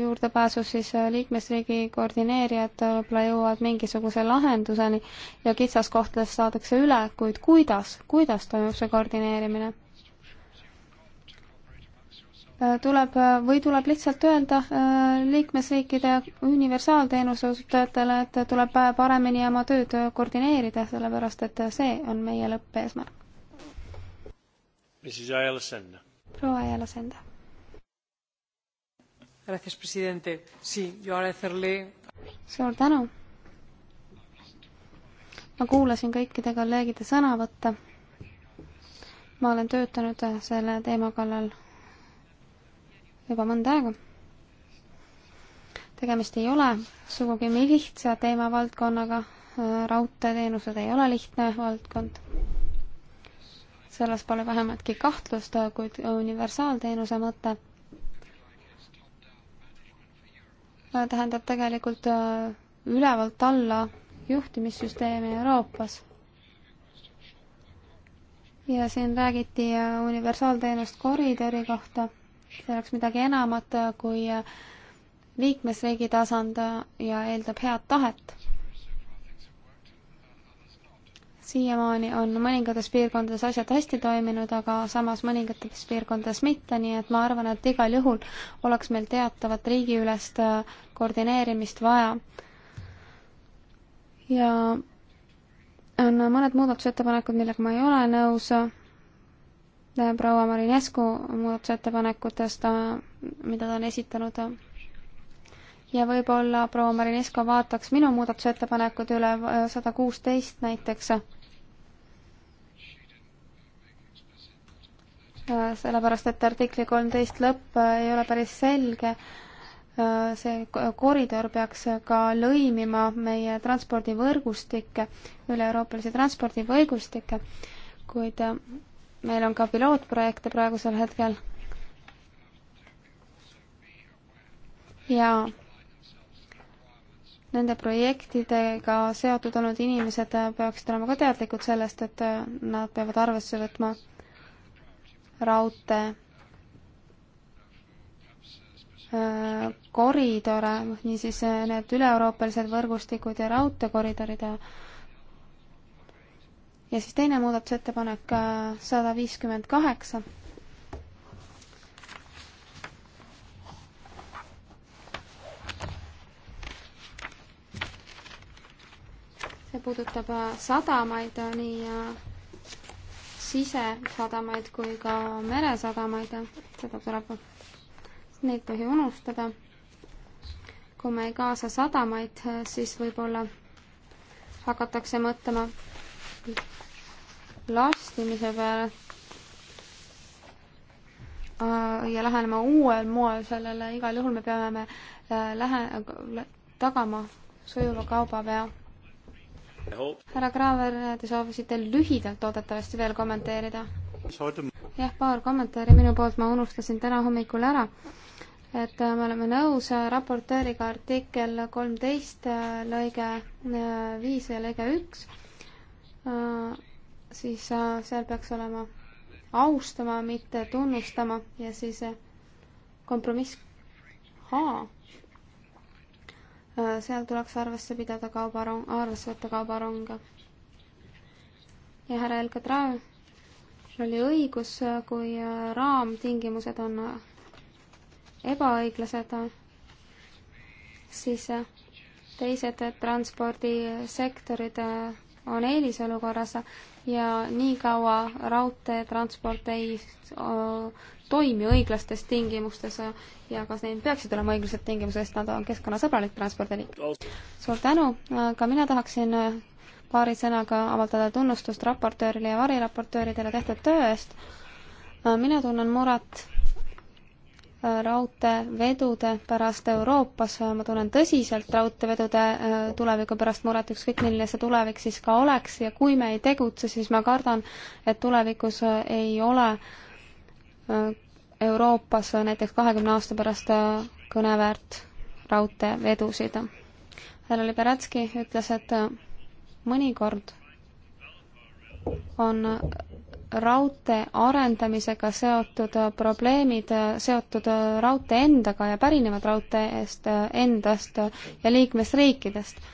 juurdepääsu, siis liikmesriigi koordineerijad võib-olla jõuavad mingisuguse lahenduseni ja kitsaskohtadest saadakse üle, kuid kuidas, kuidas toimub see koordineerimine? tuleb või tuleb lihtsalt öelda liikmesriikide universaalteenuse osutajatele, et tuleb paremini oma tööd koordineerida, sellepärast et see on meie lõppeesmärk. proua Ajala Senda suur tänu. ma kuulasin kõikide kolleegide sõnavõtte. ma olen töötanud selle teema kallal juba mõnda aega. tegemist ei ole sugugi lihtsa teemavaldkonnaga, raudteeteenused ei ole lihtne valdkond. selles pole vähematki kahtlust, kuid universaalteenuse mõte tähendab tegelikult äh, ülevalt alla juhtimissüsteemi Euroopas. ja siin räägiti äh, universaalteenust koridori kohta, see oleks midagi enamat äh, kui liikmesriigi tasand ja eeldab head tahet siiamaani on mõningates piirkondades asjad hästi toiminud, aga samas mõningates piirkondades mitte, nii et ma arvan, et igal juhul oleks meil teatavat riigiülest äh, koordineerimist vaja. ja on mõned muudatusettepanekud, millega ma ei ole nõus, äh, proua Marinescu muudatusettepanekutest, äh, mida ta on esitanud ja võib-olla proua Marinesko vaataks minu muudatusettepanekud üle, sada kuusteist näiteks. Äh, sellepärast et artikli kolmteist lõpp äh, ei ole päris selge. Äh, see koridor peaks ka lõimima meie transpordivõrgustikke, üle-euroopalisi transpordivõrgustikke, kuid meil on ka pilootprojekte praegusel hetkel. ja nende projektidega seotud olnud inimesed peaksid olema ka teadlikud sellest, et nad peavad arvesse võtma raudtee äh, koridore, niisiis äh, need üle-euroopalised võrgustikud ja raudteekoridorid ja ja siis teine muudatusettepanek äh, sada viiskümmend kaheksa. see puudutab sadamaid nii sisesadamaid kui ka meresadamaid, seda tuleb, neid tohi unustada. kui me ei kaasa sadamaid, siis võib-olla hakatakse mõtlema lastimise peale äh, ja lähenema uuel moel sellele, igal juhul me peame me äh, lähe-, tagama sujuva kaubaveo härra Kraaver, te soovisite lühidalt loodetavasti veel kommenteerida? jah, paar kommentaari minu poolt, ma unustasin täna hommikul ära, et me oleme nõus raportööriga artikkel kolmteist äh, lõige äh, viis ja lõige üks, äh, siis seal peaks olema austama, mitte tunnustama ja siis kompromiss H Äh, seal tuleks arvesse pidada kaubarong, arvesse võtta kaubaronge. ja härra El Kadraev oli õigus, äh, kui äh, raamtingimused on ebaõiglased, siis teised transpordisektorid on eelisolukorras ja niikaua raudteetransport ei toimi õiglastes tingimustes ja kas neil peaksid olema õiglased tingimused, sest nad on keskkonnasõbralik transpordiliik. suur tänu, ka mina tahaksin äh, paari sõnaga avaldada tunnustust raportöörile ja variraportööridele tehtud töö eest. Äh, mina tunnen muret äh, raudteevedude pärast Euroopas, ma tunnen tõsiselt raudteevedude tuleviku pärast muret, ükskõik milline see tulevik siis ka oleks ja kui me ei tegutse, siis ma kardan, et tulevikus ei ole Euroopas näiteks kahekümne aasta pärast äh, kõneväärt raudteevedusid. härra Liberatski ütles, et äh, mõnikord on raudtee arendamisega seotud äh, probleemid seotud raudtee endaga ja pärinevad raudtee eest endast ja liikmesriikidest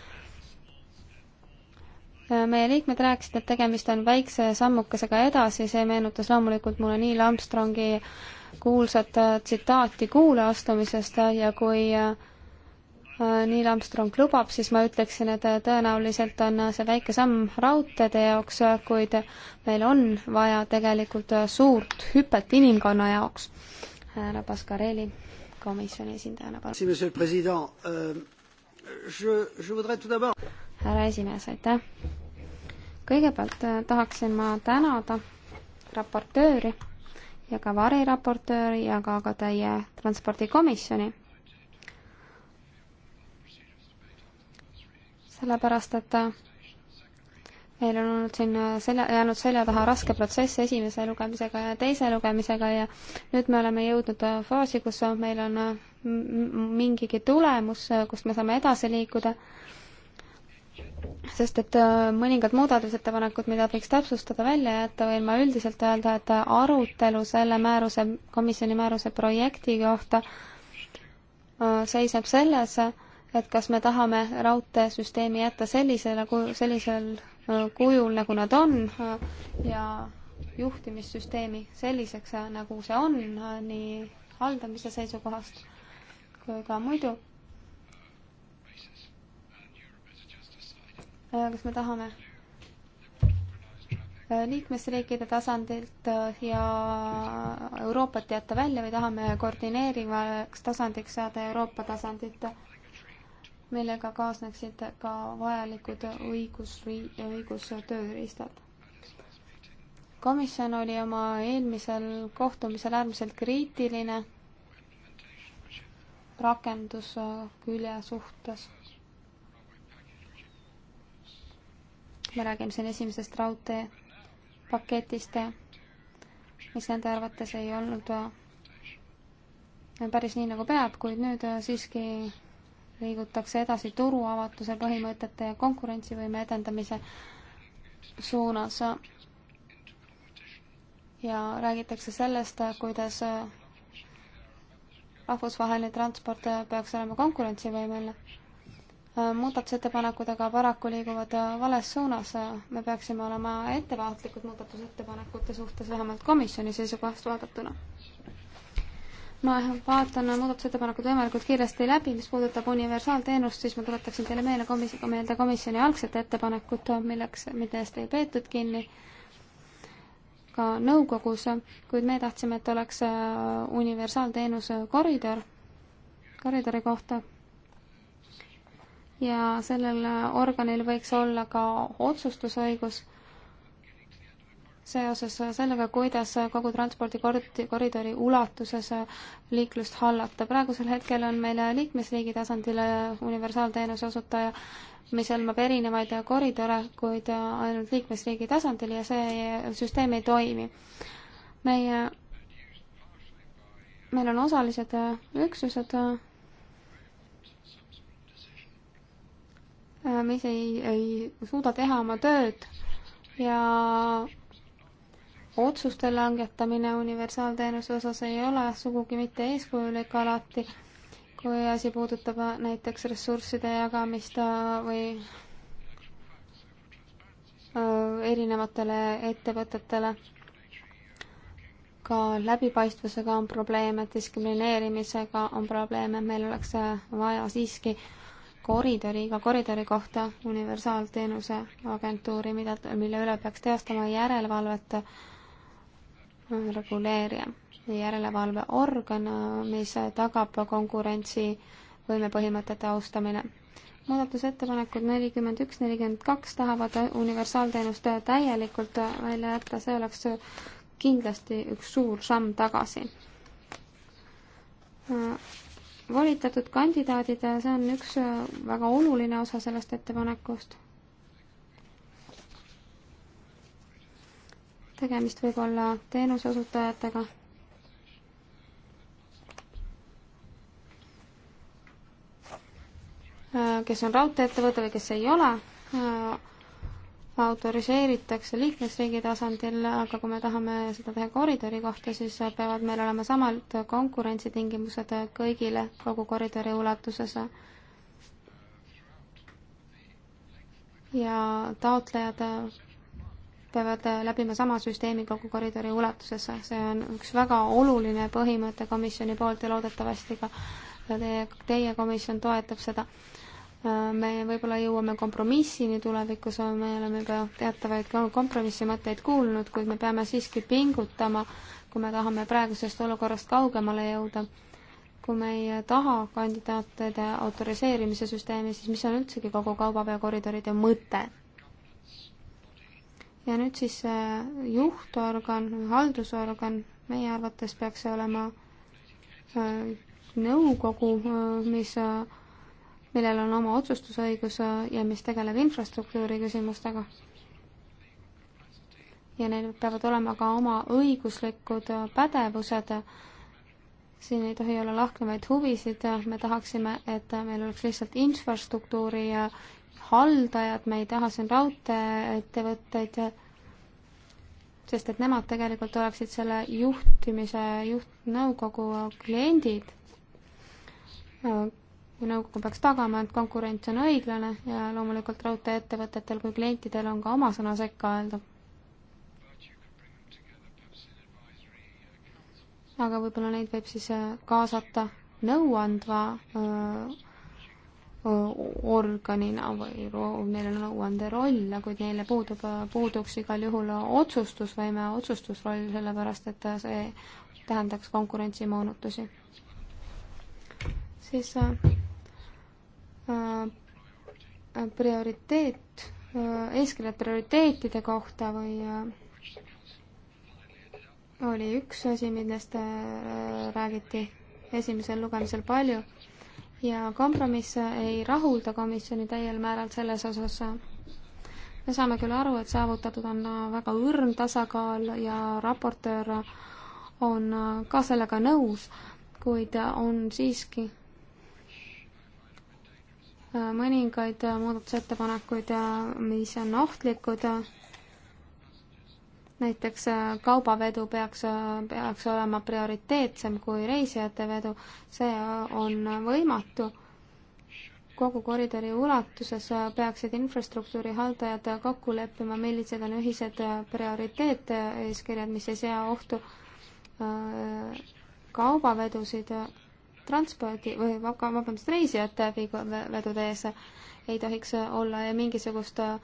Äh, meie liikmed rääkisid, et tegemist on väikse sammukesega edasi, see meenutas loomulikult mulle Neil Armstrongi kuulsat äh, tsitaati kuule astumisest äh, ja kui Neil Armstrong lubab, siis ma ütleksin, et tõenäoliselt on see väike samm raudteede jaoks, kuid meil on vaja tegelikult suurt hüpet inimkonna jaoks. härra Pascarelli, komisjoni esindajana, palun härra esimees, aitäh! kõigepealt äh, tahaksin ma tänada raportööri ja ka variraportööri ja ka, ka teie transpordikomisjoni. sellepärast, et äh, meil on olnud siin äh, selja, jäänud selja taha raske protsess esimese lugemisega ja teise lugemisega ja nüüd me oleme jõudnud faasi, kus meil on mingigi tulemus, kust me saame edasi liikuda sest et äh, mõningad muudatusettepanekud, mida võiks täpsustada, välja jätta, võin ma üldiselt öelda, et äh, arutelu selle määruse, komisjoni määruse projekti kohta äh, seisneb selles, et kas me tahame raudteesüsteemi jätta sellisele, sellisel kujul, nagu nad on ja juhtimissüsteemi selliseks, nagu see on, nii haldamise seisukohast kui ka muidu Äh, kas me tahame äh, liikmesriikide tasandilt äh, ja Euroopat jätta välja või tahame koordineerivaks tasandiks saada Euroopa tasandit, millega kaasneksid ka vajalikud õigus, õigustööriistad. komisjon oli oma eelmisel kohtumisel äärmiselt kriitiline rakenduskülje suhtes me räägime siin esimesest raudteepaketist, mis nende arvates ei olnud päris nii, nagu peab, kuid nüüd siiski liigutakse edasi turuavatuse põhimõtete ja konkurentsivõime edendamise suunas. ja räägitakse sellest, kuidas rahvusvaheline transport peaks olema konkurentsivõimeline Äh, muudatusettepanekud aga paraku liiguvad äh, vales suunas. Äh, me peaksime olema ettevaatlikud muudatusettepanekute suhtes, vähemalt komisjoni seisukohast vaadatuna. ma vaatan muudatusettepanekud võimalikult kiiresti läbi, mis puudutab universaalteenust, siis ma tuletaksin teile meele komis-, meelde komisjoni algset ettepanekut, milleks, millest ei peetud kinni ka nõukogus, kuid me tahtsime, et oleks universaalteenuse koridor, koridori kohta ja sellel organil võiks olla ka otsustusõigus seoses sellega, kuidas kogu transpordikoridori ulatuses liiklust hallata. praegusel hetkel on meil liikmesriigi tasandil universaalteenuse osutaja, mis hõlmab erinevaid koridore, kuid ainult liikmesriigi tasandil ja see süsteem ei toimi. meie, meil on osalised üksused Äh, mis ei, ei suuda teha oma tööd ja otsuste langetamine universaalteenuse osas ei ole sugugi mitte eeskujulik alati, kui asi puudutab näiteks ressursside jagamist äh, või äh, erinevatele ettevõtetele. ka läbipaistvusega on probleeme, diskrimineerimisega on probleeme, meil oleks vaja siiski äh, koridori, iga koridori kohta universaalteenuse agentuuri, mida, mille üle peaks teostama järelevalvet äh, reguleerija, järelevalveorgan, äh, mis tagab konkurentsivõime põhimõtete austamine. muudatusettepanekud nelikümmend üks, nelikümmend kaks tahavad universaalteenust täielikult välja jätta, see oleks kindlasti üks suur samm tagasi äh, volitatud kandidaadid, see on üks äh, väga oluline osa sellest ettepanekust. tegemist võib olla teenuseosutajatega. Äh, kes on raudteeettevõte või kes ei ole äh, autoriseeritakse liikmesriigi tasandil, aga kui me tahame seda teha koridori kohta, siis peavad meil olema samad konkurentsitingimused kõigile kogu koridori ulatuses. ja taotlejad peavad läbima sama süsteemi kogu koridori ulatuses, see on üks väga oluline põhimõte komisjoni poolt ja loodetavasti ka teie, teie komisjon toetab seda me võib-olla jõuame kompromissini tulevikus, me oleme juba teatavaid kompromissi mõtteid kuulnud, kuid me peame siiski pingutama, kui me tahame praegusest olukorrast kaugemale jõuda. kui me ei taha kandidaatide autoriseerimise süsteemi, siis mis on üldsegi kogu kaubaveokoridoride mõte? ja nüüd siis see äh, juhtorgan, haldusorgan, meie arvates peaks see olema äh, nõukogu, äh, mis millel on oma otsustusõigus ja mis tegeleb infrastruktuuri küsimustega. ja neil peavad olema ka oma õiguslikud pädevused. siin ei tohi olla lahknevaid huvisid, me tahaksime, et meil oleks lihtsalt infrastruktuuri ja haldajad, me ei taha siin raudteeettevõtteid, sest et nemad tegelikult oleksid selle juhtimise, juhtnõukogu kliendid ja nõukogu peaks tagama, et konkurents on õiglane ja loomulikult raudteeettevõtetel kui klientidel on ka oma sõna sekka öelda. aga võib-olla neid võib siis äh, kaasata nõuandva äh, organina või neil on nõuande roll, kuid neile puudub, äh, puuduks igal juhul otsustusvõime, otsustusroll, sellepärast et see tähendaks konkurentsimoonutusi. siis Äh, äh, prioriteet, äh, eeskirjad prioriteetide kohta või oli üks asi, millest räägiti esimesel lugemisel palju ja kompromiss ei rahulda komisjoni täiel määral selles osas. me saame küll aru, et saavutatud on väga õrn tasakaal ja raportöör on ka sellega nõus, kuid on siiski mõningaid äh, muudatusettepanekuid, äh, mis on ohtlikud. näiteks äh, kaubavedu peaks, peaks olema prioriteetsem kui reisijate vedu, see on võimatu. kogu koridori ulatuses peaksid infrastruktuuri haldajad kokku leppima, millised on ühised prioriteeteeskirjad, mis ei sea ohtu kaubavedusid transpordi või vabandust, reisijate vedude ees ei tohiks olla mingisugust äh,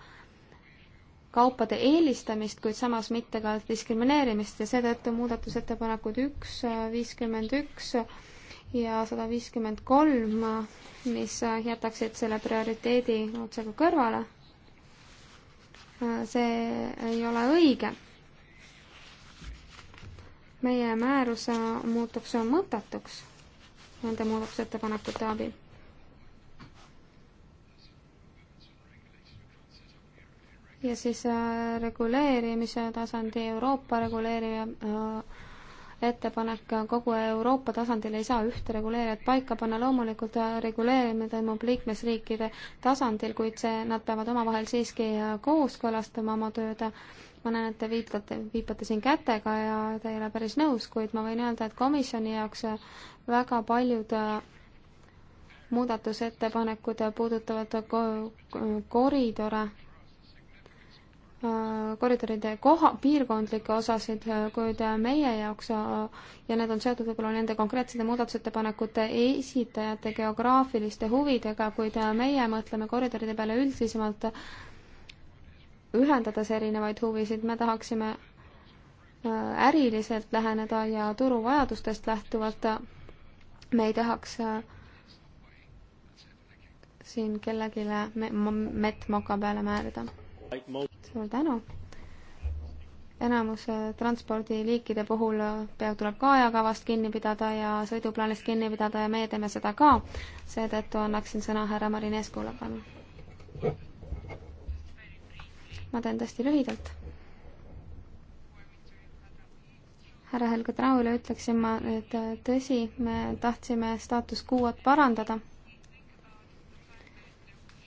kaupade eelistamist, kuid samas mitte ka diskrimineerimist ja seetõttu muudatusettepanekud üks, äh, viiskümmend üks ja sada viiskümmend kolm, mis äh, jätaksid selle prioriteedi otsega kõrvale. see ei ole õige. meie määrus muutuks mõttetuks nende muudatusettepanekute abil. ja siis äh, reguleerimise tasandi Euroopa reguleerija äh, ettepanek kogu Euroopa tasandil ei saa ühte reguleerijat paika panna, loomulikult äh, reguleerimine toimub liikmesriikide tasandil, kuid see, nad peavad omavahel siiski kooskõlastama oma tööd. ma näen, et te viitate, viipate siin kätega ja te ei ole päris nõus, kuid ma võin öelda, et komisjoni jaoks väga paljud äh, muudatusettepanekud puudutavad koridore, äh, koridoride koha, piirkondlikke osasid, äh, kuid meie jaoks ja need on seotud võib-olla nende konkreetsete muudatusettepanekute esitajate geograafiliste huvidega, kuid meie mõtleme koridoride peale üldisemalt, ühendades erinevaid huvisid, me tahaksime äriliselt läheneda ja turuvajadustest lähtuvalt me ei tahaks äh, siin kellelegi mett moka peale määrida. suur tänu! enamus äh, transpordiliikide puhul äh, peab, tuleb ka ajakavast kinni pidada ja sõiduplaanist kinni pidada ja meie teeme seda ka. seetõttu annaksin sõna härra Marineskule, palun. ma teen tõesti lühidalt härra Helga Traule ütleksin ma, et tõsi, me tahtsime staatus quo'd parandada.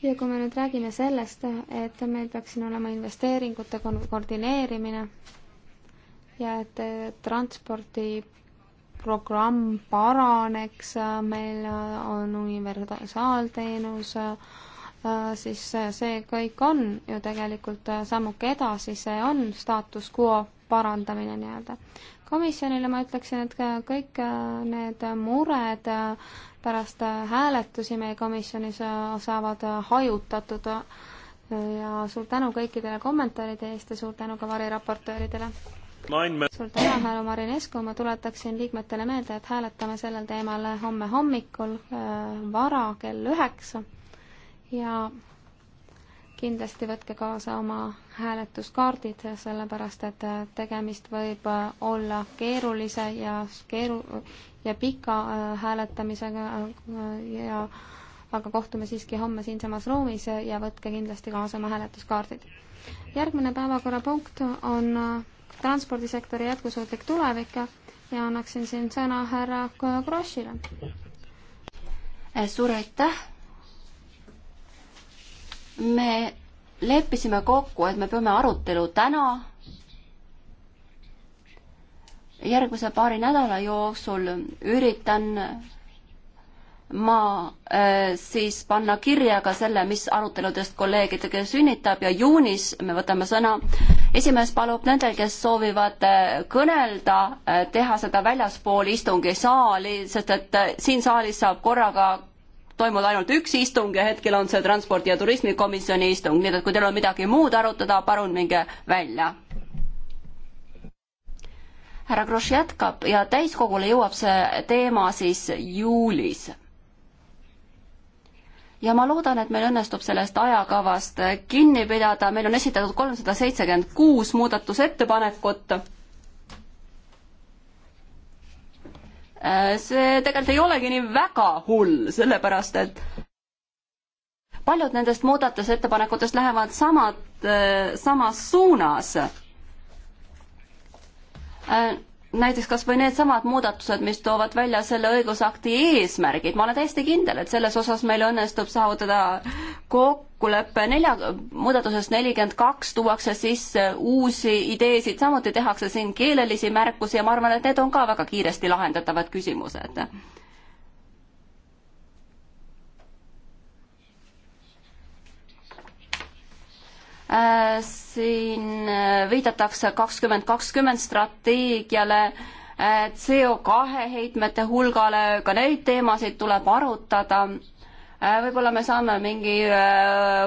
ja kui me nüüd räägime sellest, et meil peaks siin olema investeeringute koordineerimine ja et transpordiprogramm paraneks, meil on universaalteenus, siis see kõik on ju tegelikult sammuke edasi, see on staatus quo parandamine nii-öelda komisjonile ma ütleksin, et kõik äh, need mured äh, pärast äh, hääletusi meie komisjonis saavad hajutatud ja suur tänu kõikidele kommentaaride eest ja suur tänu ka variraportööridele. suur tänu, härra Marinescu, ma tuletaksin liikmetele meelde, et hääletame sellel teemal homme hommikul vara kell üheksa ja kindlasti võtke kaasa oma hääletuskaardid, sellepärast et tegemist võib olla keerulise ja keeru- ja pika äh, hääletamisega äh, ja aga kohtume siiski homme siinsamas ruumis ja võtke kindlasti kaasa oma hääletuskaardid. järgmine päevakorrapunkt on äh, transpordisektori jätkusuutlik tulevik ja annaksin siin sõna härra Grossile. suur aitäh me leppisime kokku, et me peame arutelu täna, järgmise paari nädala jooksul üritan ma äh, siis panna kirja ka selle, mis aruteludest kolleegidega sünnitab ja juunis me võtame sõna. esimees palub nendel, kes soovivad äh, kõnelda äh,, teha seda väljaspool istungisaali, sest et äh, siin saalis saab korraga toimunud ainult üks istung ja hetkel on see transpordi- ja turismikomisjoni istung, nii et kui teil on midagi muud arutada, palun minge välja. härra Grosch jätkab ja täiskogule jõuab see teema siis juulis ja ma loodan, et meil õnnestub sellest ajakavast kinni pidada, meil on esitatud kolmsada seitsekümmend kuus muudatusettepanekut Äh, see tegelikult ei olegi nii väga hull, sellepärast et paljud nendest muudatusettepanekutest lähevad samad, äh, samas suunas äh, näiteks kas või needsamad muudatused, mis toovad välja selle õigusakti eesmärgid, ma olen täiesti kindel, et selles osas meil õnnestub saavutada kokkulepe, nelja, muudatusest nelikümmend kaks tuuakse sisse uusi ideesid, samuti tehakse siin keelelisi märkusi ja ma arvan, et need on ka väga kiiresti lahendatavad küsimused. Äh, siin äh, viidatakse kakskümmend kakskümmend strateegiale, äh, CO kahe heitmete hulgale, ka neid teemasid tuleb arutada. Äh, võib-olla me saame mingi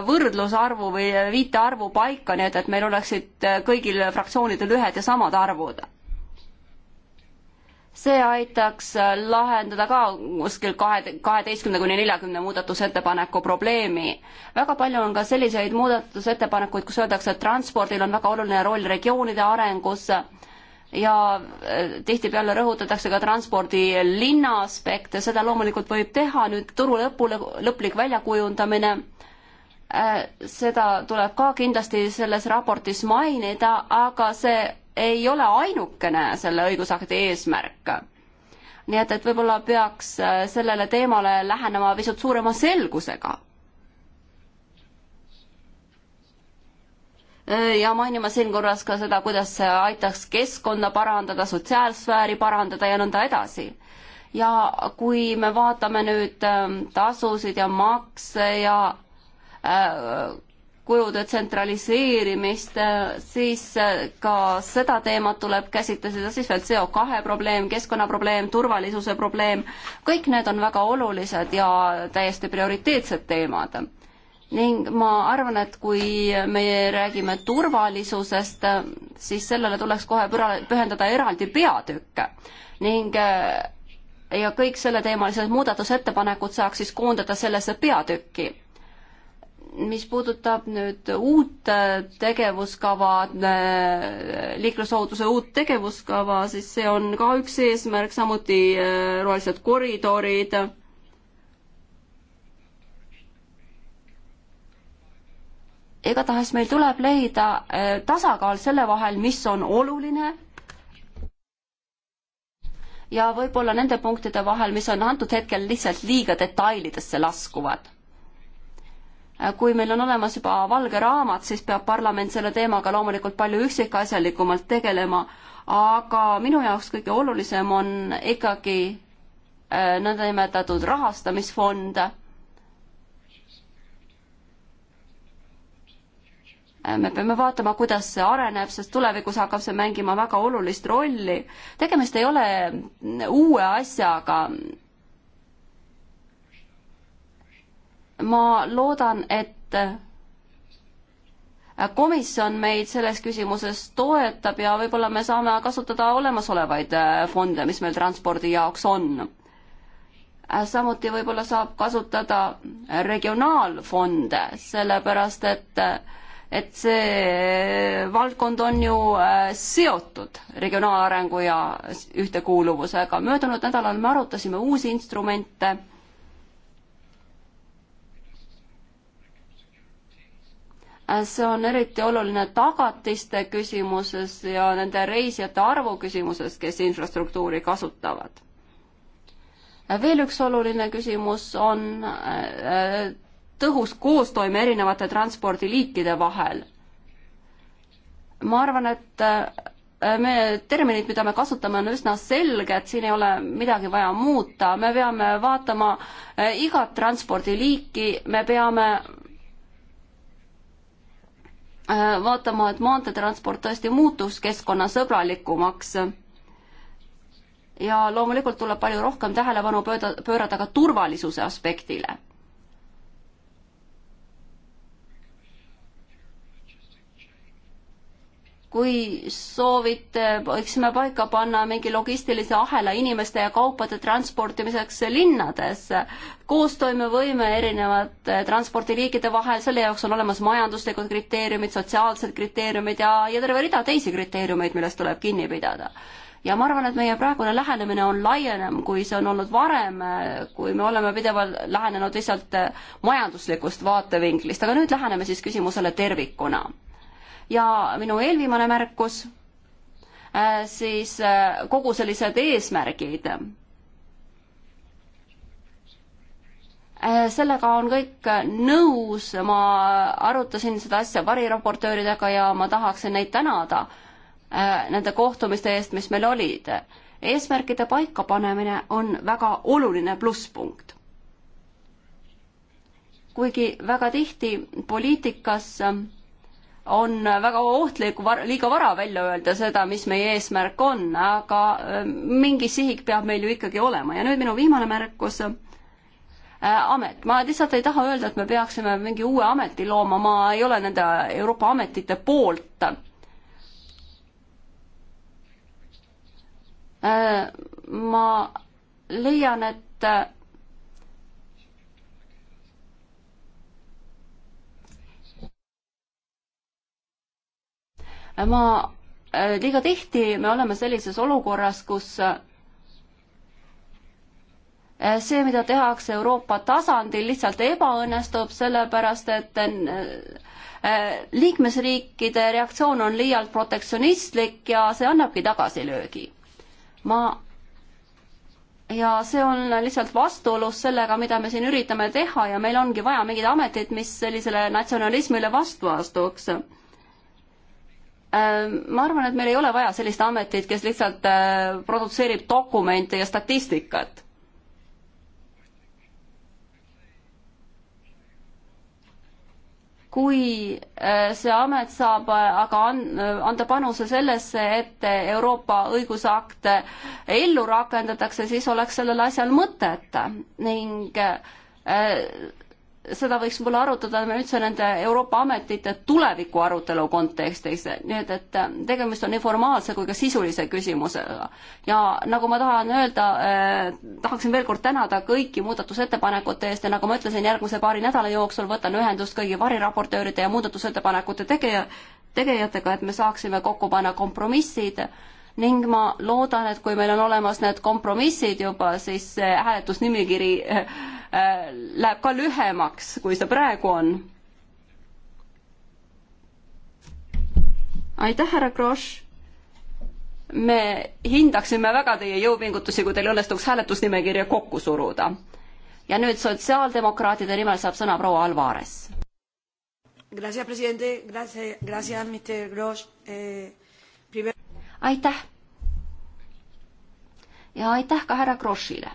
võrdlusarvu või viitearvu paika, nii et, et meil oleksid kõigil fraktsioonidel ühed ja samad arvud see aitaks lahendada ka kuskil kahe, kaheteistkümne kuni neljakümne muudatusettepaneku probleemi. väga palju on ka selliseid muudatusettepanekuid, kus öeldakse, et transpordil on väga oluline roll regioonide arengus ja äh, tihtipeale rõhutatakse ka transpordi linna aspekte, seda loomulikult võib teha, nüüd turu lõpule, lõplik väljakujundamine, äh, seda tuleb ka kindlasti selles raportis mainida, aga see ei ole ainukene selle õigusakti eesmärk. nii et, et võib-olla peaks äh, sellele teemale lähenema pisut suurema selgusega. Äh, ja mainima siinkorras ka seda, kuidas see aitaks keskkonda parandada, sotsiaalsfääri parandada ja nõnda edasi ja kui me vaatame nüüd äh, tasusid ja makse ja kulude tsentraliseerimist, siis äh, ka seda teemat tuleb käsitleda, siis veel CO2 probleem, keskkonnaprobleem, turvalisuse probleem, kõik need on väga olulised ja täiesti prioriteetsed teemad. ning ma arvan, et kui me räägime turvalisusest, siis sellele tuleks kohe püra-, pühendada eraldi peatükk ning äh, ja kõik selleteemalised muudatusettepanekud saaks siis koondada sellesse peatükki mis puudutab nüüd uut tegevuskava, äh, liiklusohutuse uut tegevuskava, siis see on ka üks eesmärk, samuti äh, rohelised koridorid. igatahes meil tuleb leida äh, tasakaal selle vahel, mis on oluline ja võib-olla nende punktide vahel, mis on antud hetkel lihtsalt liiga detailidesse laskuvad Äh, kui meil on olemas juba valge raamat, siis peab parlament selle teemaga loomulikult palju üksikasjalikumalt tegelema, aga minu jaoks kõige olulisem on ikkagi äh, nõndanimetatud rahastamisfond. Äh, me peame vaatama, kuidas see areneb, sest tulevikus hakkab see mängima väga olulist rolli. tegemist ei ole uue asjaga ma loodan, et komisjon meid selles küsimuses toetab ja võib-olla me saame kasutada olemasolevaid äh, fonde, mis meil transpordi jaoks on. Äh, samuti võib-olla saab kasutada regionaalfonde, sellepärast et et see äh, valdkond on ju seotud regionaalarengu ja ühtekuuluvusega. möödunud nädalal me arutasime uusi instrumente see on eriti oluline tagatiste küsimuses ja nende reisijate arvu küsimuses, kes infrastruktuuri kasutavad. veel üks oluline küsimus on äh, tõhus koostoime erinevate transpordiliikide vahel. ma arvan, et äh, me, terminid, mida me kasutame, on üsna selged, siin ei ole midagi vaja muuta, me peame vaatama äh, igat transpordiliiki, me peame Äh, vaatama, et maanteetransport tõesti muutuks keskkonnasõbralikumaks. ja loomulikult tuleb palju rohkem tähelepanu pööda, pöörata ka turvalisuse aspektile kui soovite, võiksime paika panna mingi logistilise ahela inimeste ja kaupade transportimiseks linnades. koostoimevõime erinevate transpordiliigide vahel, selle jaoks on olemas majanduslikud kriteeriumid, sotsiaalsed kriteeriumid ja, ja terve rida teisi kriteeriumeid, millest tuleb kinni pidada ja ma arvan, et meie praegune lähenemine on laienem, kui see on olnud varem, kui me oleme pidevalt lähenenud lihtsalt majanduslikust vaatevinklist, aga nüüd läheneme siis küsimusele tervikuna ja minu eelviimane märkus, äh, siis äh, kogu sellised eesmärgid. Äh, sellega on kõik nõus, ma arutasin seda asja variraportööridega ja ma tahaksin neid tänada nende kohtumiste eest, mis meil olid. eesmärkide paikapanemine on väga oluline plusspunkt. kuigi väga tihti poliitikas on väga ohtlik var liiga vara välja öelda seda, mis meie eesmärk on, aga ähm, mingi sihik peab meil ju ikkagi olema ja nüüd minu viimane märkus äh,. amet, ma lihtsalt ei taha öelda, et me peaksime mingi uue ameti looma, ma ei ole nende Euroopa ametite poolt äh,. ma leian, et ma, äh, liiga tihti me oleme sellises olukorras, kus äh, see, mida tehakse Euroopa tasandil, lihtsalt ebaõnnestub, sellepärast et äh, liikmesriikide reaktsioon on liialt protektsionistlik ja see annabki tagasilöögi. ma ja see on lihtsalt vastuolus sellega, mida me siin üritame teha ja meil ongi vaja mingeid ameteid, mis sellisele natsionalismile vastu astuks. Äh, ma arvan, et meil ei ole vaja sellist ametit, kes lihtsalt äh, produtseerib dokumente ja statistikat. kui äh, see amet saab aga anda panuse sellesse, et Euroopa õigusakte ellu rakendatakse, siis oleks sellel asjal mõtet ning seda võiks võib-olla arutada üldse nende Euroopa ametite tuleviku arutelu kontekstis, nii et, et äh, tegemist on nii formaalse kui ka sisulise küsimusega. ja nagu ma tahan öelda eh,, tahaksin veel kord tänada kõiki muudatusettepanekute eest ja nagu ma ütlesin, järgmise paari nädala jooksul võtan ühendust kõigi variraportööride ja muudatusettepanekute tegija, tegijatega, et me saaksime kokku panna kompromissid eh, ning ma loodan, et kui meil on olemas need kompromissid juba, siis see hääletusnimekiri eh, eh, läheb ka lühemaks, kui see praegu on. aitäh, härra Kross! me hindaksime väga teie jõupingutusi, kui teil õnnestuks hääletusnimekirja kokku suruda. ja nüüd sotsiaaldemokraatide nimel saab sõna proua Alvares. Gracias, presidente. Gracias, gracias, Mr. Gross. Eh, primer aitäh! ja aitäh ka härra Grossile.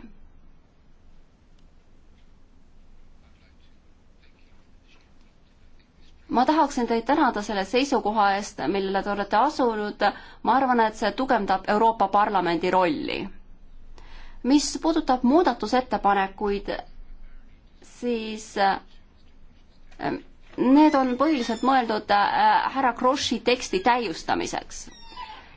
ma tahaksin teid tänada selle seisukoha eest, millele te olete asunud. ma arvan, et see tugevdab Euroopa Parlamendi rolli. mis puudutab muudatusettepanekuid, siis eh, need on põhiliselt mõeldud eh, härra Grossi teksti täiustamiseks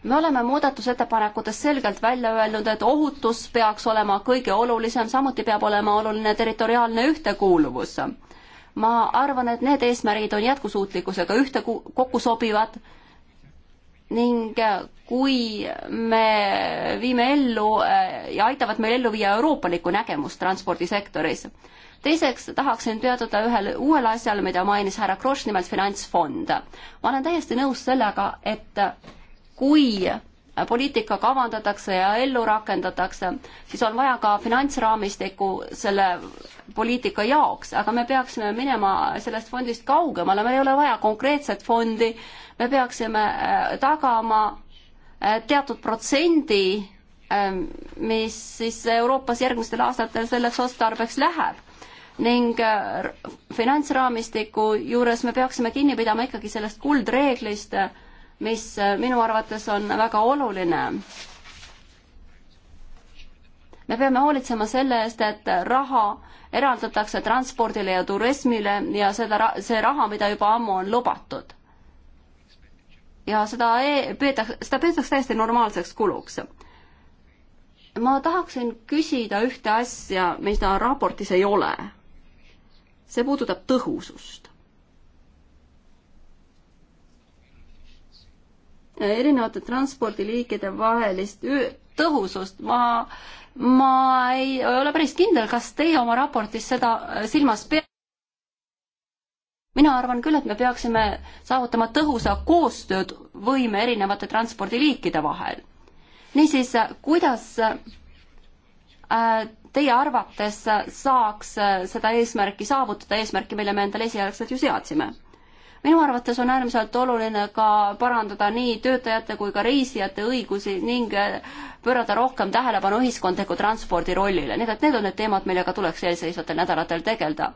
me oleme muudatusettepanekutes selgelt välja öelnud, et ohutus peaks olema kõige olulisem, samuti peab olema oluline territoriaalne ühtekuuluvus. ma arvan, et need eesmärgid on jätkusuutlikkusega ühte kokku sobivad ning kui me viime ellu ja aitavad meil ellu viia euroopalikku nägemust transpordisektoris. teiseks tahaksin peatuda ühel uuel asjal, mida mainis härra Kross, nimelt finantsfond. ma olen täiesti nõus sellega, et kui poliitika kavandatakse ja ellu rakendatakse, siis on vaja ka finantsraamistikku selle poliitika jaoks, aga me peaksime minema sellest fondist kaugemale, meil ei ole vaja konkreetset fondi, me peaksime äh, tagama äh, teatud protsendi, ähm, mis siis Euroopas järgmistel aastatel selleks otstarbeks läheb ning äh, finantsraamistiku juures me peaksime kinni pidama ikkagi sellest kuldreeglist, mis äh, minu arvates on väga oluline. me peame hoolitsema selle eest, et raha eraldatakse transpordile ja turismile ja seda, see raha, mida juba ammu on lubatud. ja seda ei, peetakse, seda peetakse täiesti normaalseks kuluks. ma tahaksin küsida ühte asja, mida raportis ei ole. see puudutab tõhusust. erinevate transpordiliikide vahelist tõhusust. ma, ma ei ole päris kindel, kas teie oma raportis seda äh, silmas peate. mina arvan küll, et me peaksime saavutama tõhusa koostööd võime erinevate transpordiliikide vahel. niisiis, kuidas äh, teie arvates saaks äh, seda eesmärki saavutada, eesmärki, mille me endale esialgselt ju seadsime? minu arvates on äärmiselt oluline ka parandada nii töötajate kui ka reisijate õigusi ning pöörata rohkem tähelepanu ühiskondliku transpordi rollile, nii et need on need teemad, millega tuleks eelseisvatel nädalatel tegeleda.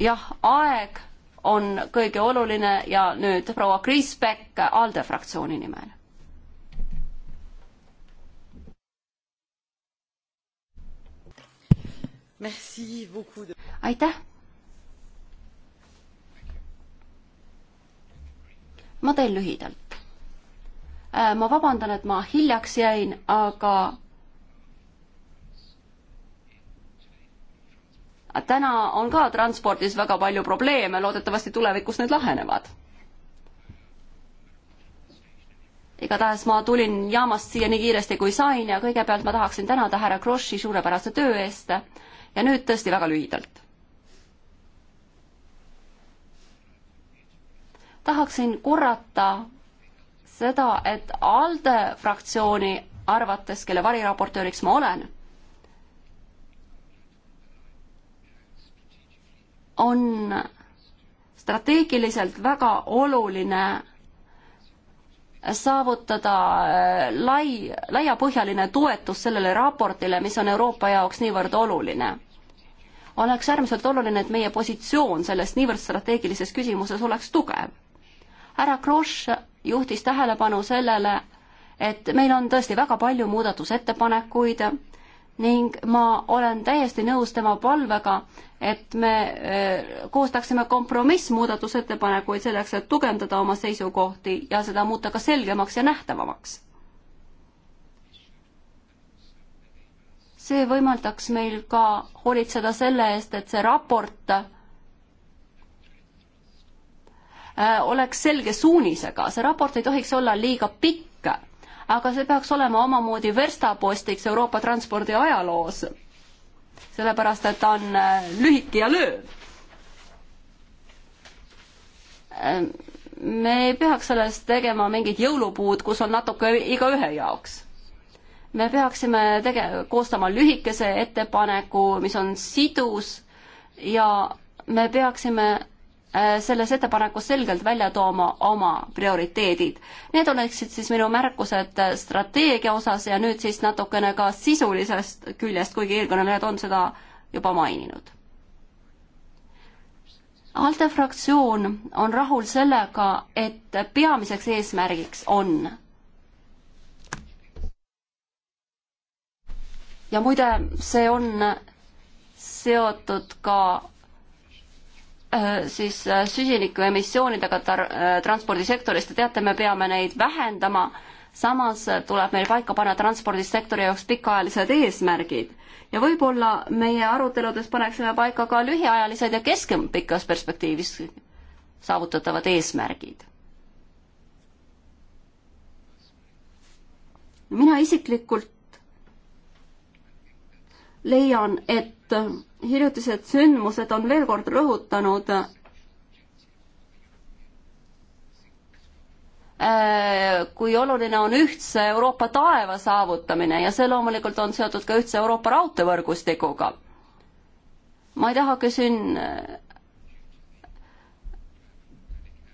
jah, aeg on kõige oluline ja nüüd proua Kris Beck ALDE fraktsiooni nimel. aitäh ma teen lühidalt. Äh, ma vabandan, et ma hiljaks jäin, aga täna on ka transpordis väga palju probleeme, loodetavasti tulevikus need lahenevad. igatahes ma tulin jaamast siia nii kiiresti kui sain ja kõigepealt ma tahaksin tänada härra Kroshi suurepärase töö eest ja nüüd tõesti väga lühidalt. tahaksin korrata seda, et ALDE fraktsiooni arvates, kelle variraportööriks ma olen, on strateegiliselt väga oluline saavutada äh, lai, laiapõhjaline toetus sellele raportile, mis on Euroopa jaoks niivõrd oluline. oleks äärmiselt oluline, et meie positsioon selles niivõrd strateegilises küsimuses oleks tugev härra Kross juhtis tähelepanu sellele, et meil on tõesti väga palju muudatusettepanekuid ning ma olen täiesti nõus tema palvega, et me äh, koostaksime kompromissmuudatusettepanekuid selleks, et tugevdada oma seisukohti ja seda muuta ka selgemaks ja nähtavamaks. see võimaldaks meil ka hoolitseda selle eest, et see raport Äh, oleks selge suunisega, see raport ei tohiks olla liiga pikk, aga see peaks olema omamoodi verstapostiks Euroopa transpordi ajaloos. sellepärast, et ta on äh, lühike ja lööv. Äh, me ei peaks sellest tegema mingit jõulupuud, kus on natuke igaühe jaoks me peaksime tege-, koostama lühikese ettepaneku, mis on sidus ja me peaksime Äh, selles ettepanekus selgelt välja tooma oma prioriteedid. Need oleksid siis minu märkused strateegia osas ja nüüd siis natukene ka sisulisest küljest, kuigi eelkõnelejad on seda juba maininud. ALDE fraktsioon on rahul sellega, et peamiseks eesmärgiks on ja muide, see on seotud ka Äh, siis äh, süsinikuemissioonidega tar-, äh, transpordisektoris, te teate, me peame neid vähendama, samas tuleb meil paika panna transpordisektori jaoks pikaajalised eesmärgid. ja võib-olla meie aruteludes paneksime paika ka lühiajalised ja keskpikas perspektiivis saavutatavad eesmärgid. mina isiklikult leian, et hiljutised sündmused on veel kord rõhutanud äh, kui oluline on ühtse Euroopa taeva saavutamine ja see loomulikult on seotud ka ühtse Euroopa raudteevõrgustikuga. ma ei taha küsin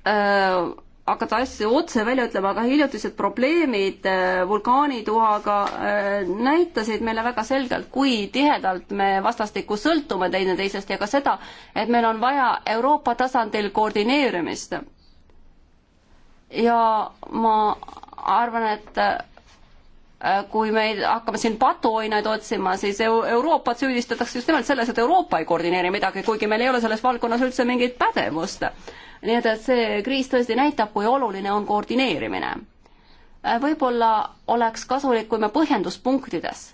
äh, hakata asju otse välja ütlema, aga hiljutised probleemid äh, vulkaanituhaga äh, näitasid meile väga selgelt, kui tihedalt me vastastikku sõltume teineteisest ja ka seda, et meil on vaja Euroopa tasandil koordineerimist. ja ma arvan, et äh, kui me hakkame siin patuoinaid otsima, siis Euroopat süüdistatakse just nimelt selles, et Euroopa ei koordineeri midagi, kuigi meil ei ole selles valdkonnas üldse mingit pädevust nii et, et see kriis tõesti näitab, kui oluline on koordineerimine. Äh, võib-olla oleks kasulik, kui me põhjenduspunktides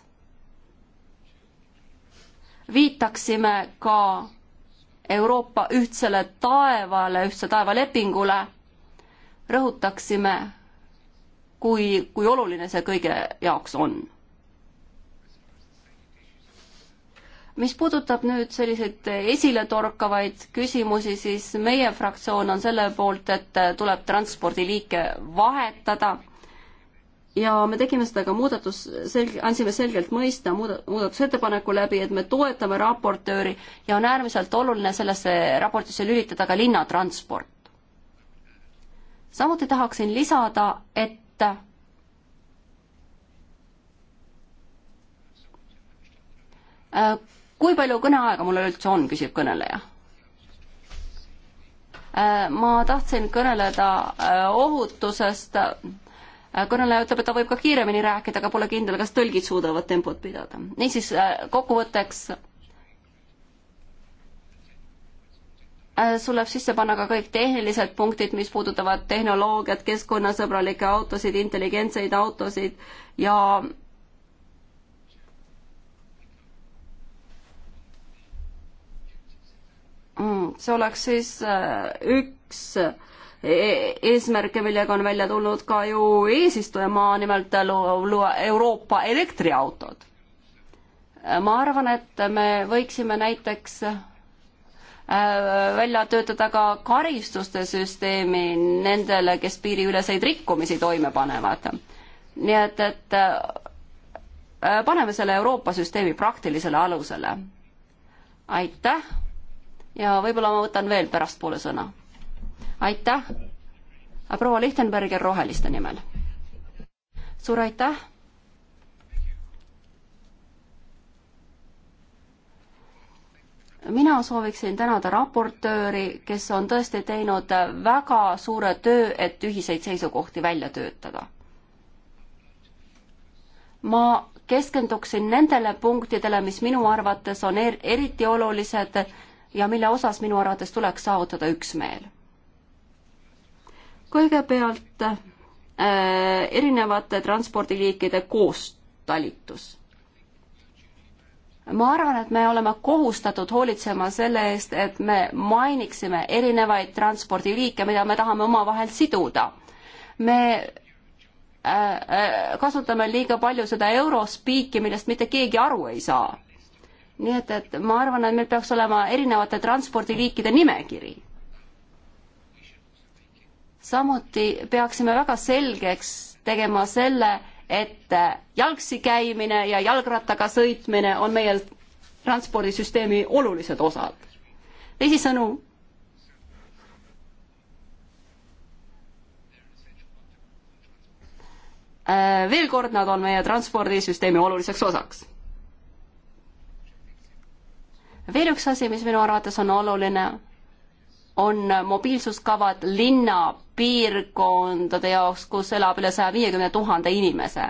viitaksime ka Euroopa ühtsele taevale, ühtse taeva lepingule, rõhutaksime, kui, kui oluline see kõige jaoks on mis puudutab nüüd selliseid esiletorkavaid küsimusi, siis meie fraktsioon on selle poolt, et tuleb transpordiliike vahetada ja me tegime seda ka muudatus, selg-, andsime selgelt mõista muuda-, muudatusettepaneku läbi, et me toetame raportööri ja on äärmiselt oluline sellesse raportisse lülitada ka linnatransport. samuti tahaksin lisada, et kui palju kõneaega mul üldse on, küsib kõneleja. Äh, ma tahtsin kõneleda äh, ohutusest. Äh, kõneleja ütleb, et ta võib ka kiiremini rääkida, aga pole kindel, kas tõlgid suudavad tempot pidada. niisiis kokkuvõtteks sul läheb sisse panna ka kõik tehnilised punktid, mis puudutavad tehnoloogiat, keskkonnasõbralikke autosid, intelligentseid autosid ja Mm, see oleks siis äh, üks äh, e-, eesmärke, millega on välja tulnud ka ju eesistujamaa, nimelt luua Euroopa elektriautod. Äh, ma arvan, et me võiksime näiteks välja töötada ka karistuste süsteemi nendele, kes piiriüleseid rikkumisi toime panevad. nii et, et paneme selle Euroopa süsteemi praktilisele alusele. aitäh ja võib-olla ma võtan veel pärastpoole sõna. aitäh, proua Lichtenberger Roheliste nimel. suur aitäh. mina sooviksin tänada raportööri, kes on tõesti teinud väga suure töö, et ühiseid seisukohti välja töötada. ma keskenduksin nendele punktidele, mis minu arvates on er eriti olulised ja mille osas minu arvates tuleks saavutada üksmeel. kõigepealt äh, erinevate transpordiliikide koostalitus. ma arvan, et me oleme kohustatud hoolitsema selle eest, et me mainiksime erinevaid transpordiliike, mida me tahame omavahel siduda. me äh, äh, kasutame liiga palju seda eurospiiki, millest mitte keegi aru ei saa nii et, et ma arvan, et meil peaks olema erinevate transpordiliikide nimekiri. samuti peaksime väga selgeks tegema selle, et jalgsi käimine ja jalgrattaga sõitmine on meie transpordisüsteemi olulised osad. teisisõnu, äh, veel kord, nad on meie transpordisüsteemi oluliseks osaks veel üks asi, mis minu arvates on oluline, on mobiilsuskavad linnapiirkondade jaoks, kus elab üle saja viiekümne tuhande inimese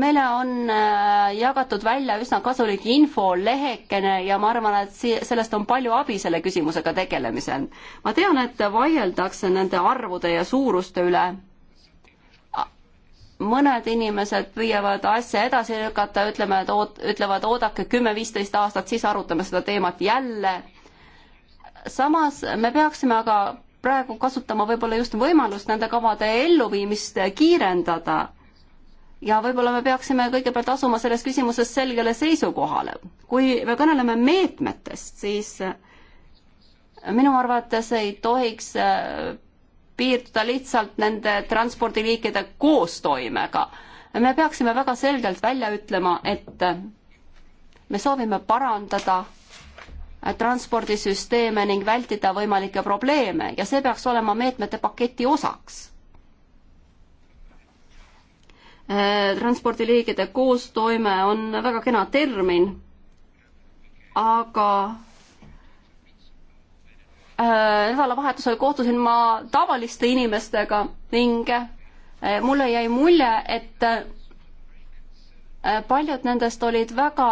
meile on äh, jagatud välja üsna kasulik infolehekene ja ma arvan, et si-, sellest on palju abi selle küsimusega tegelemisel. ma tean, et vaieldakse nende arvude ja suuruste üle mõned inimesed püüavad asja edasi lükata, ütleme, et oot-, ütlevad oodake kümme-viisteist aastat, siis arutame seda teemat jälle. samas me peaksime aga praegu kasutama võib-olla just võimalust nende kavade elluviimist kiirendada. ja võib-olla me peaksime kõigepealt asuma selles küsimuses selgele seisukohale. kui me kõneleme meetmetest, siis minu arvates ei tohiks piirduda lihtsalt nende transpordiliikide koostoimega. me peaksime väga selgelt välja ütlema, et me soovime parandada transpordisüsteeme ning vältida võimalikke probleeme ja see peaks olema meetmete paketi osaks. transpordiliigide koostoime on väga kena termin, aga Äh, nädalavahetusel kohtusin ma tavaliste inimestega ning äh, mulle jäi mulje, et äh, paljud nendest olid väga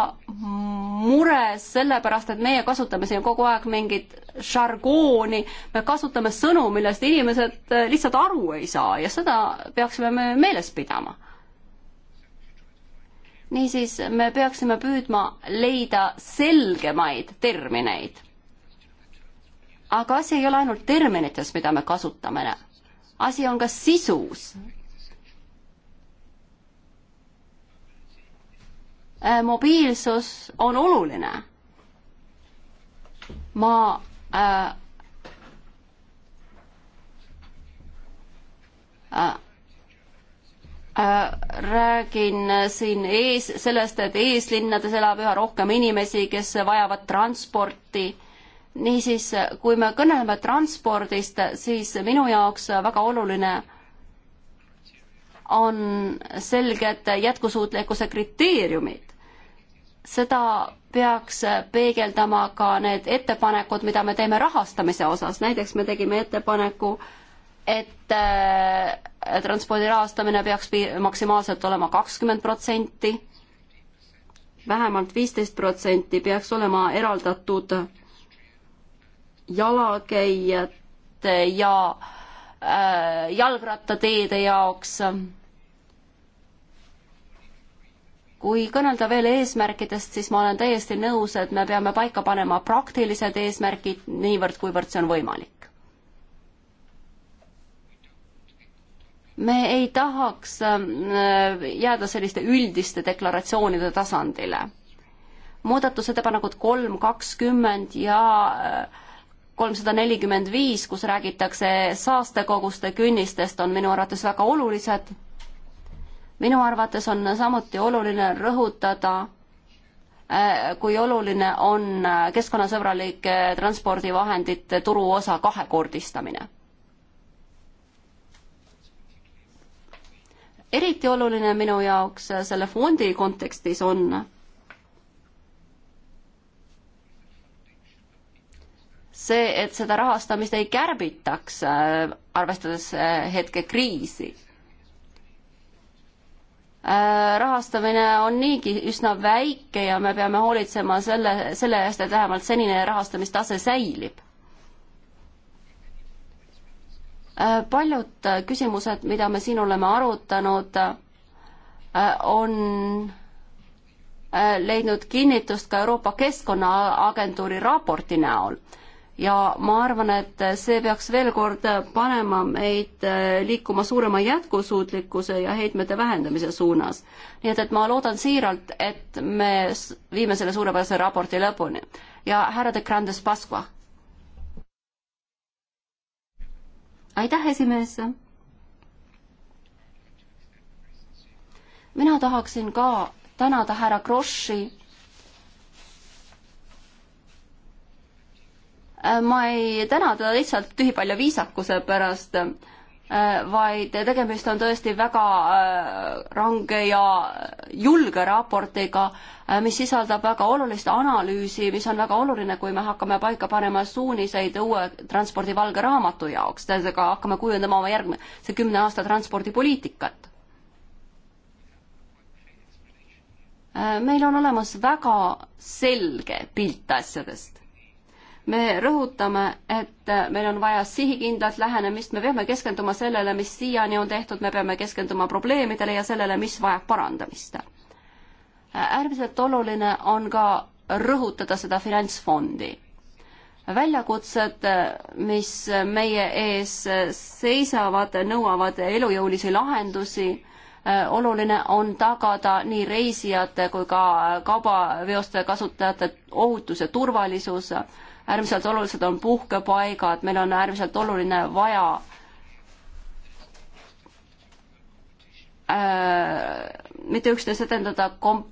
mures sellepärast, et meie kasutame siin kogu aeg mingit žargooni, me kasutame sõnu, millest inimesed lihtsalt aru ei saa ja seda peaksime me meeles pidama niisiis, me peaksime püüdma leida selgemaid termineid aga asi ei ole ainult terminites, mida me kasutame. asi on ka sisus. Äh, mobiilsus on oluline. ma äh, äh, äh, räägin siin ees, sellest, et eeslinnades elab üha rohkem inimesi, kes vajavad transporti äh, niisiis, kui me kõneleme transpordist, siis minu jaoks väga oluline on selged jätkusuutlikkuse kriteeriumid. seda peaks peegeldama ka need ettepanekud, mida me teeme rahastamise osas, näiteks me tegime ettepaneku, et äh, transpordi rahastamine peaks piir, maksimaalselt olema kakskümmend protsenti, vähemalt viisteist protsenti peaks olema eraldatud äh, jalakäijate ja äh, jalgrattateede jaoks. kui kõnelda veel eesmärkidest, siis ma olen täiesti nõus, et me peame paika panema praktilised eesmärgid niivõrd, kuivõrd see on võimalik. me ei tahaks äh, jääda selliste üldiste deklaratsioonide tasandile muudatusettepanekud kolm, kakskümmend ja äh, kolmsada nelikümmend viis, kus räägitakse saastekoguste künnistest, on minu arvates väga olulised. minu arvates on samuti oluline rõhutada, äh, kui oluline on keskkonnasõbralike äh, transpordivahendite turuosa kahekordistamine. eriti oluline minu jaoks selle fondi kontekstis on see, et seda rahastamist ei kärbitaks, äh, arvestades äh, hetke kriisi. Äh, rahastamine on niigi üsna väike ja me peame hoolitsema selle, selle eest, et vähemalt senine rahastamistase säilib. paljud küsimused, mida me siin oleme arutanud, on leidnud kinnitust ka Euroopa Keskkonnaagentuuri raporti näol ja ma arvan, et see peaks veel kord panema meid äh, liikuma suurema jätkusuutlikkuse ja heitmete vähendamise suunas. nii et, et ma loodan siiralt, et me viime selle suurepärase raporti lõpuni. ja härra de Grandes Pasqua. aitäh, esimees. mina tahaksin ka tänada härra Grossi Äh, ma ei täna teda lihtsalt tühipalja viisakuse pärast, äh, vaid tegemist on tõesti väga äh, range ja julge raportiga, mis sisaldab väga olulist analüüsi, mis on väga oluline, kui me hakkame paika panema suuniseid uue transpordivalge raamatu jaoks, tähendab, hakkame kujundama oma järgmise kümne aasta transpordipoliitikat meil on olemas väga selge pilt asjadest me rõhutame, et meil on vaja sihikindlat lähenemist, me peame keskenduma sellele, mis siiani on tehtud, me peame keskenduma probleemidele ja sellele, mis vajab parandamist. äärmiselt oluline on ka rõhutada seda finantsfondi. väljakutsed, mis meie ees seisavad, nõuavad elujõulisi lahendusi oluline on tagada nii reisijate kui ka kaubaveoste kasutajate ohutus ja turvalisus äärmiselt olulised on puhkepaigad, meil on äärmiselt oluline vaja äh, mitte üksnes edendada kom-,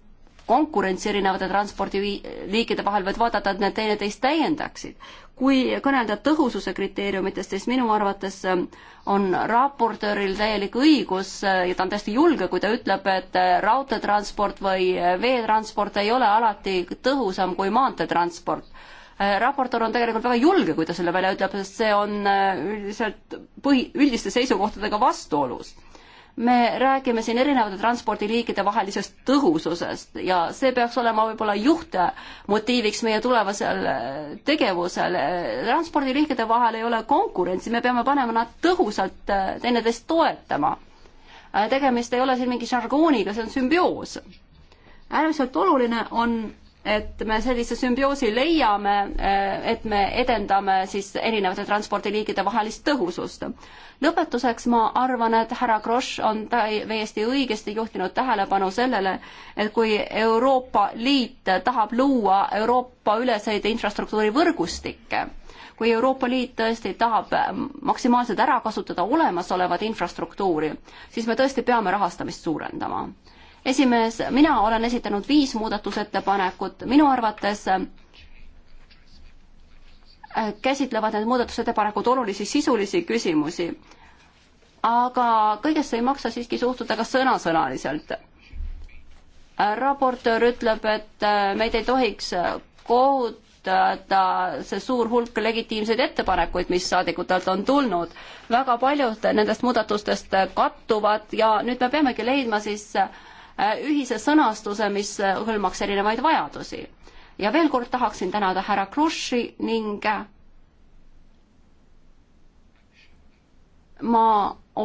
konkurentsi erinevate transpordiliikide vahel, vaid vaadata, et need teineteist täiendaksid. kui kõneleda tõhususe kriteeriumitest, siis minu arvates äh, on raportööril täielik õigus äh, ja ta on täiesti julge, kui ta ütleb, et äh, raudteetransport või veetransport ei ole alati tõhusam kui maanteetransport Äh, raportöör on tegelikult väga julge, kui ta selle välja ütleb, sest see on äh, üldiselt põhi, üldiste seisukohtadega vastuolus. me räägime siin erinevate transpordiliikide vahelisest tõhususest ja see peaks olema võib-olla juhtmotiiviks meie tulevasel äh, tegevusel. transpordiliikide vahel ei ole konkurentsi, me peame panema nad tõhusalt teineteist toetama. tegemist ei ole siin mingi žargooniga, see on sümbioos. äärmiselt oluline on et me sellise sümbioosi leiame, et me edendame siis erinevate transpordiliigide vahelist tõhusust. lõpetuseks ma arvan, et härra Grosch on täiesti õigesti juhtinud tähelepanu sellele, et kui Euroopa Liit tahab luua Euroopa-üleseid infrastruktuurivõrgustikke, kui Euroopa Liit tõesti tahab maksimaalselt ära kasutada olemasolevat infrastruktuuri, siis me tõesti peame rahastamist suurendama esimees, mina olen esitanud viis muudatusettepanekut, minu arvates äh, käsitlevad need muudatusettepanekud olulisi sisulisi küsimusi. aga kõigesse ei maksa siiski suhtuda ka sõnasõnaliselt. Äh, raportöör ütleb, et äh, meid ei tohiks kohutada see suur hulk legitiimseid ettepanekuid, mis saadikutelt on tulnud. väga paljud nendest muudatustest kattuvad ja nüüd me peamegi leidma siis äh, Äh, ühise sõnastuse, mis äh, hõlmaks erinevaid vajadusi. ja veel kord tahaksin tänada härra Kroši ning äh, ma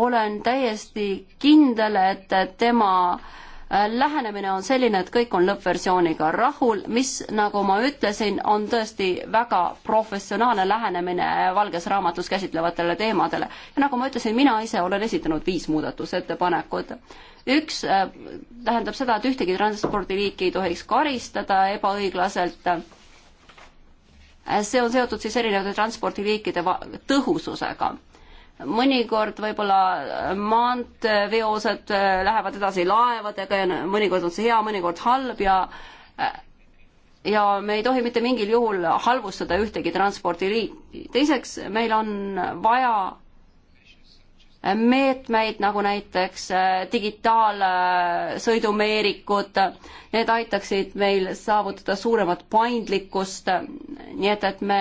olen täiesti kindel, et tema äh, Äh, lähenemine on selline, et kõik on lõppversiooniga rahul, mis, nagu ma ütlesin, on tõesti väga professionaalne lähenemine Valges Raamatus käsitlevatele teemadele. ja nagu ma ütlesin, mina ise olen esitanud viis muudatusettepanekut. üks äh, tähendab seda, et ühtegi transpordiliiki ei tohiks karistada ebaõiglaselt. Äh, see on seotud siis erinevate transpordiliikide tõhususega mõnikord võib-olla maanteeveosed äh, lähevad edasi laevadega ja mõnikord on see hea, mõnikord halb ja äh, ja me ei tohi mitte mingil juhul halvustada ühtegi transpordiliiki. teiseks, meil on vaja äh, meetmeid, nagu näiteks digitaalsõidumeerikud, need aitaksid meil saavutada suuremat paindlikkust, nii et, et me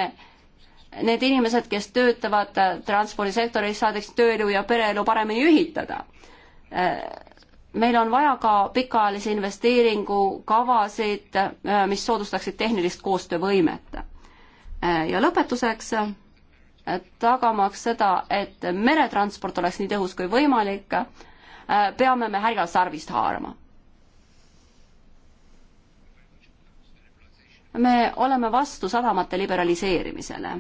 need inimesed, kes töötavad äh, transpordisektoris, saadaks tööelu ja pereelu paremini ühitada. Äh, meil on vaja ka pikaajalisi investeeringukavasid, äh, mis soodustaksid tehnilist koostöövõimet. ja lõpetuseks, tagamaks seda, et meretransport oleks nii tõhus kui võimalik, peame me härjal sarvist haarama me oleme vastu sadamate liberaliseerimisele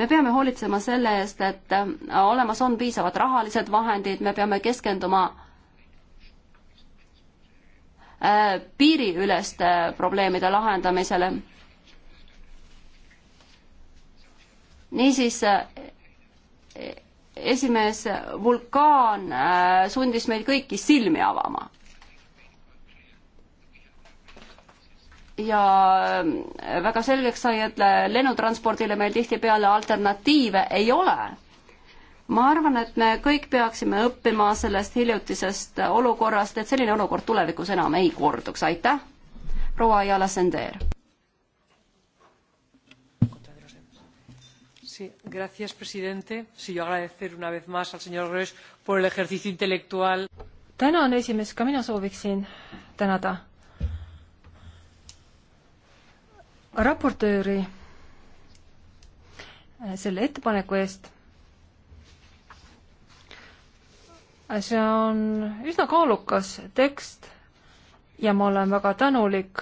me peame hoolitsema selle eest, et äh, olemas on piisavad rahalised vahendid, me peame keskenduma äh, piiriüleste probleemide lahendamisele. niisiis äh, e-, esimees vulkaan sundis meid kõiki silmi avama ja äh, väga selgeks sai, et lennutranspordile meil tihtipeale alternatiive ei ole. ma arvan, et me kõik peaksime õppima sellest hiljutisest olukorrast, et selline olukord tulevikus enam ei korduks, aitäh, proua Ayala Sender. Sí, gracias, presidente. Sí, yo agradecer una vez más al señor Gross por el ejercicio intelectual. Tänan, esimees. Ka mina sooviksin tänada raportööri äh, selle ettepaneku eest. see on üsna kaalukas tekst ja ma olen väga tänulik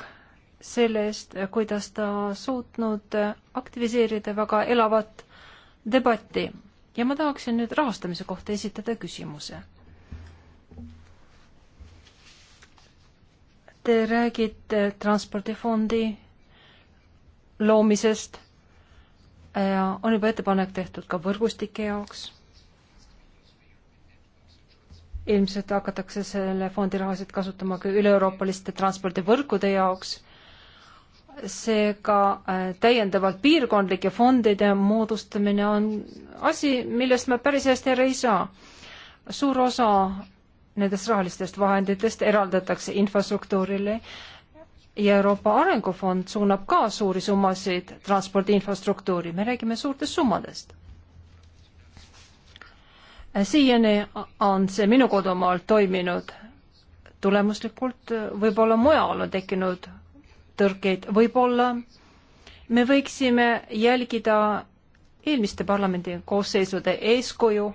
selle eest, kuidas ta suutnud aktiviseerida väga elavat debatti ja ma tahaksin nüüd rahastamise kohta esitada küsimuse. Te räägite transpordifondi loomisest ja on juba ettepanek tehtud ka võrgustike jaoks. ilmselt hakatakse selle fondi rahasid kasutama ka üle-euroopaliste transpordivõrkude jaoks, seega äh, täiendavalt piirkondlike fondide moodustamine on asi, millest me päris hästi ära ei saa. suur osa nendest rahalistest vahenditest eraldatakse infrastruktuurile äh,, ja Euroopa Arengufond suunab ka suuri summasid transpordi infrastruktuuri, me räägime suurtest summadest. siiani on see minu kodumaal toiminud tulemuslikult, võib-olla mujal on tekkinud tõrkeid, võib-olla me võiksime jälgida eelmiste parlamendi koosseisude eeskuju,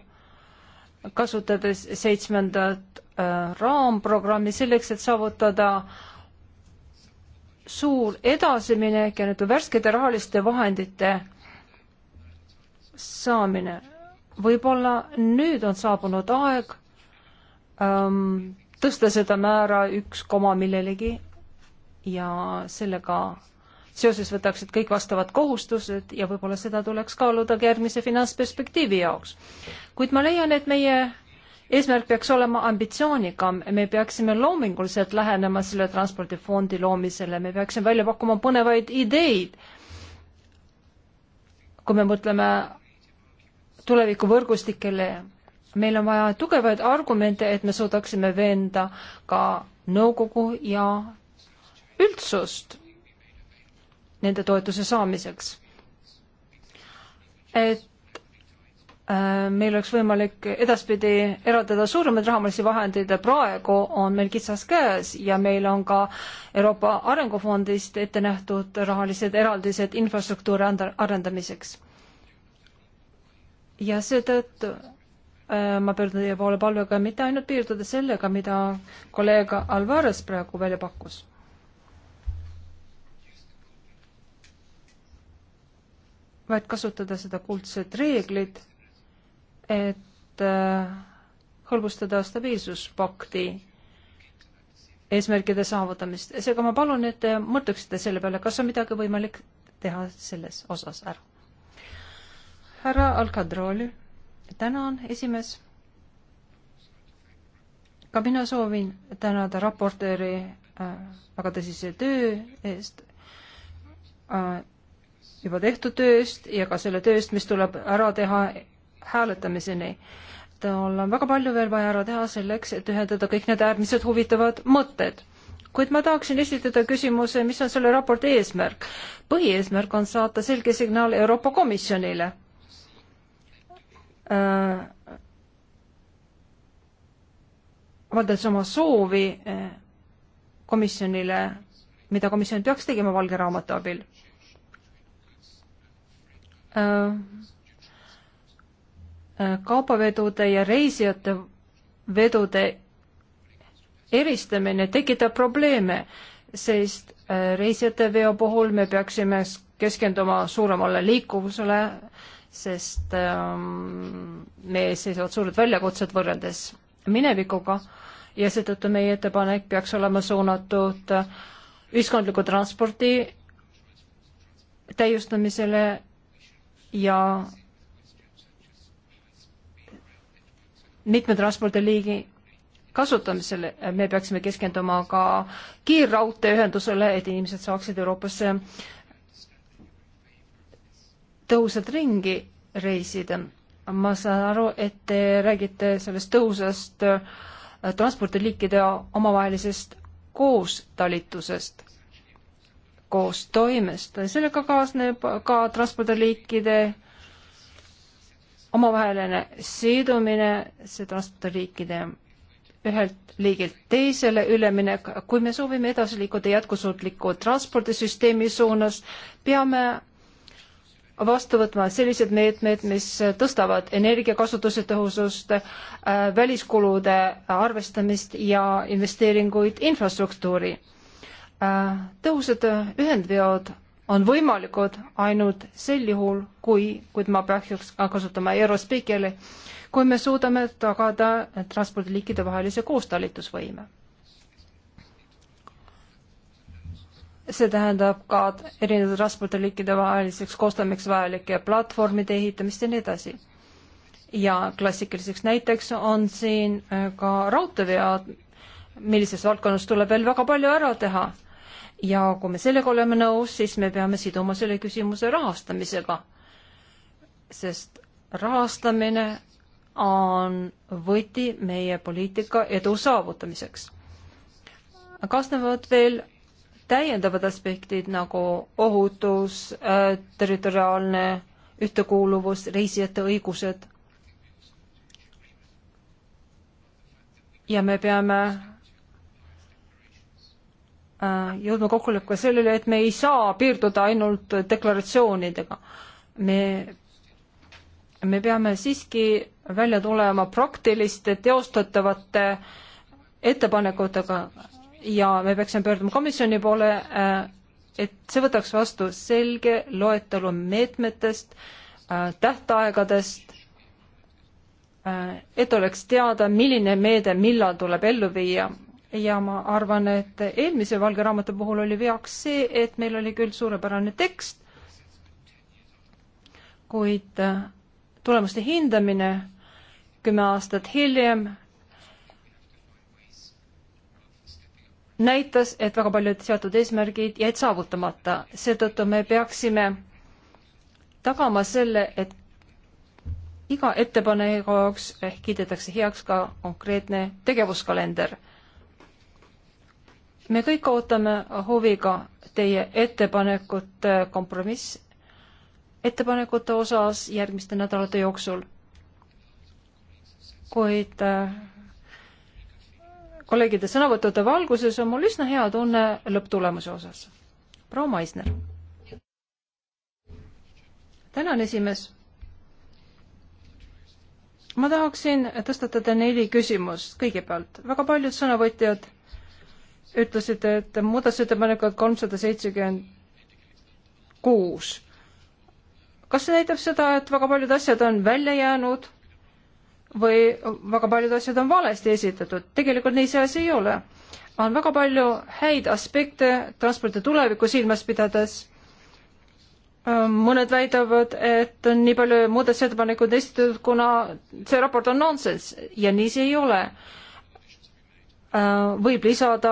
kasutades seitsmendat äh, raamprogrammi selleks, et saavutada äh, suur edasiminek ja nüüd värskete rahaliste vahendite saamine. võib-olla nüüd on saabunud aeg ähm, tõsta seda määra üks koma millelegi ja sellega seoses võtaksid kõik vastavad kohustused ja võib-olla seda tuleks kaaluda ka järgmise finantsperspektiivi jaoks. kuid ma leian, et meie eesmärk peaks olema ambitsioonikam, me peaksime loominguliselt lähenema selle transpordifondi loomisele, me peaksime välja pakkuma põnevaid ideid. kui me mõtleme tulevikuvõrgustikele, meil on vaja tugevaid argumente, et me suudaksime veenda ka nõukogu ja üldsust nende toetuse saamiseks. et Äh, meil oleks võimalik edaspidi eraldada suuremaid rahalisi vahendeid ja praegu on meil kitsas käes ja meil on ka Euroopa Arengufondist ette nähtud rahalised eraldised infrastruktuuri arendamiseks. ja seetõttu äh, ma pöördun teie poole palvega mitte ainult piirduda sellega, mida kolleeg Alvarez praegu välja pakkus vaid kasutada seda kuldset reeglit et äh, hõlbustada stabiilsuspakti eesmärkide saavutamist. seega ma palun, et te mõtleksite selle peale, kas on midagi võimalik teha selles osas ära. härra Alcadroli, tänan, esimees. ka mina soovin tänada raportööri äh, väga tõsise töö eest äh,, juba tehtud töö eest ja ka selle töö eest, mis tuleb ära teha hääletamiseni. tal on väga palju veel vaja ära teha selleks, et ühendada kõik need äärmiselt huvitavad mõtted. kuid ma tahaksin esitada küsimuse, mis on selle raporti eesmärk. põhieesmärk on saata selge signaal Euroopa Komisjonile äh,. avaldas oma soovi äh, komisjonile, mida komisjon peaks tegema valge raamatu abil äh, kaubavedude ja reisijate vedude eristamine tekitab probleeme, sest äh, reisijate veo puhul me peaksime keskenduma suuremale liikuvusele, sest ähm, meie ees seisavad suured väljakutsed võrreldes minevikuga ja seetõttu meie ettepanek peaks olema suunatud äh, ühiskondliku transpordi täiustamisele ja mitme transpordiliigi kasutamisele. me peaksime keskenduma ka kiirraudteeühendusele, et inimesed saaksid Euroopasse tõhusalt ringi reisida. ma saan aru, et te räägite sellest tõhusast äh, transpordiliikide omavahelisest koostalitusest, koostoimest. sellega kaasneb ka transpordiliikide äh, omavaheline siidumine, see transpordiriikide ühelt liigilt teisele üleminek, kui me soovime edasi liikuda jätkusuutliku transpordisüsteemi suunas, peame vastu võtma sellised meetmed, mis tõstavad energiakasutuse tõhusust, äh, väliskulude arvestamist ja investeeringuid infrastruktuuri. Äh, tõhusad ühendveod on võimalikud ainult sel juhul, kui, kuid ma peaks kasutama eurospeak keeli, kui me suudame tagada transpordiliikide vahelise koostalitusvõime. see tähendab ka erinevate transpordiliikide vaheliseks koostamiseks vajalike platvormide ehitamist ja nii edasi. ja klassikaliseks näiteks on siin ka raudteevead, millises valdkonnas tuleb veel väga palju ära teha ja kui me sellega oleme nõus, siis me peame siduma selle küsimuse rahastamisega. sest rahastamine on võti meie poliitika edu saavutamiseks. kaasnevad veel täiendavad aspektid nagu ohutus, äh, territoriaalne ühtekuuluvus, reisijate õigused. ja me peame Äh, jõudma kokkuleppega selle üle, et me ei saa piirduda ainult deklaratsioonidega. me, me peame siiski välja tulema praktiliste teostatavate ettepanekutega ja me peaksime pöörduma komisjoni poole, äh, et see võtaks vastu selge loetelu meetmetest, äh, tähtaegadest, et oleks teada, milline meede millal tuleb ellu viia ja ma arvan, et eelmise valge raamatu puhul oli veaks see, et meil oli küll suurepärane tekst, kuid äh, tulemuste hindamine kümme aastat hiljem näitas, et väga paljud seatud eesmärgid jäid saavutamata. seetõttu me peaksime tagama selle, et iga ettepaneku jaoks ehk kiidetakse heaks ka konkreetne tegevuskalender me kõik ootame huviga teie ettepanekut kompromiss ettepanekute osas järgmiste nädalate jooksul. kuid äh, kolleegide sõnavõttude valguses on mul üsna hea tunne lõpptulemuse osas. proua Maisner. tänan, esimees. ma tahaksin tõstatada neli küsimust. kõigepealt, väga paljud sõnavõtjad ütlesite, et muudatusettepanekud kolmsada seitsekümmend kuus. kas see näitab seda, et väga paljud asjad on välja jäänud või väga paljud asjad on valesti esitatud? tegelikult nii see asi ei ole. on väga palju häid aspekte transpordi tulevikku silmas pidades. Ähm, mõned väidavad, et on nii palju muudatusettepanekuid esitatud, kuna see raport on nonsenss ja nii see ei ole Äh, võib lisada,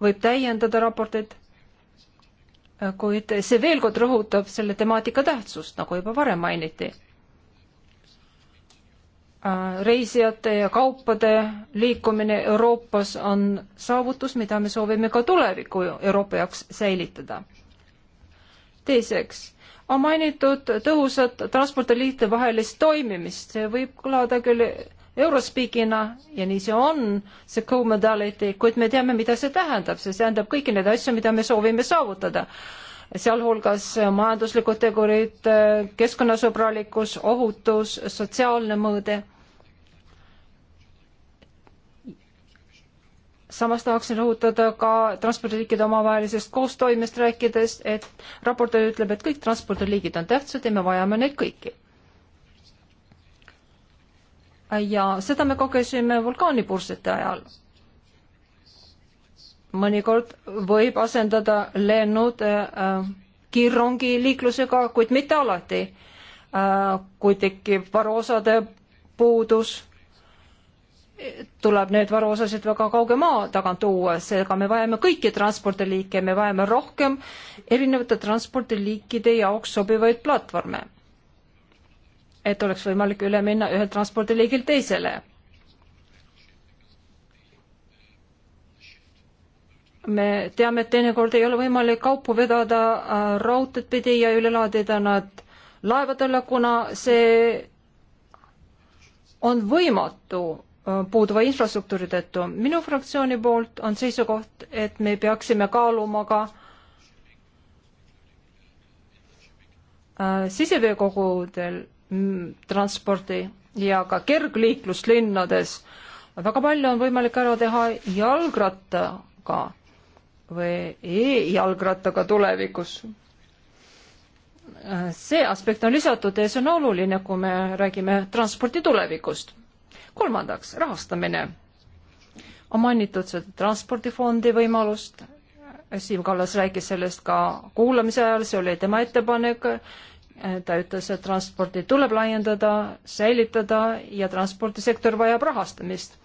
võib täiendada raportit, äh, kuid see veel kord rõhutab selle temaatika tähtsust, nagu juba varem mainiti. Äh, reisijate ja kaupade liikumine Euroopas on saavutus, mida me soovime ka tuleviku Euroopa jaoks säilitada. teiseks on mainitud tõhusat transpordiliite vahelist toimimist, see võib kõlada küll Eurospiigina ja nii see on, see co-modality, kuid me teame, mida see tähendab, see tähendab kõiki neid asju, mida me soovime saavutada. sealhulgas majanduslikud tegurid, keskkonnasõbralikkus, ohutus, sotsiaalne mõõde. samas tahaksin rõhutada ka transpordiliikide omavahelisest koostoimest rääkides, et raportöör ütleb, et kõik transpordiliigid on tähtsad ja me vajame neid kõiki ja seda me kogesime vulkaanipursete ajal. mõnikord võib asendada lennud äh, kiirrongiliiklusega, kuid mitte alati äh,. kui tekib varuosade puudus, tuleb need varuosasid väga kauge maa tagant tuua, seega me vajame kõiki transpordiliike, me vajame rohkem erinevate transpordiliikide jaoks sobivaid platvorme et oleks võimalik üle minna ühelt transpordiliigilt teisele. me teame, et teinekord ei ole võimalik kaupu vedada äh, raudteed pidi ja üle laadida nad laevadele, kuna see on võimatu äh, puuduva infrastruktuuri tõttu. minu fraktsiooni poolt on seisukoht, et me peaksime kaaluma ka äh, siseveekogudel Mm, transpordi ja ka kergliiklust linnades. väga palju on võimalik ära teha jalgrattaga või e-jalgrattaga tulevikus. see aspekt on lisatud ja see on oluline, kui me räägime transpordi tulevikust. kolmandaks, rahastamine. on mainitud seda transpordifondi võimalust, Siim Kallas rääkis sellest ka kuulamise ajal, see oli tema ettepanek ta ütles, et transporti tuleb laiendada, säilitada ja transpordisektor vajab rahastamist.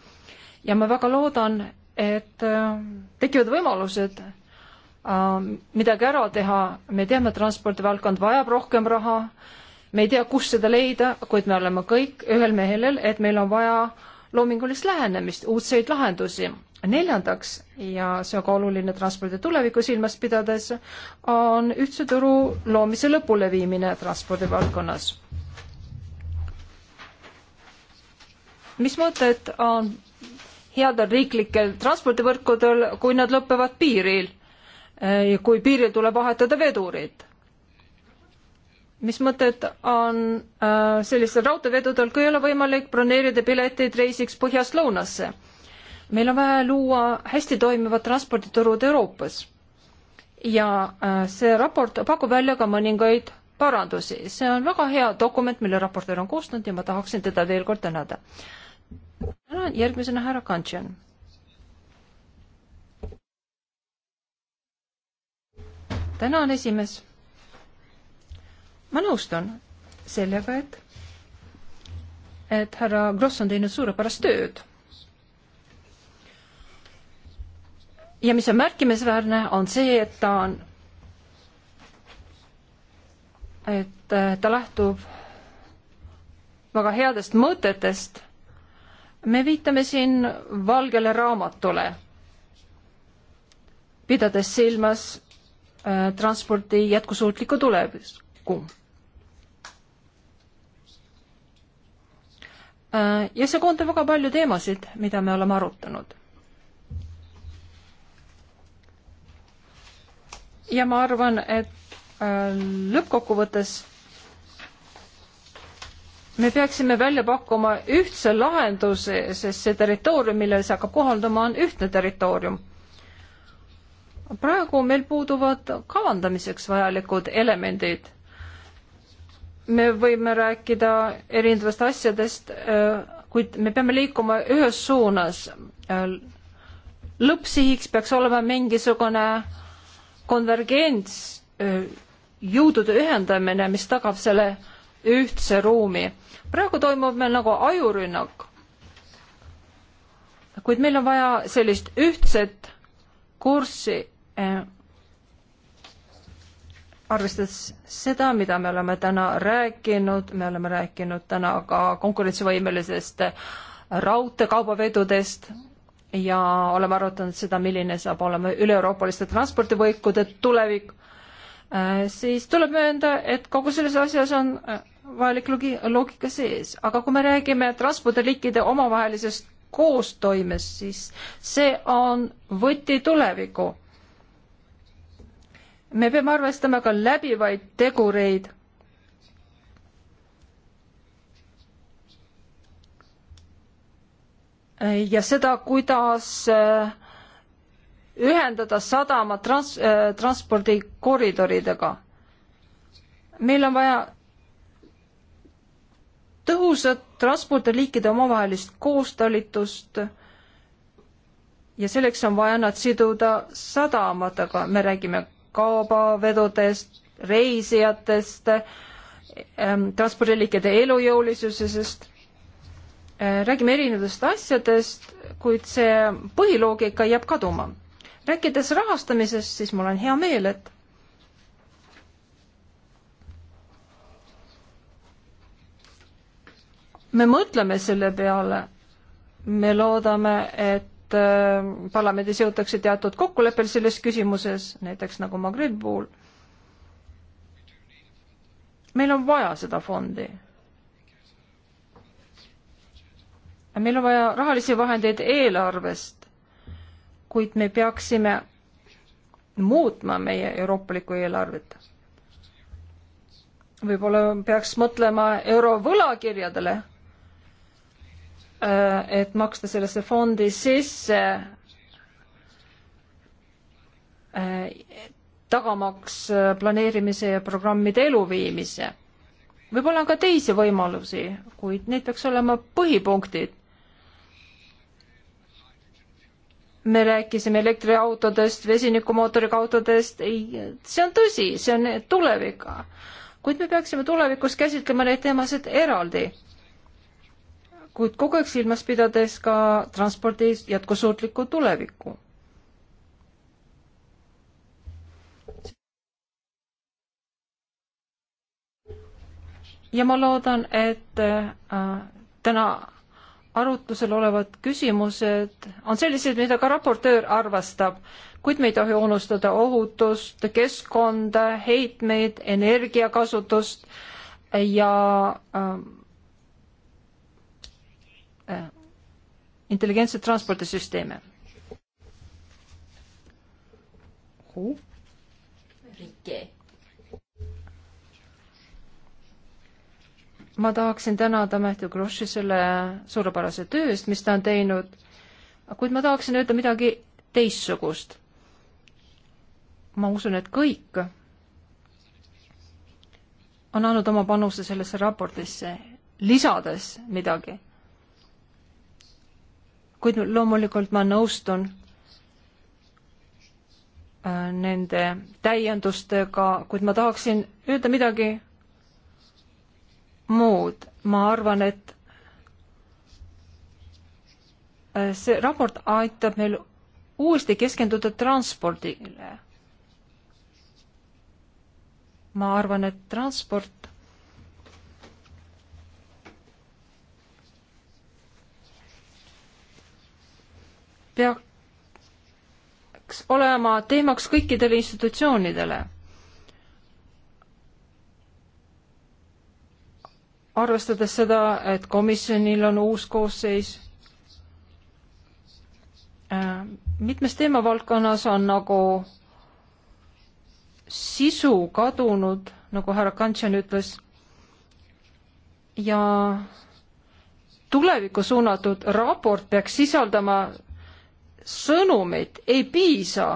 ja ma väga loodan, et äh, tekivad võimalused äh, midagi ära teha, me teame, transpordivaldkond vajab rohkem raha, me ei tea, kust seda leida, kuid me oleme kõik ühel mehelel, et meil on vaja loomingulist lähenemist, uudseid lahendusi neljandaks ja see on ka oluline transpordi tulevikku silmas pidades, on ühtse turu loomise lõpuleviimine transpordi valdkonnas. mis mõtted on headel riiklikel transpordivõrkudel, kui nad lõpevad piiril, eh, kui piiril tuleb vahetada vedurid? mis mõtted on eh, sellistel raudteevedudel, kui ei ole võimalik broneerida pileteid reisiks põhjast lõunasse? meil on vaja luua hästi toimivad transporditurud Euroopas. ja äh, see raport pakub välja ka mõningaid parandusi. see on väga hea dokument, mille raportöör on koostanud ja ma tahaksin teda veel kord tänada. tänan, järgmisena härra Kantšen. tänan, esimees. ma nõustun sellega, et, et härra Gross on teinud suurepärast tööd ja mis on märkimisväärne, on see, et ta on, et äh, ta lähtub väga headest mõtetest. me viitame siin valgele raamatule, pidades silmas äh, transpordi jätkusuutlikku tulevikku äh,. ja see koondab väga palju teemasid, mida me oleme arutanud ja ma arvan, et äh, lõppkokkuvõttes me peaksime välja pakkuma ühtse lahenduse, sest see territoorium, millele see hakkab kohalduma, on ühtne territoorium. praegu meil puuduvad kavandamiseks vajalikud elemendid. me võime rääkida erinevatest asjadest, äh, kuid me peame liikuma ühes suunas. Äh, lõppsihiks peaks olema mingisugune äh, konvergents, jõudude ühendamine, mis tagab selle ühtse ruumi. praegu toimub meil nagu ajurünnak. kuid meil on vaja sellist ühtset kurssi eh,, arvestades seda, mida me oleme täna rääkinud, me oleme rääkinud täna ka konkurentsivõimelisest raudteekaubavedudest ja oleme arutanud seda, milline saab olema üle-euroopaliste transpordivõikude tulevik, äh, siis tuleb möönda, et kogu selles asjas on äh, vajalik logi-, loogika sees, aga kui me räägime transpordiliikide omavahelisest koostoimes, siis see on võti tuleviku. me peame arvestama ka läbivaid tegureid ja seda, kuidas äh, ühendada sadamad trans-, äh, transpordikoridoridega. meil on vaja tõhusat transpordiliikide omavahelist koostalitust ja selleks on vaja nad siduda sadamatega, me räägime kaubavedudest, reisijatest ähm,, transpordiliikide elujõulisusest räägime erinevatest asjadest, kuid see põhiloogika jääb kaduma. rääkides rahastamisest, siis mul on hea meel, et me mõtleme selle peale, me loodame, et äh, parlamendis jõutakse teatud kokkuleppel selles küsimuses, näiteks nagu Magribi puhul. meil on vaja seda fondi meil on vaja rahalisi vahendeid eelarvest, kuid me peaksime muutma meie euroopalikku eelarvet. võib-olla peaks mõtlema eurovõlakirjadele, äh, et maksta sellesse fondi sisse äh, tagamaks äh, planeerimise ja programmide eluviimise. võib-olla on ka teisi võimalusi, kuid need peaks olema põhipunktid me rääkisime elektriautodest, vesinikumootoriga autodest, see on tõsi, see on tulevik. kuid me peaksime tulevikus käsitlema neid teemasid eraldi. kuid kogu aeg silmas pidades ka transpordi jätkusuutlikku tulevikku. ja ma loodan, et äh, täna arutlusel olevad küsimused on sellised, mida ka raportöör arvestab, kuid me ei tohi unustada ohutust, keskkonda, heitmeid, energiakasutust ja ähm, äh, intelligentseid transpordisüsteeme. Rike ma tahaksin tänada Matthew Groshi selle suurepärase töö eest, mis ta on teinud, kuid ma tahaksin öelda midagi teistsugust. ma usun, et kõik on andnud oma panuse sellesse raportisse, lisades midagi. kuid loomulikult ma nõustun äh, nende täiendustega, kuid ma tahaksin öelda midagi muud. ma arvan, et äh, see raport aitab meil uuesti keskenduda transpordile. ma arvan, et transport peaks olema teemaks kõikidele institutsioonidele arvestades seda, et komisjonil on uus koosseis äh,, mitmes teemavaldkonnas on nagu sisu kadunud, nagu härra Kantšen ütles, ja tulevikku suunatud raport peaks sisaldama sõnumeid, ei piisa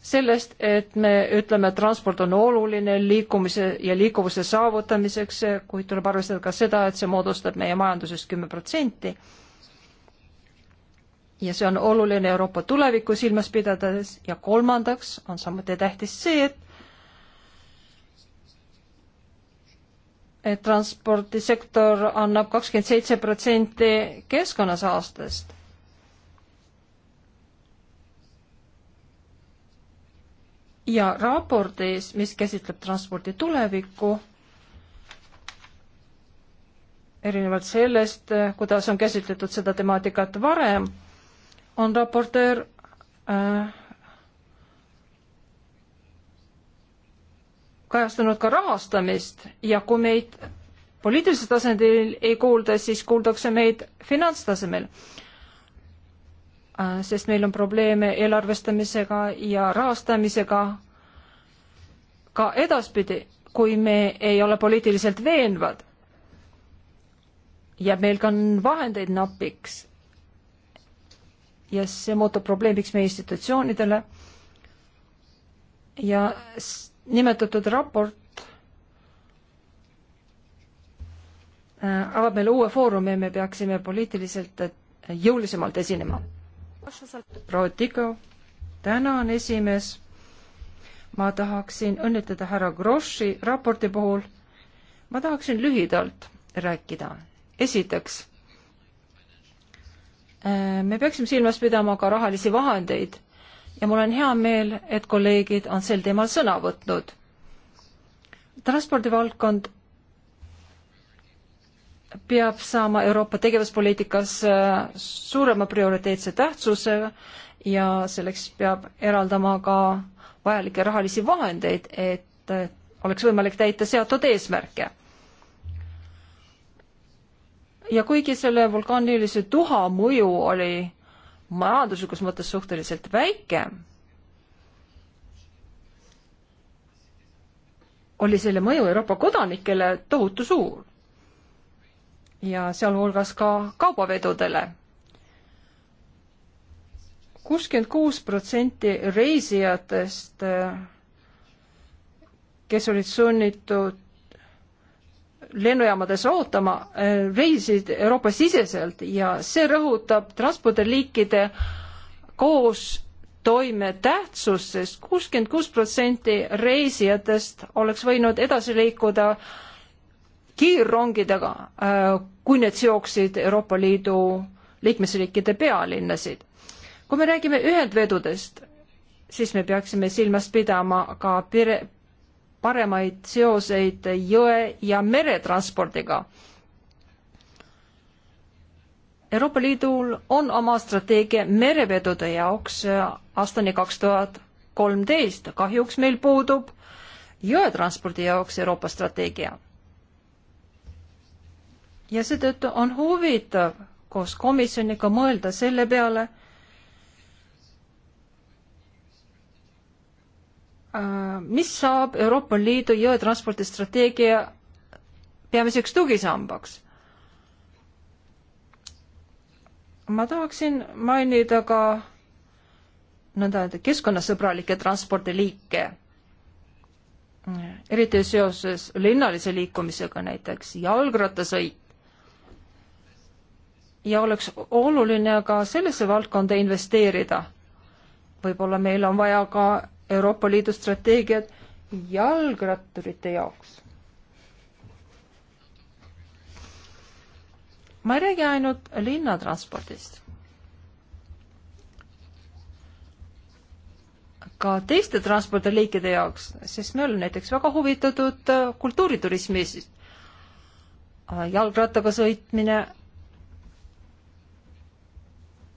sellest, et me ütleme, et transport on oluline liikumise ja liikuvuse saavutamiseks, kuid tuleb arvestada ka seda, et see moodustab meie majandusest kümme protsenti. ja see on oluline Euroopa tulevikku silmas pidades ja kolmandaks on samuti tähtis see, et et transpordisektor annab kakskümmend seitse protsenti keskkonnasaastest ja raportis, mis käsitleb transpordi tulevikku, erinevalt sellest, kuidas on käsitletud seda temaatikat varem, on raportöör äh, kajastanud ka rahastamist ja kui meid poliitilisel tasandil ei kuulda, siis kuuldakse meid finantstasemel äh, Äh, sest meil on probleeme eelarvestamisega ja rahastamisega ka edaspidi, kui me ei ole poliitiliselt veenvad. ja meil ka on vahendeid napiks. ja see muutub probleemiks meie institutsioonidele. ja nimetatud raport äh, avab meile uue foorumi ja me peaksime poliitiliselt äh, jõulisemalt esinema proua Tigo, tänan, esimees. ma tahaksin õnnitleda härra Grossi raporti puhul. ma tahaksin lühidalt rääkida. esiteks, äh, me peaksime silmas pidama ka rahalisi vahendeid ja mul on hea meel, et kolleegid on sel teemal sõna võtnud. transpordivaldkond peab saama Euroopa tegevuspoliitikas äh, suurema prioriteetse tähtsuse ja selleks peab eraldama ka vajalikke rahalisi vahendeid, et äh, oleks võimalik täita seatud eesmärke. ja kuigi selle vulkaanilise tuha mõju oli majanduslikus mõttes suhteliselt väike, oli selle mõju Euroopa kodanikele tohutu suur ja sealhulgas ka kaubavedudele. kuuskümmend kuus protsenti reisijatest, kes olid sunnitud lennujaamades ootama, reisisid Euroopa-siseselt ja see rõhutab transpordiliikide koostoime tähtsust sest, sest kuuskümmend kuus protsenti reisijatest oleks võinud edasi liikuda äh, kiirrongidega, äh, kui need seoksid Euroopa Liidu liikmesriikide pealinnasid. kui me räägime ühendvedudest, siis me peaksime silmas pidama ka pere, paremaid seoseid jõe- ja meretranspordiga. Euroopa Liidul on oma strateegia merevedude jaoks äh, aastani kaks tuhat kolmteist, kahjuks meil puudub jõetranspordi jaoks Euroopa strateegia ja seetõttu on huvitav koos komisjoniga mõelda selle peale äh,, mis saab Euroopa Liidu jõetranspordi strateegia peamiseks tugisambaks. ma tahaksin mainida ka nõnda öelda keskkonnasõbralikke transpordiliike, eriti seoses linnalise liikumisega, näiteks jalgrattasõit, ja oleks oluline ka sellesse valdkonda investeerida. võib-olla meil on vaja ka Euroopa Liidu strateegiat jalgratturite jaoks. ma ei räägi ainult linnatranspordist. ka teiste transpordiliikide jaoks, sest me oleme näiteks väga huvitatud kultuuriturismist. jalgrattaga sõitmine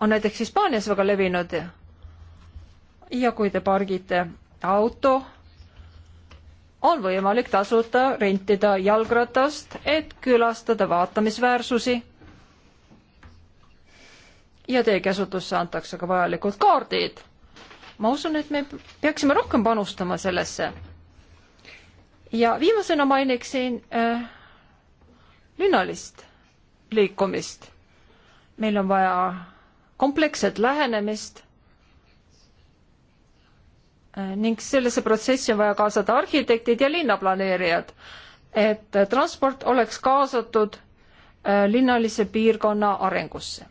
on näiteks Hispaanias väga levinud. ja kui te pargite auto, on võimalik tasuta rentida jalgratast, et külastada vaatamisväärsusi. ja teie käsutusse antakse ka vajalikud kaardid. ma usun, et me peaksime rohkem panustama sellesse. ja viimasena mainiksin äh, linnalist liikumist. meil on vaja kompleksset lähenemist ning sellesse protsessi on vaja kaasada arhitektid ja linnaplaneerijad, et transport oleks kaasatud äh, linnalise piirkonna arengusse.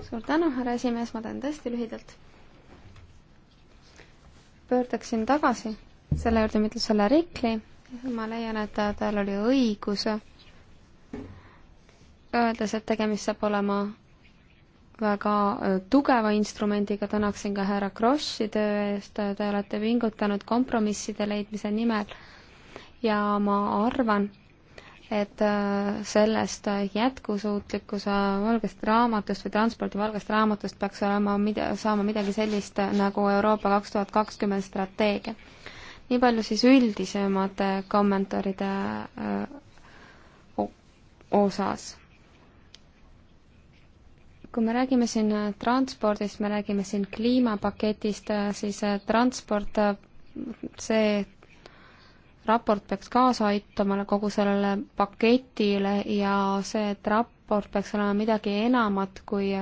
suur tänu, härra esimees, ma teen tõesti lühidalt. pöördaksin tagasi selle juurde, mida ütles Olle Rikli, ma leian, et tal oli õigus öeldes, et tegemist saab olema väga tugeva instrumendiga, tänaksin ka härra Krossi töö eest, te olete pingutanud kompromisside leidmise nimel ja ma arvan, et sellest jätkusuutlikkuse valgest raamatust või transpordi valgest raamatust peaks olema, saama midagi sellist nagu Euroopa kaks tuhat kakskümmend strateegia. nii palju siis üldisemate kommentaaride osas kui me räägime siin äh, transpordist, me räägime siin kliimapaketist, äh, siis äh, transport, see raport peaks kaasa aitama kogu sellele paketile ja see, et raport peaks olema midagi enamat kui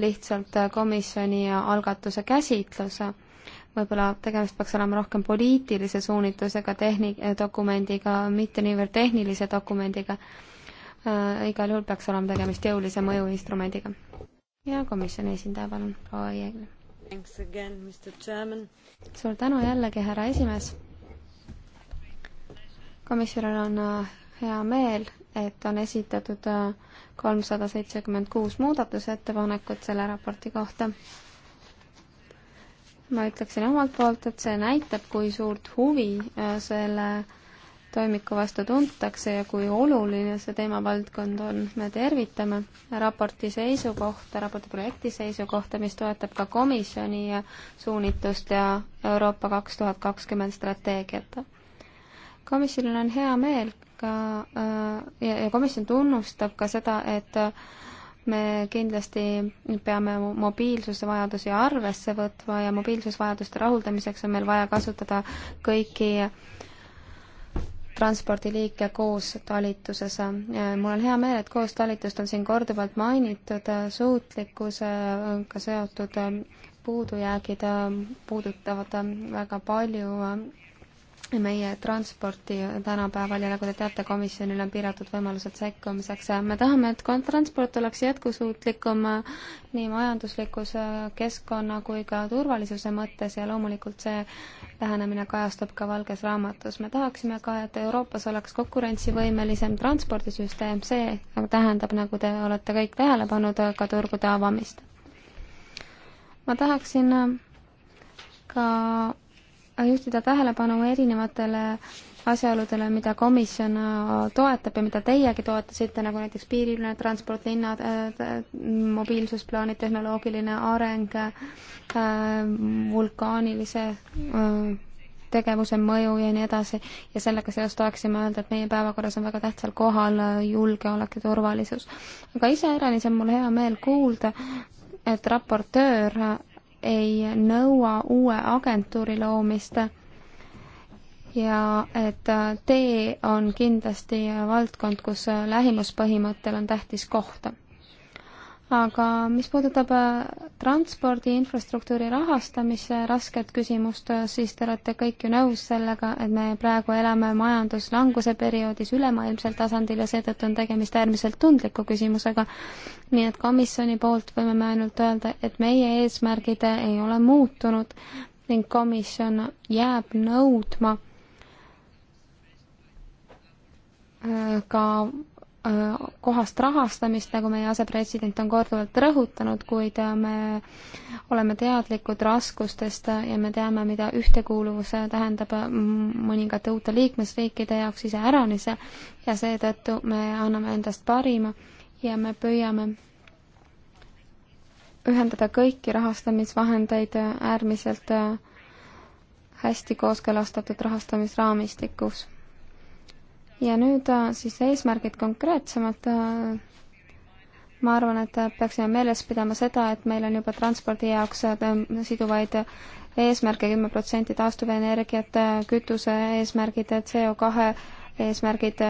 lihtsalt komisjoni algatuse käsitlus. võib-olla tegemist peaks olema rohkem poliitilise suunitlusega tehni-, dokumendiga, mitte niivõrd tehnilise dokumendiga Äh, igal juhul peaks olema tegemist jõulise mõjuinstrumendiga. ja komisjoni esindaja, palun, proua Jeegli. suur tänu jällegi, härra esimees. komisjonil on äh, hea meel, et on esitatud äh, kolmsada seitsekümmend kuus muudatusettepanekut selle raporti kohta. ma ütleksin omalt poolt, et see näitab, kui suurt huvi selle toimiku vastu tuntakse ja kui oluline see teemavaldkond on, me tervitame raporti seisukohta, raporti projekti seisukohta, mis toetab ka komisjoni suunitust ja Euroopa kaks tuhat kakskümmend strateegiat. komisjonil on hea meel ka äh, ja, ja komisjon tunnustab ka seda, et me kindlasti peame mobiilsuse vajadusi arvesse võtma ja mobiilsusvajaduste rahuldamiseks on meil vaja kasutada kõiki transpordiliike koos talituses. mul on hea meel, et koos talitust on siin korduvalt mainitud, suutlikkusega äh, seotud äh, puudujäägid äh, puudutavad väga palju meie transporti tänapäeval ja nagu te teate, komisjonil on piiratud võimalused sekkumiseks. me tahame, et transport oleks jätkusuutlikum nii majanduslikus äh, keskkonna kui ka turvalisuse mõttes ja loomulikult see lähenemine kajastub ka Valges Raamatus. me tahaksime ka, et Euroopas oleks konkurentsivõimelisem transpordisüsteem, see tähendab, nagu te olete kõik tähele pannud, ka turgude avamist. ma tahaksin äh, ka juhtida tähelepanu erinevatele asjaoludele, mida komisjon äh, toetab ja mida teiegi toetasite, nagu näiteks piiriline transport, linnad, äh, mobiilsusplaanid, tehnoloogiline areng, äh, vulkaanilise tegevuse mõju ja nii edasi. ja sellega seoses tahaksime öelda, et meie päevakorras on väga tähtsal kohal julgeolek ja turvalisus. aga iseäranis on mul hea meel kuulda, et raportöör ei nõua uue agentuuri loomist ja et tee on kindlasti valdkond, kus lähimuspõhimõttel on tähtis koht aga mis puudutab äh, transpordi infrastruktuuri rahastamise rasket küsimust, äh, siis te olete kõik ju nõus sellega, et me praegu elame majanduslanguse perioodis ülemaailmsel tasandil ja seetõttu on tegemist äärmiselt tundliku küsimusega. nii et komisjoni poolt võime me ainult öelda, et meie eesmärgid ei ole muutunud ning komisjon jääb nõudma äh, ka kohast rahastamist, nagu meie asepresident on korduvalt rõhutanud, kuid äh, me oleme teadlikud raskustest ja me teame, mida ühtekuuluvus äh, tähendab mõningate uute liikmesriikide jaoks iseäranis ja seetõttu me anname endast parima ja me püüame ühendada kõiki rahastamisvahendeid äh, äärmiselt hästi kooskõlastatud rahastamisraamistikus ja nüüd äh, siis eesmärgid konkreetsemalt. Äh, ma arvan, et äh, peaksime meeles pidama seda, et meil on juba transpordi jaoks mm, siduvaid eesmärke kümme protsenti taastuvenergiat, kütuse eesmärgid, CO kahe eesmärgid,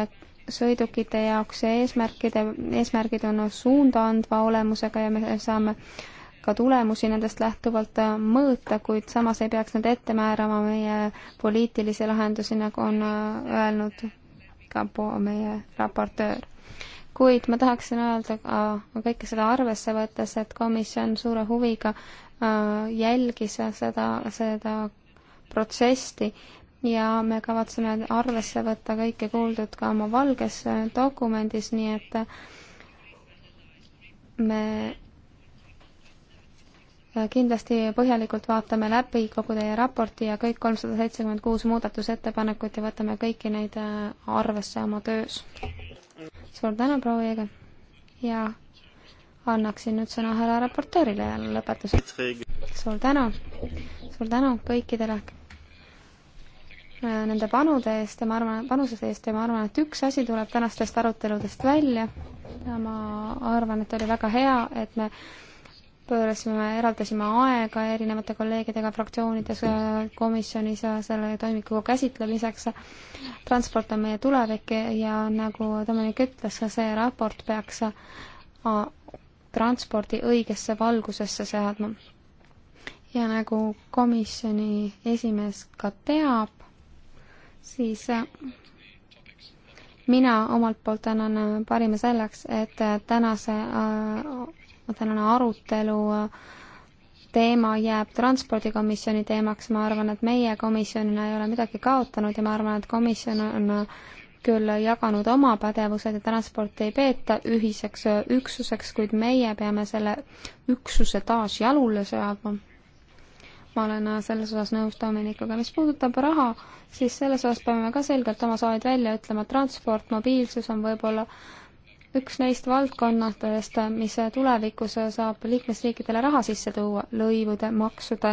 sõidukite jaoks ja eesmärkide, eesmärgid on suunda andva olemusega ja me saame ka tulemusi nendest lähtuvalt mõõta, kuid samas ei peaks need ette määrama meie poliitilisi lahendusi, nagu on öelnud ka meie raportöör. kuid ma tahaksin öelda ka kõike seda arvesse võttes, et komisjon suure huviga jälgis seda, seda protsessi ja me kavatseme arvesse võtta kõike kuuldud ka oma valges e, dokumendis, nii et me kindlasti põhjalikult vaatame läbi kogu teie raporti ja kõik kolmsada seitsekümmend kuus muudatusettepanekut ja võtame kõiki neid äh, arvesse oma töös. suur tänu, proua Jeege ja annaksin nüüd sõna härra raportöörile jälle lõpetuseks. suur tänu, suur tänu kõikidele äh, nende panude eest ja ma arvan, panuse eest ja ma arvan, et üks asi tuleb tänastest aruteludest välja ja ma arvan, et oli väga hea, et me pöörasime, eraldasime aega erinevate kolleegidega fraktsioonides, äh, komisjonis äh, selle toimiku käsitlemiseks. transport on meie tulevik ja nagu Dominic ütles, see raport peaks äh, transpordi õigesse valgusesse seadma. ja nagu komisjoni esimees ka teab, siis mina omalt poolt annan parima selleks, et tänase tänane arutelu teema jääb transpordikomisjoni teemaks, ma arvan, et meie komisjonina ei ole midagi kaotanud ja ma arvan, et komisjon on küll jaganud oma pädevused ja transporti ei peeta ühiseks üksuseks, kuid meie peame selle üksuse taas jalule seadma. ma olen selles osas nõus Dominikuga, mis puudutab raha, siis selles osas peame ka selgelt oma soovid välja ütlema, transport, mobiilsus on võib-olla äh, üks neist valdkonnadest, mis tulevikus saab liikmesriikidele raha sisse tuua lõivude, maksude,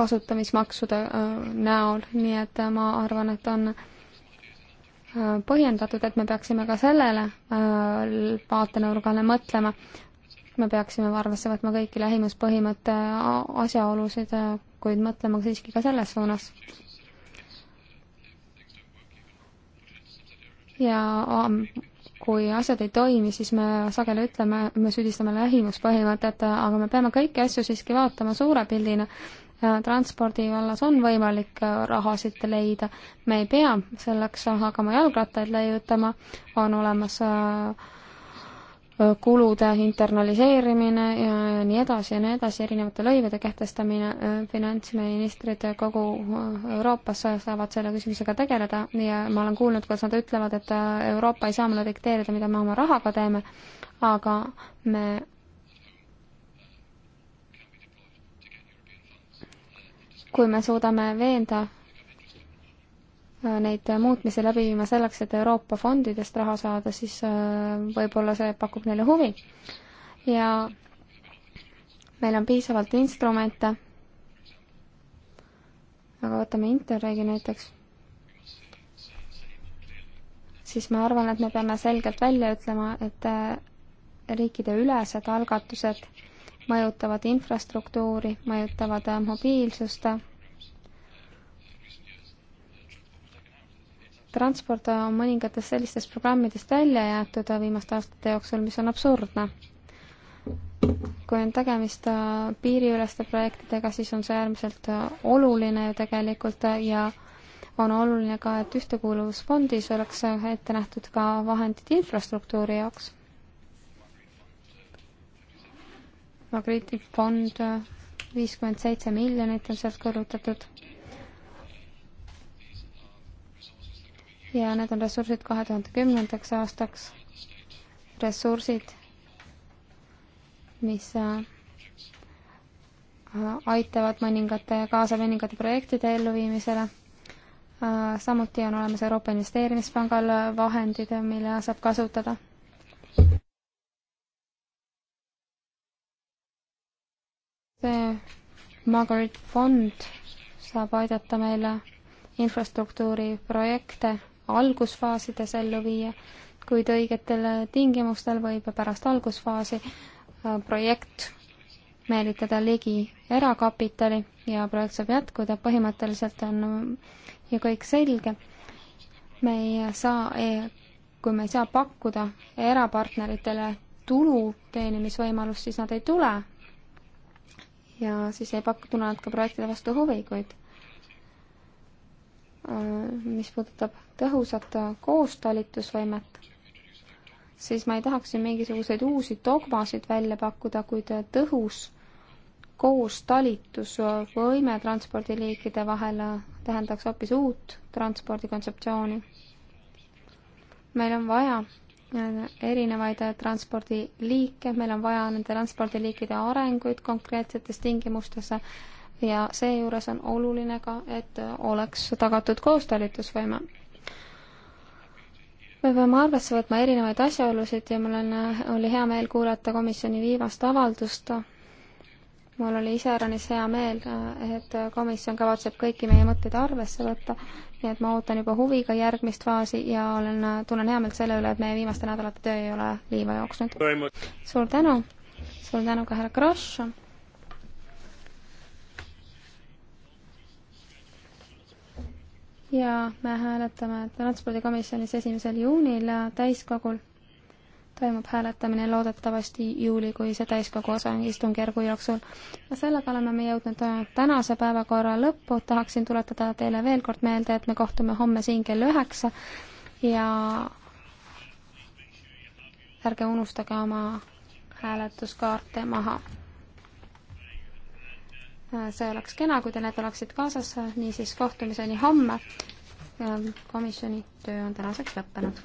kasutamismaksude äh, näol, nii et ma arvan, et on äh, põhjendatud, et me peaksime ka sellele äh, vaatenurgale mõtlema. me peaksime arvesse võtma kõiki lähimuspõhimõtte asjaolusid, kuid mõtlema siiski ka selles suunas. ja um, kui asjad ei toimi, siis me sageli ütleme, me süüdistame lähimuspõhimõtet, aga me peame kõiki asju siiski vaatama suure pildina. transpordi vallas on võimalik äh, rahasid leida, me ei pea selleks äh, hakkama jalgrattaid leiutama, on olemas äh, kulude internaliseerimine ja nii edasi ja nii edasi, erinevate lõivude kehtestamine, finantsministrid kogu Euroopas saavad selle küsimusega tegeleda ja ma olen kuulnud, kuidas nad ütlevad, et Euroopa ei saa mulle dikteerida, mida me oma rahaga teeme, aga me kui me suudame veenda neid muutmisi läbi viima selleks, et Euroopa fondidest raha saada, siis äh, võib-olla see pakub neile huvi. ja meil on piisavalt instrumente, aga võtame Interregi näiteks, siis ma arvan, et me peame selgelt välja ütlema, et äh, riikideülesed algatused mõjutavad infrastruktuuri, mõjutavad äh, mobiilsust transport on mõningatest sellistest programmidest välja jäetud viimaste aastate jooksul, mis on absurdne. kui on tegemist äh, piiriüleste projektidega, siis on see äärmiselt äh, oluline ju tegelikult äh, ja on oluline ka, et Ühtekuuluvusfondis oleks ette nähtud ka vahendid infrastruktuuri jaoks. Magritte fond viiskümmend seitse miljonit on sealt kõrvutatud ja need on ressursid kahe tuhande kümnendaks aastaks, ressursid, mis äh, aitavad mõningate, kaasa mõningate projektide elluviimisele. Äh, samuti on olemas Euroopa Investeerimispangal vahendid, mille saab kasutada. see Margaret Fond saab aidata meile infrastruktuuriprojekte algusfaasides ellu viia, kuid õigetel tingimustel võib pärast algusfaasi äh, projekt meelitada ligi erakapitali ja projekt saab jätkuda, põhimõtteliselt on äh, ju kõik selge. me ei saa, kui me ei saa pakkuda erapartneritele tulu teenimisvõimalust, siis nad ei tule. ja siis ei paku, tunne nad ka projektide vastu huvi, kuid Äh, mis puudutab tõhusat äh, koostalitusvõimet, siis ma ei tahaks siin mingisuguseid uusi dogmasid välja pakkuda, kuid äh, tõhus koostalitusvõime transpordiliikide vahel tähendaks hoopis uut transpordikontseptsiooni. meil on vaja erinevaid transpordiliike, meil on vaja nende transpordiliikide arenguid konkreetsetes tingimustes ja seejuures on oluline ka, et oleks tagatud koostalitusvõime. me peame arvesse võtma erinevaid asjaolusid ja mul on, oli hea meel kuulata komisjoni viimast avaldust. mul oli iseäranis hea meel, et komisjon kavatseb kõiki meie mõtteid arvesse võtta, nii et ma ootan juba huviga järgmist faasi ja olen, tunnen hea meelt selle üle, et meie viimaste nädalate töö ei ole liiva jooksnud. suur tänu, suur tänu ka härra Kross ja me hääletame transpordikomisjonis esimesel juunil täiskogul. toimub hääletamine loodetavasti juulikuise täiskogu osa istungjärgu jooksul. ja sellega oleme me jõudnud tänase päevakorra lõppu, tahaksin tuletada teile veel kord meelde, et me kohtume homme siin kell üheksa ja ärge unustage oma hääletuskaarte maha Äh, see oleks kena, kui te need oleksid kaasas, äh, niisiis kohtumiseni homme. komisjoni töö on tänaseks lõppenud.